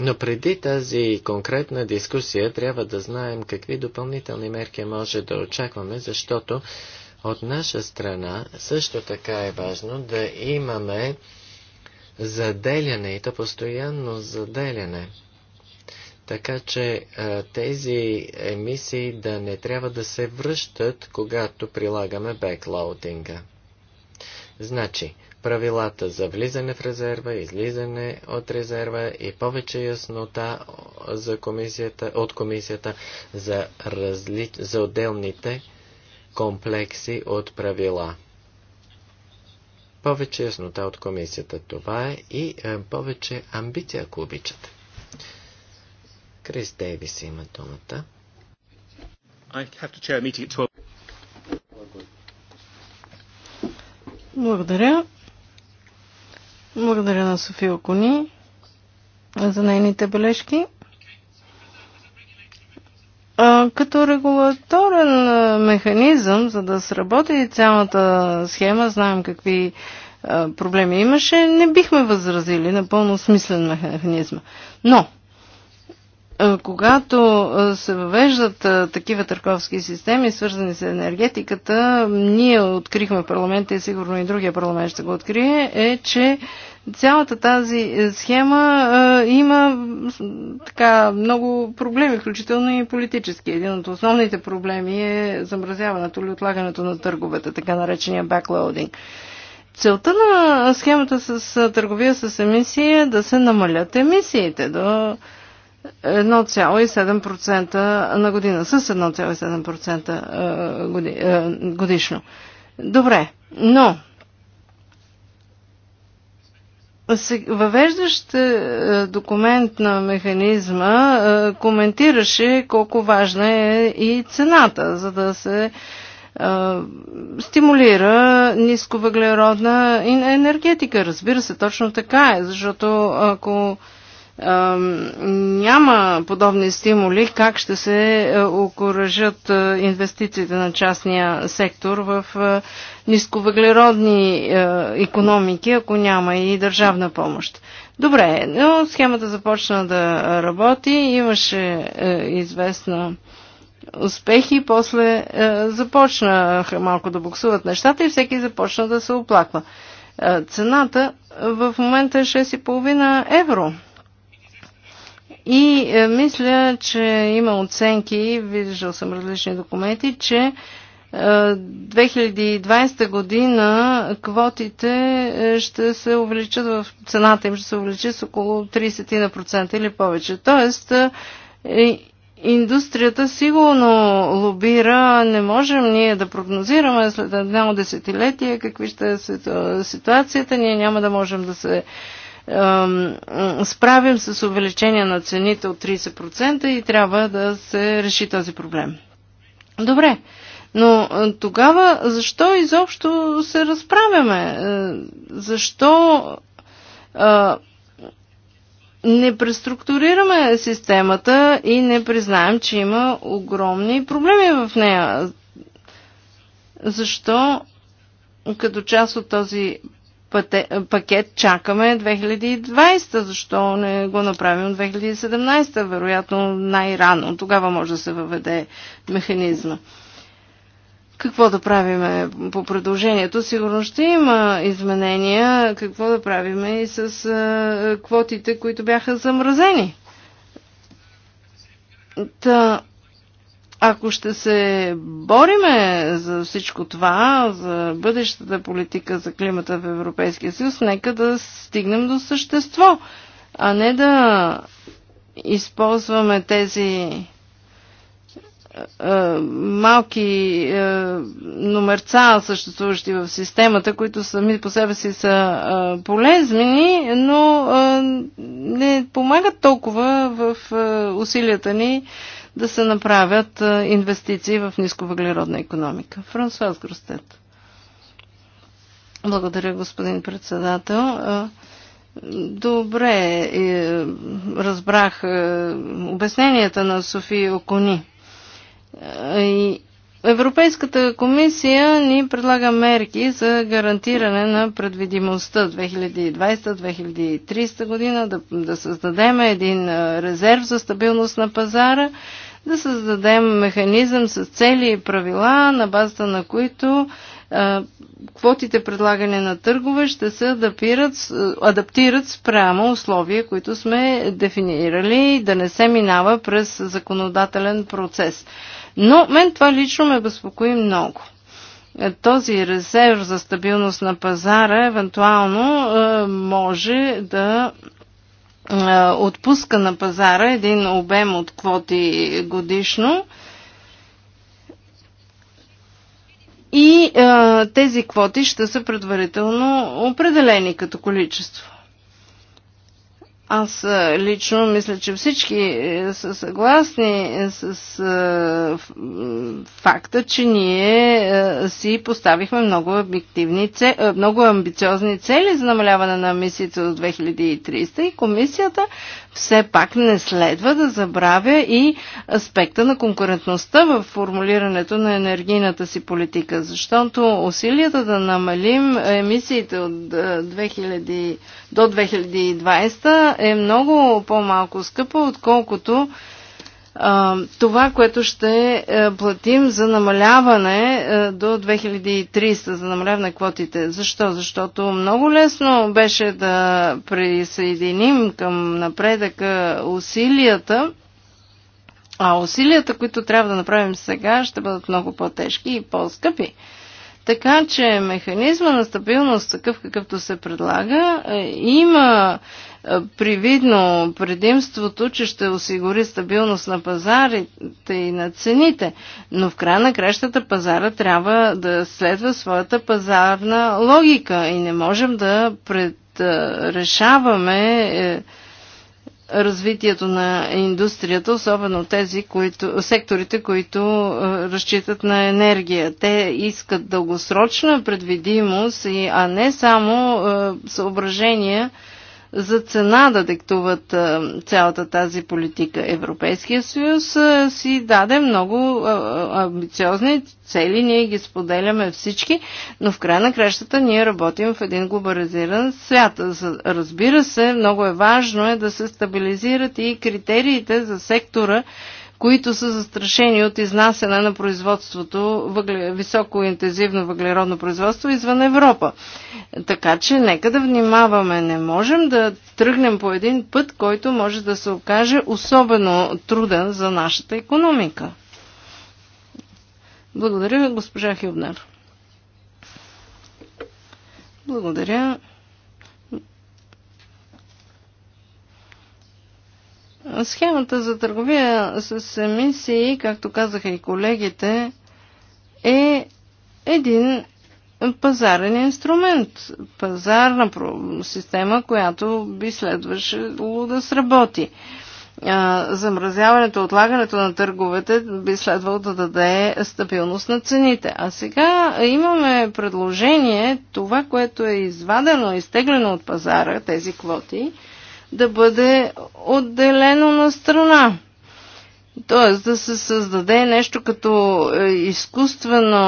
Но преди тази конкретна дискусия трябва да знаем какви допълнителни мерки може да очакваме, защото от наша страна също така е важно да имаме заделяне и то постоянно заделяне. Така че тези емисии да не трябва да се връщат, когато прилагаме беклоудинга. Значи, правилата за влизане в резерва, излизане от резерва и повече яснота за комисията, от комисията за, разли... за отделните комплекси от правила. Повече яснота от комисията. Това е и е, повече амбиция, ако обичате. Крис Дейвис има думата. Благодаря. Благодаря на София Кони за нейните бележки. Като регулаторен механизъм, за да сработи цялата схема, знаем какви проблеми имаше, не бихме възразили напълно смислен механизъм. Но когато се въвеждат такива търговски системи, свързани с енергетиката, ние открихме парламента и сигурно и другия парламент ще го открие, е, че цялата тази е, схема има така много проблеми, включително и политически. Един от основните проблеми е замразяването или отлагането на търговете, така наречения баклоудинг. Целта на схемата с търговия с емисии е да се намалят емисиите до да 1,7% на година, с 1,7% годишно. Добре, но Въвеждащ документ на механизма коментираше колко важна е и цената, за да се стимулира нисковъглеродна енергетика. Разбира се, точно така е, защото ако няма подобни стимули, как ще се е, окоръжат е, инвестициите на частния сектор в е, нисковъглеродни економики, ако няма и държавна помощ. Добре, но схемата започна да работи, имаше известна успехи, после започнаха малко да буксуват нещата и всеки започна да се оплаква. Цената в момента е 6,5 евро и е, мисля, че има оценки, виждал съм различни документи, че 2020 е, година квотите е, ще се увеличат в цената им ще се увеличи с около 30% или повече. Тоест е, индустрията сигурно лобира, не можем ние да прогнозираме след едно десетилетие какви ще е ситуацията, ние няма да можем да се справим с увеличение на цените от 30% и трябва да се реши този проблем. Добре, но тогава защо изобщо се разправяме? Е, защо не преструктурираме системата и не признаем, че има огромни проблеми в нея? Защо като част от този пакет чакаме 2020, защо не го направим 2017, вероятно най-рано, тогава може да се въведе механизма. Какво да правиме по предложението? Сигурно ще има изменения. Какво да правиме и с квотите, които бяха замразени? Та, ако ще се бориме за всичко това, за бъдещата политика за климата в Европейския съюз, нека да стигнем до същество, а не да използваме тези е, е, малки е, номерца, съществуващи в системата, които сами по себе си са е, полезни, но е, не помагат толкова в е, усилията ни да се направят инвестиции в нисковъглеродна економика. Франсуаз Гростет. Благодаря, господин председател. Добре, е, разбрах е, обясненията на София Окони. Европейската комисия ни предлага мерки за гарантиране на предвидимостта 2020-2030 година, да, да създадем един резерв за стабилност на пазара да създадем механизъм с цели и правила, на базата на които квотите предлагане на търгове ще се адаптират, адаптират спрямо условия, които сме дефинирали, и да не се минава през законодателен процес. Но мен това лично ме безпокои много. Този резерв за стабилност на пазара евентуално може да е, отпуска на пазара един обем от квоти годишно. И а, е, тези квоти ще са предварително определени като количество. Аз е, лично мисля, че всички е, са съгласни е, с факта, че ние си поставихме много, обективни, много амбициозни цели за намаляване на мисиите от 2300 и комисията все пак не следва да забравя и аспекта на конкурентността в формулирането на енергийната си политика, защото усилията да намалим емисиите от 2000 е, до 2020 е много по-малко скъпа, отколкото това, което ще е, платим за намаляване е, до 2300, за намаляване на квотите. Защо? Защото много лесно беше да присъединим към напредъка усилията, а усилията, които трябва да направим сега, ще бъдат много по-тежки и по-скъпи. Така че механизма на стабилност, такъв какъвто се предлага, е, има е, привидно предимството, че ще осигури стабилност на пазарите и на цените, но в края на кращата пазара трябва да следва своята пазарна логика и не можем да предрешаваме е, развитието на индустрията, особено тези които, секторите, които разчитат на енергия. Те искат дългосрочна предвидимост, а не само съображения за цена да диктуват цялата тази политика. Европейския съюз си даде много амбициозни цели, ние ги споделяме всички, но в края на кращата ние работим в един глобализиран свят. Разбира се, много е важно е да се стабилизират и критериите за сектора, които са застрашени от изнасяне на производството, въгле, високо интензивно въглеродно производство извън Европа. Така че нека да внимаваме. Не можем да тръгнем по един път, който може да се окаже особено труден за нашата економика. Благодаря, госпожа Хюбнер. Благодаря. Схемата за търговия с емисии, както казаха и колегите, е един пазарен инструмент, пазарна система, която би следваше да сработи. Замразяването, отлагането на търговете би следвало да даде стабилност на цените. А сега имаме предложение, това, което е извадено, изтеглено от пазара, тези квоти, да бъде отделено на страна. Тоест да се създаде нещо като е, изкуствено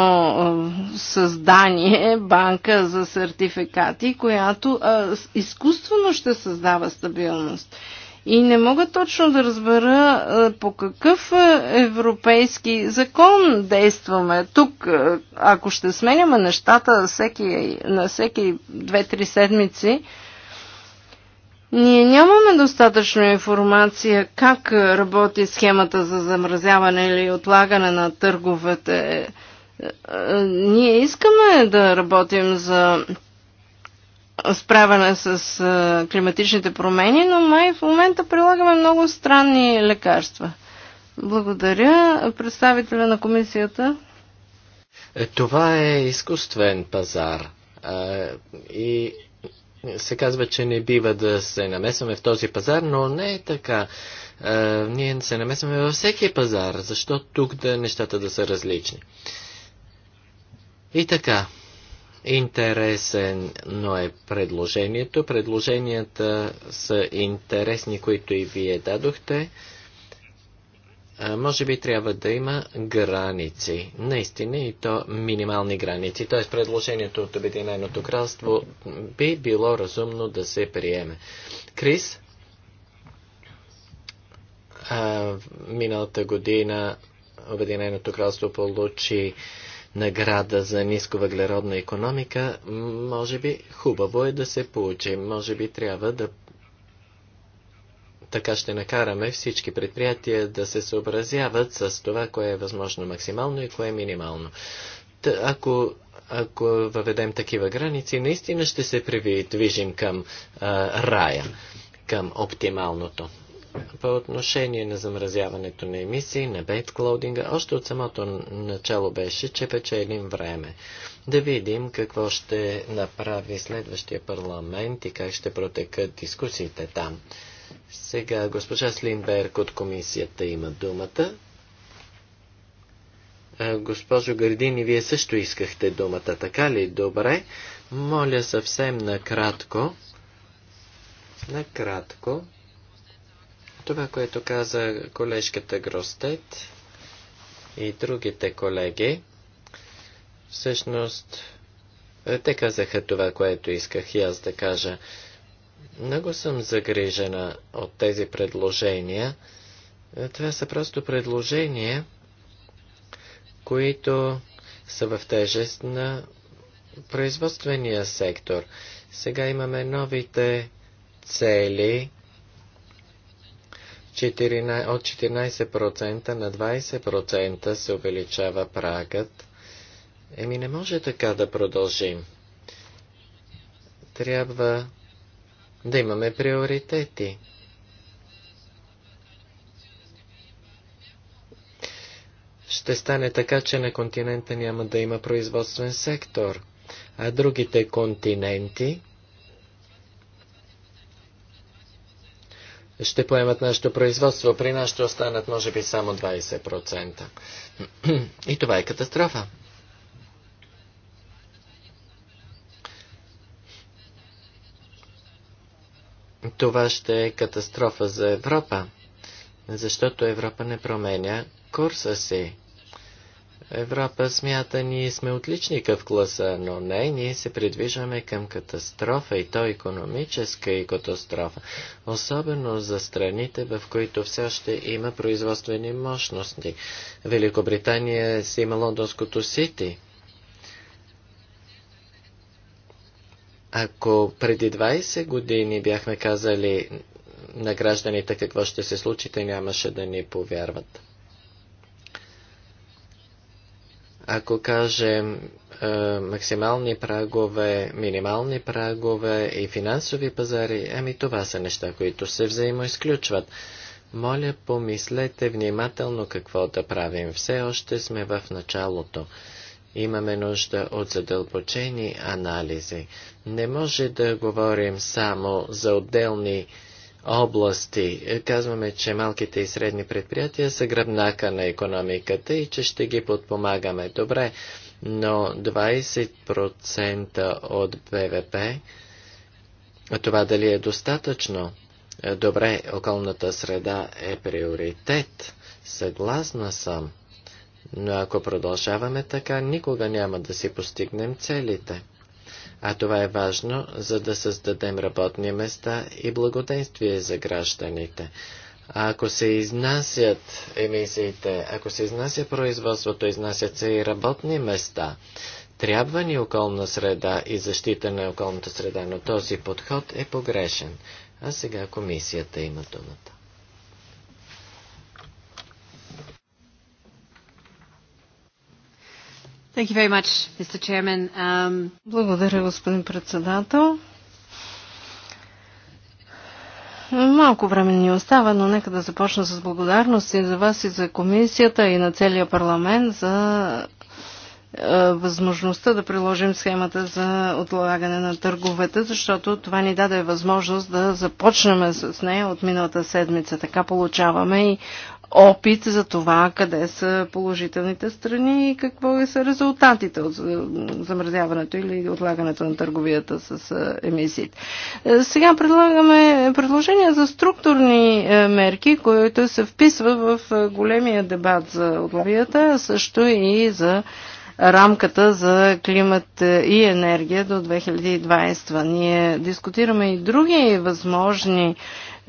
е, създание, банка за сертификати, която е, изкуствено ще създава стабилност. И не мога точно да разбера по какъв европейски закон действаме тук. Ако ще сменяме нещата всеки, на всеки 2-3 седмици, ние нямаме достатъчно информация как работи схемата за замразяване или отлагане на търговете. Е, е, ние искаме да работим за справяне с е, климатичните промени, но май в момента прилагаме много странни лекарства. Благодаря. Представителя на комисията. Това е изкуствен пазар. И се казва, че не бива да се намесваме в този пазар, но не е така. А, ние се намесваме във всеки пазар, защо тук да нещата да са различни. И така, интересен, е предложението. Предложенията са интересни, които и вие дадохте може би трябва да има граници. Наистина и то минимални граници. Т.е. предложението от Обединеното кралство би било разумно да се приеме. Крис, а, миналата година Обединеното кралство получи награда за ниско въглеродна економика, може би хубаво е да се получи. Може би трябва да така ще накараме всички предприятия да се съобразяват с това, кое е възможно максимално и кое е минимално. Та, ако, ако въведем такива граници, наистина ще се придвижим към а, рая, към оптималното. По отношение на замразяването на емисии, на бейт-клоудинга, още от самото начало беше, че печелим време. Да видим какво ще направи следващия парламент и как ще протекат дискусиите там. Сега госпожа Слинберг от комисията има думата. Госпожо Гърдини, вие също искахте думата, така ли? Добре. Моля съвсем накратко. Накратко. Това, което каза колежката Гростет и другите колеги, всъщност те казаха това, което исках и аз да кажа. Много съм загрижена от тези предложения. Е, това са просто предложения, които са в тежест на производствения сектор. Сега имаме новите цели от 14% на 20% се увеличава прагът. Еми не може така да продължим. Трябва да имаме приоритети. Ще стане така, че на континента няма да има производствен сектор, а другите континенти ще поемат нашето производство, при нас ще останат може би само 20%. И това е катастрофа. това ще е катастрофа за Европа, защото Европа не променя курса си. Европа смята, ние сме отличника в класа, но не, ние се придвижваме към катастрофа и то економическа и катастрофа, особено за страните, в които все още има производствени мощности. Великобритания си има лондонското сити. Ако преди 20 години бяхме казали на гражданите какво ще се случи, те нямаше да ни повярват. Ако кажем е, максимални прагове, минимални прагове и финансови пазари, ами това са неща, които се взаимоизключват. Моля, помислете внимателно какво да правим. Все още сме в началото. Имаме нужда от задълбочени анализи. Не може да говорим само за отделни области. Казваме, че малките и средни предприятия са гръбнака на економиката и че ще ги подпомагаме. Добре, но 20% от БВП, това дали е достатъчно? Добре, околната среда е приоритет. Съгласна съм. Но ако продължаваме така, никога няма да си постигнем целите. А това е важно, за да създадем работни места и благоденствие за гражданите. А ако се изнасят емисиите, ако се изнася производството, изнасят се и работни места. Трябва ни околна среда и защита на околната среда, но този подход е погрешен. А сега комисията има думата. Thank you very much, Mr. Chairman. Um... Благодаря, господин председател. Малко време ни остава, но нека да започна с благодарност и за вас, и за комисията, и на целия парламент за е, възможността да приложим схемата за отлагане на търговете, защото това ни даде възможност да започнем с нея от миналата седмица. Така получаваме и опит за това къде са положителните страни и какво е са резултатите от замразяването или отлагането на търговията с емисиите. Е, сега предлагаме предложения за структурни е, мерки, които се вписва в големия дебат за отлавията, а също и за рамката за климат и енергия до 2020. Ние дискутираме и други възможни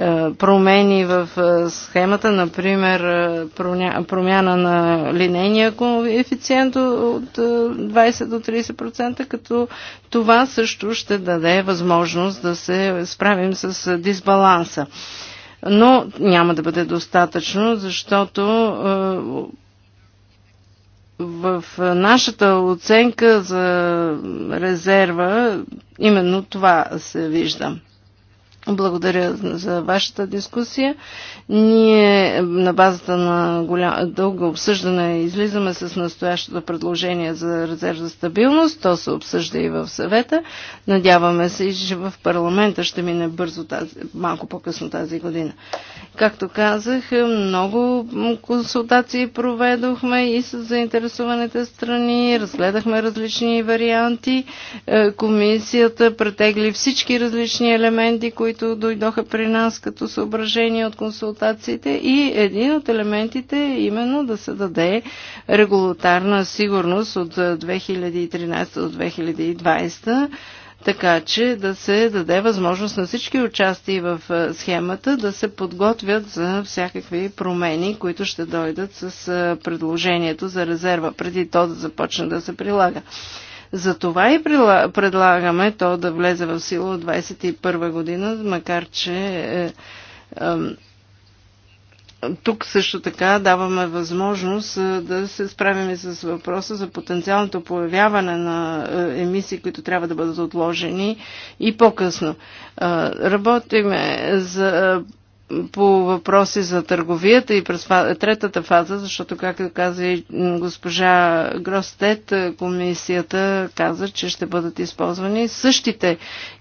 е, промени в е, схемата, например е, промяна на линейния коефициент от 20 до 30%, като това също ще даде възможност да се справим с дисбаланса. Но няма да бъде достатъчно, защото в нашата оценка за резерва именно това се вижда. Благодаря за вашата дискусия. Ние на базата на голям, дълго обсъждане излизаме с настоящото предложение за резерв за стабилност. То се обсъжда и в съвета. Надяваме се, че в парламента ще мине бързо тази, малко по-късно тази година. Както казах, много консултации проведохме и с заинтересованите страни, разгледахме различни варианти. Е, комисията претегли всички различни елементи, които които дойдоха при нас като съображение от консултациите и един от елементите е именно да се даде регулатарна сигурност от 2013 до 2020 така че да се даде възможност на всички участи в схемата да се подготвят за всякакви промени, които ще дойдат с предложението за резерва, преди то да започне да се прилага. Затова и предлагаме то да влезе в сила от 2021 година, макар че е, е, тук също така даваме възможност е, да се справим и с въпроса за потенциалното появяване на е, емисии, които трябва да бъдат отложени и по-късно. Е, работиме за по въпроси за търговията и през третата фаза, защото, както каза и госпожа Гростет, комисията каза, че ще бъдат използвани същите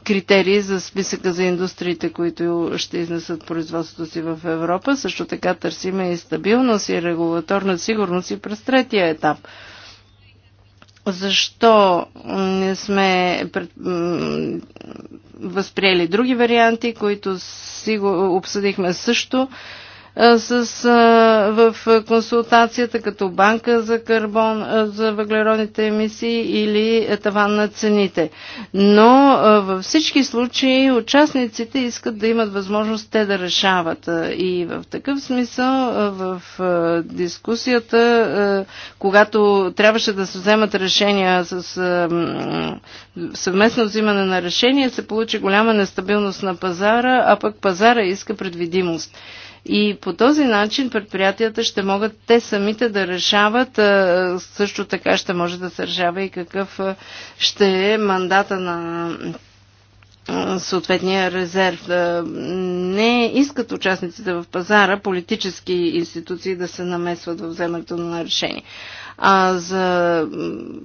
критерии за списъка за индустриите, които ще изнесат производството си в Европа. Също така търсиме и стабилност и регулаторна сигурност и през третия етап – защо не сме пред... възприели други варианти, които си го обсъдихме също с, а, в консултацията като банка за, карбон, а, за въглеродните емисии или таван на цените. Но а, във всички случаи участниците искат да имат възможност те да решават. И в такъв смисъл а, в а, дискусията, а, когато трябваше да се вземат решения с а, съвместно взимане на решения, се получи голяма нестабилност на пазара, а пък пазара иска предвидимост. И по този начин предприятията ще могат те самите да решават, също така ще може да се решава и какъв ще е мандата на съответния резерв. Не искат участниците в пазара, политически институции да се намесват в вземането на решение. А за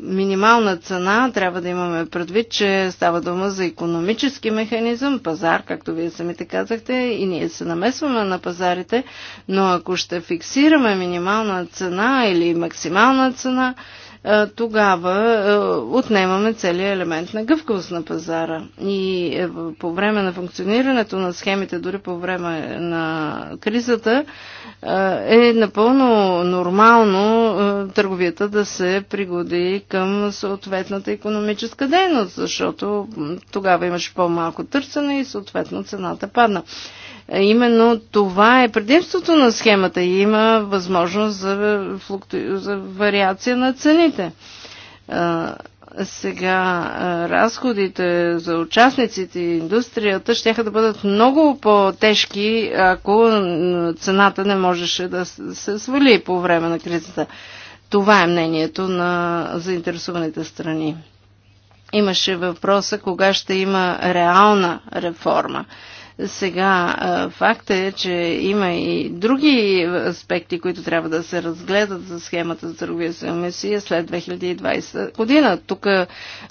минимална цена трябва да имаме предвид, че става дума за економически механизъм, пазар, както вие самите казахте, и ние се намесваме на пазарите, но ако ще фиксираме минимална цена или максимална цена, тогава отнемаме целият елемент на гъвкавост на пазара. И е, по време на функционирането на схемите, дори по време на кризата, е напълно нормално търговията да се пригоди към съответната економическа дейност, защото тогава имаше по-малко търсене и съответно цената падна. Е, именно това е предимството на схемата и има възможност за, флукту... за вариация на цените. Сега разходите за участниците и индустрията ще да бъдат много по-тежки, ако цената не можеше да се свали по време на кризата. Това е мнението на заинтересованите страни. Имаше въпроса кога ще има реална реформа. Сега факт е, че има и други аспекти, които трябва да се разгледат за схемата за търговия с емисия след 2020 година. Тук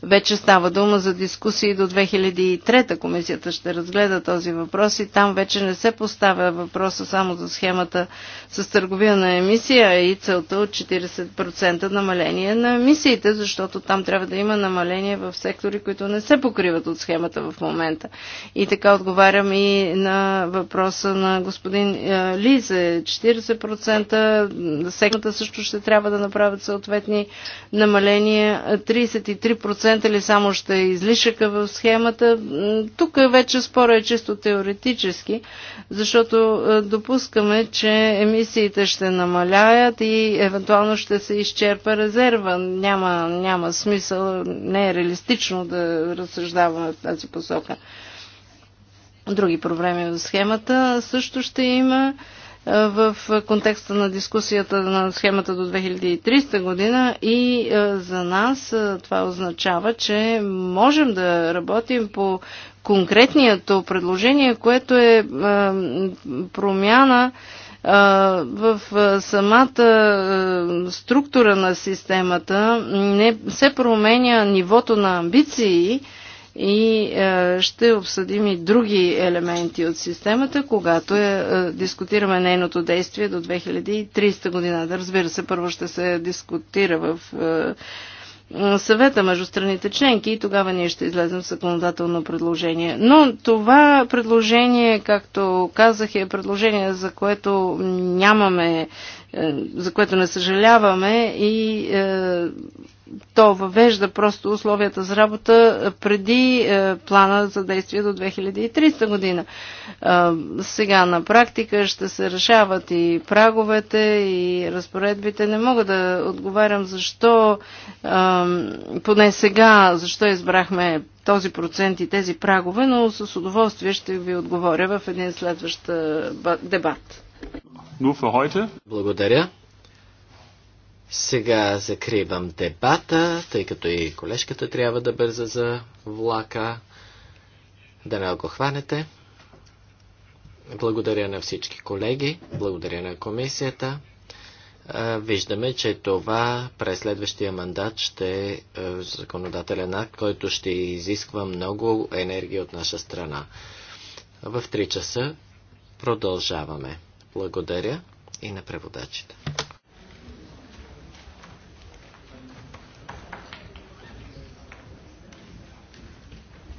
вече става дума за дискусии до 2003. Комисията ще разгледа този въпрос и там вече не се поставя въпроса само за схемата с търговия на емисия и целта от 40% намаление на емисиите, защото там трябва да има намаление в сектори, които не се покриват от схемата в момента. И така отговарям и на въпроса на господин е, Лизе. 40% секната също ще трябва да направят съответни намаления. 33% ли само ще излишъка в схемата? Тук е вече спора е чисто теоретически, защото е, допускаме, че емисиите ще намаляят и евентуално ще се изчерпа резерва. Няма, няма смисъл, не е реалистично да разсъждаваме в тази посока други проблеми в схемата. Също ще има в контекста на дискусията на схемата до 2300 година и за нас това означава, че можем да работим по конкретното предложение, което е промяна в самата структура на системата, не се променя нивото на амбиции, и е, ще обсъдим и други елементи от системата, когато е, е дискутираме нейното действие до 2030 година. Да, разбира се, първо ще се дискутира в е, съвета между страните членки и тогава ние ще излезем в законодателно предложение. Но това предложение, както казах, е предложение, за което нямаме, е, за което не съжаляваме и то въвежда просто условията за работа преди плана за действие до 2030 година. Сега на практика ще се решават и праговете, и разпоредбите. Не мога да отговарям защо, поне сега, защо избрахме този процент и тези прагове, но с удоволствие ще ви отговоря в един следващ дебат. Благодаря. Сега закривам дебата, тъй като и колежката трябва да бърза за влака. Да не го хванете. Благодаря на всички колеги, благодаря на комисията. Виждаме, че това през следващия мандат ще е законодателен акт, който ще изисква много енергия от наша страна. В 3 часа продължаваме. Благодаря и на преводачите.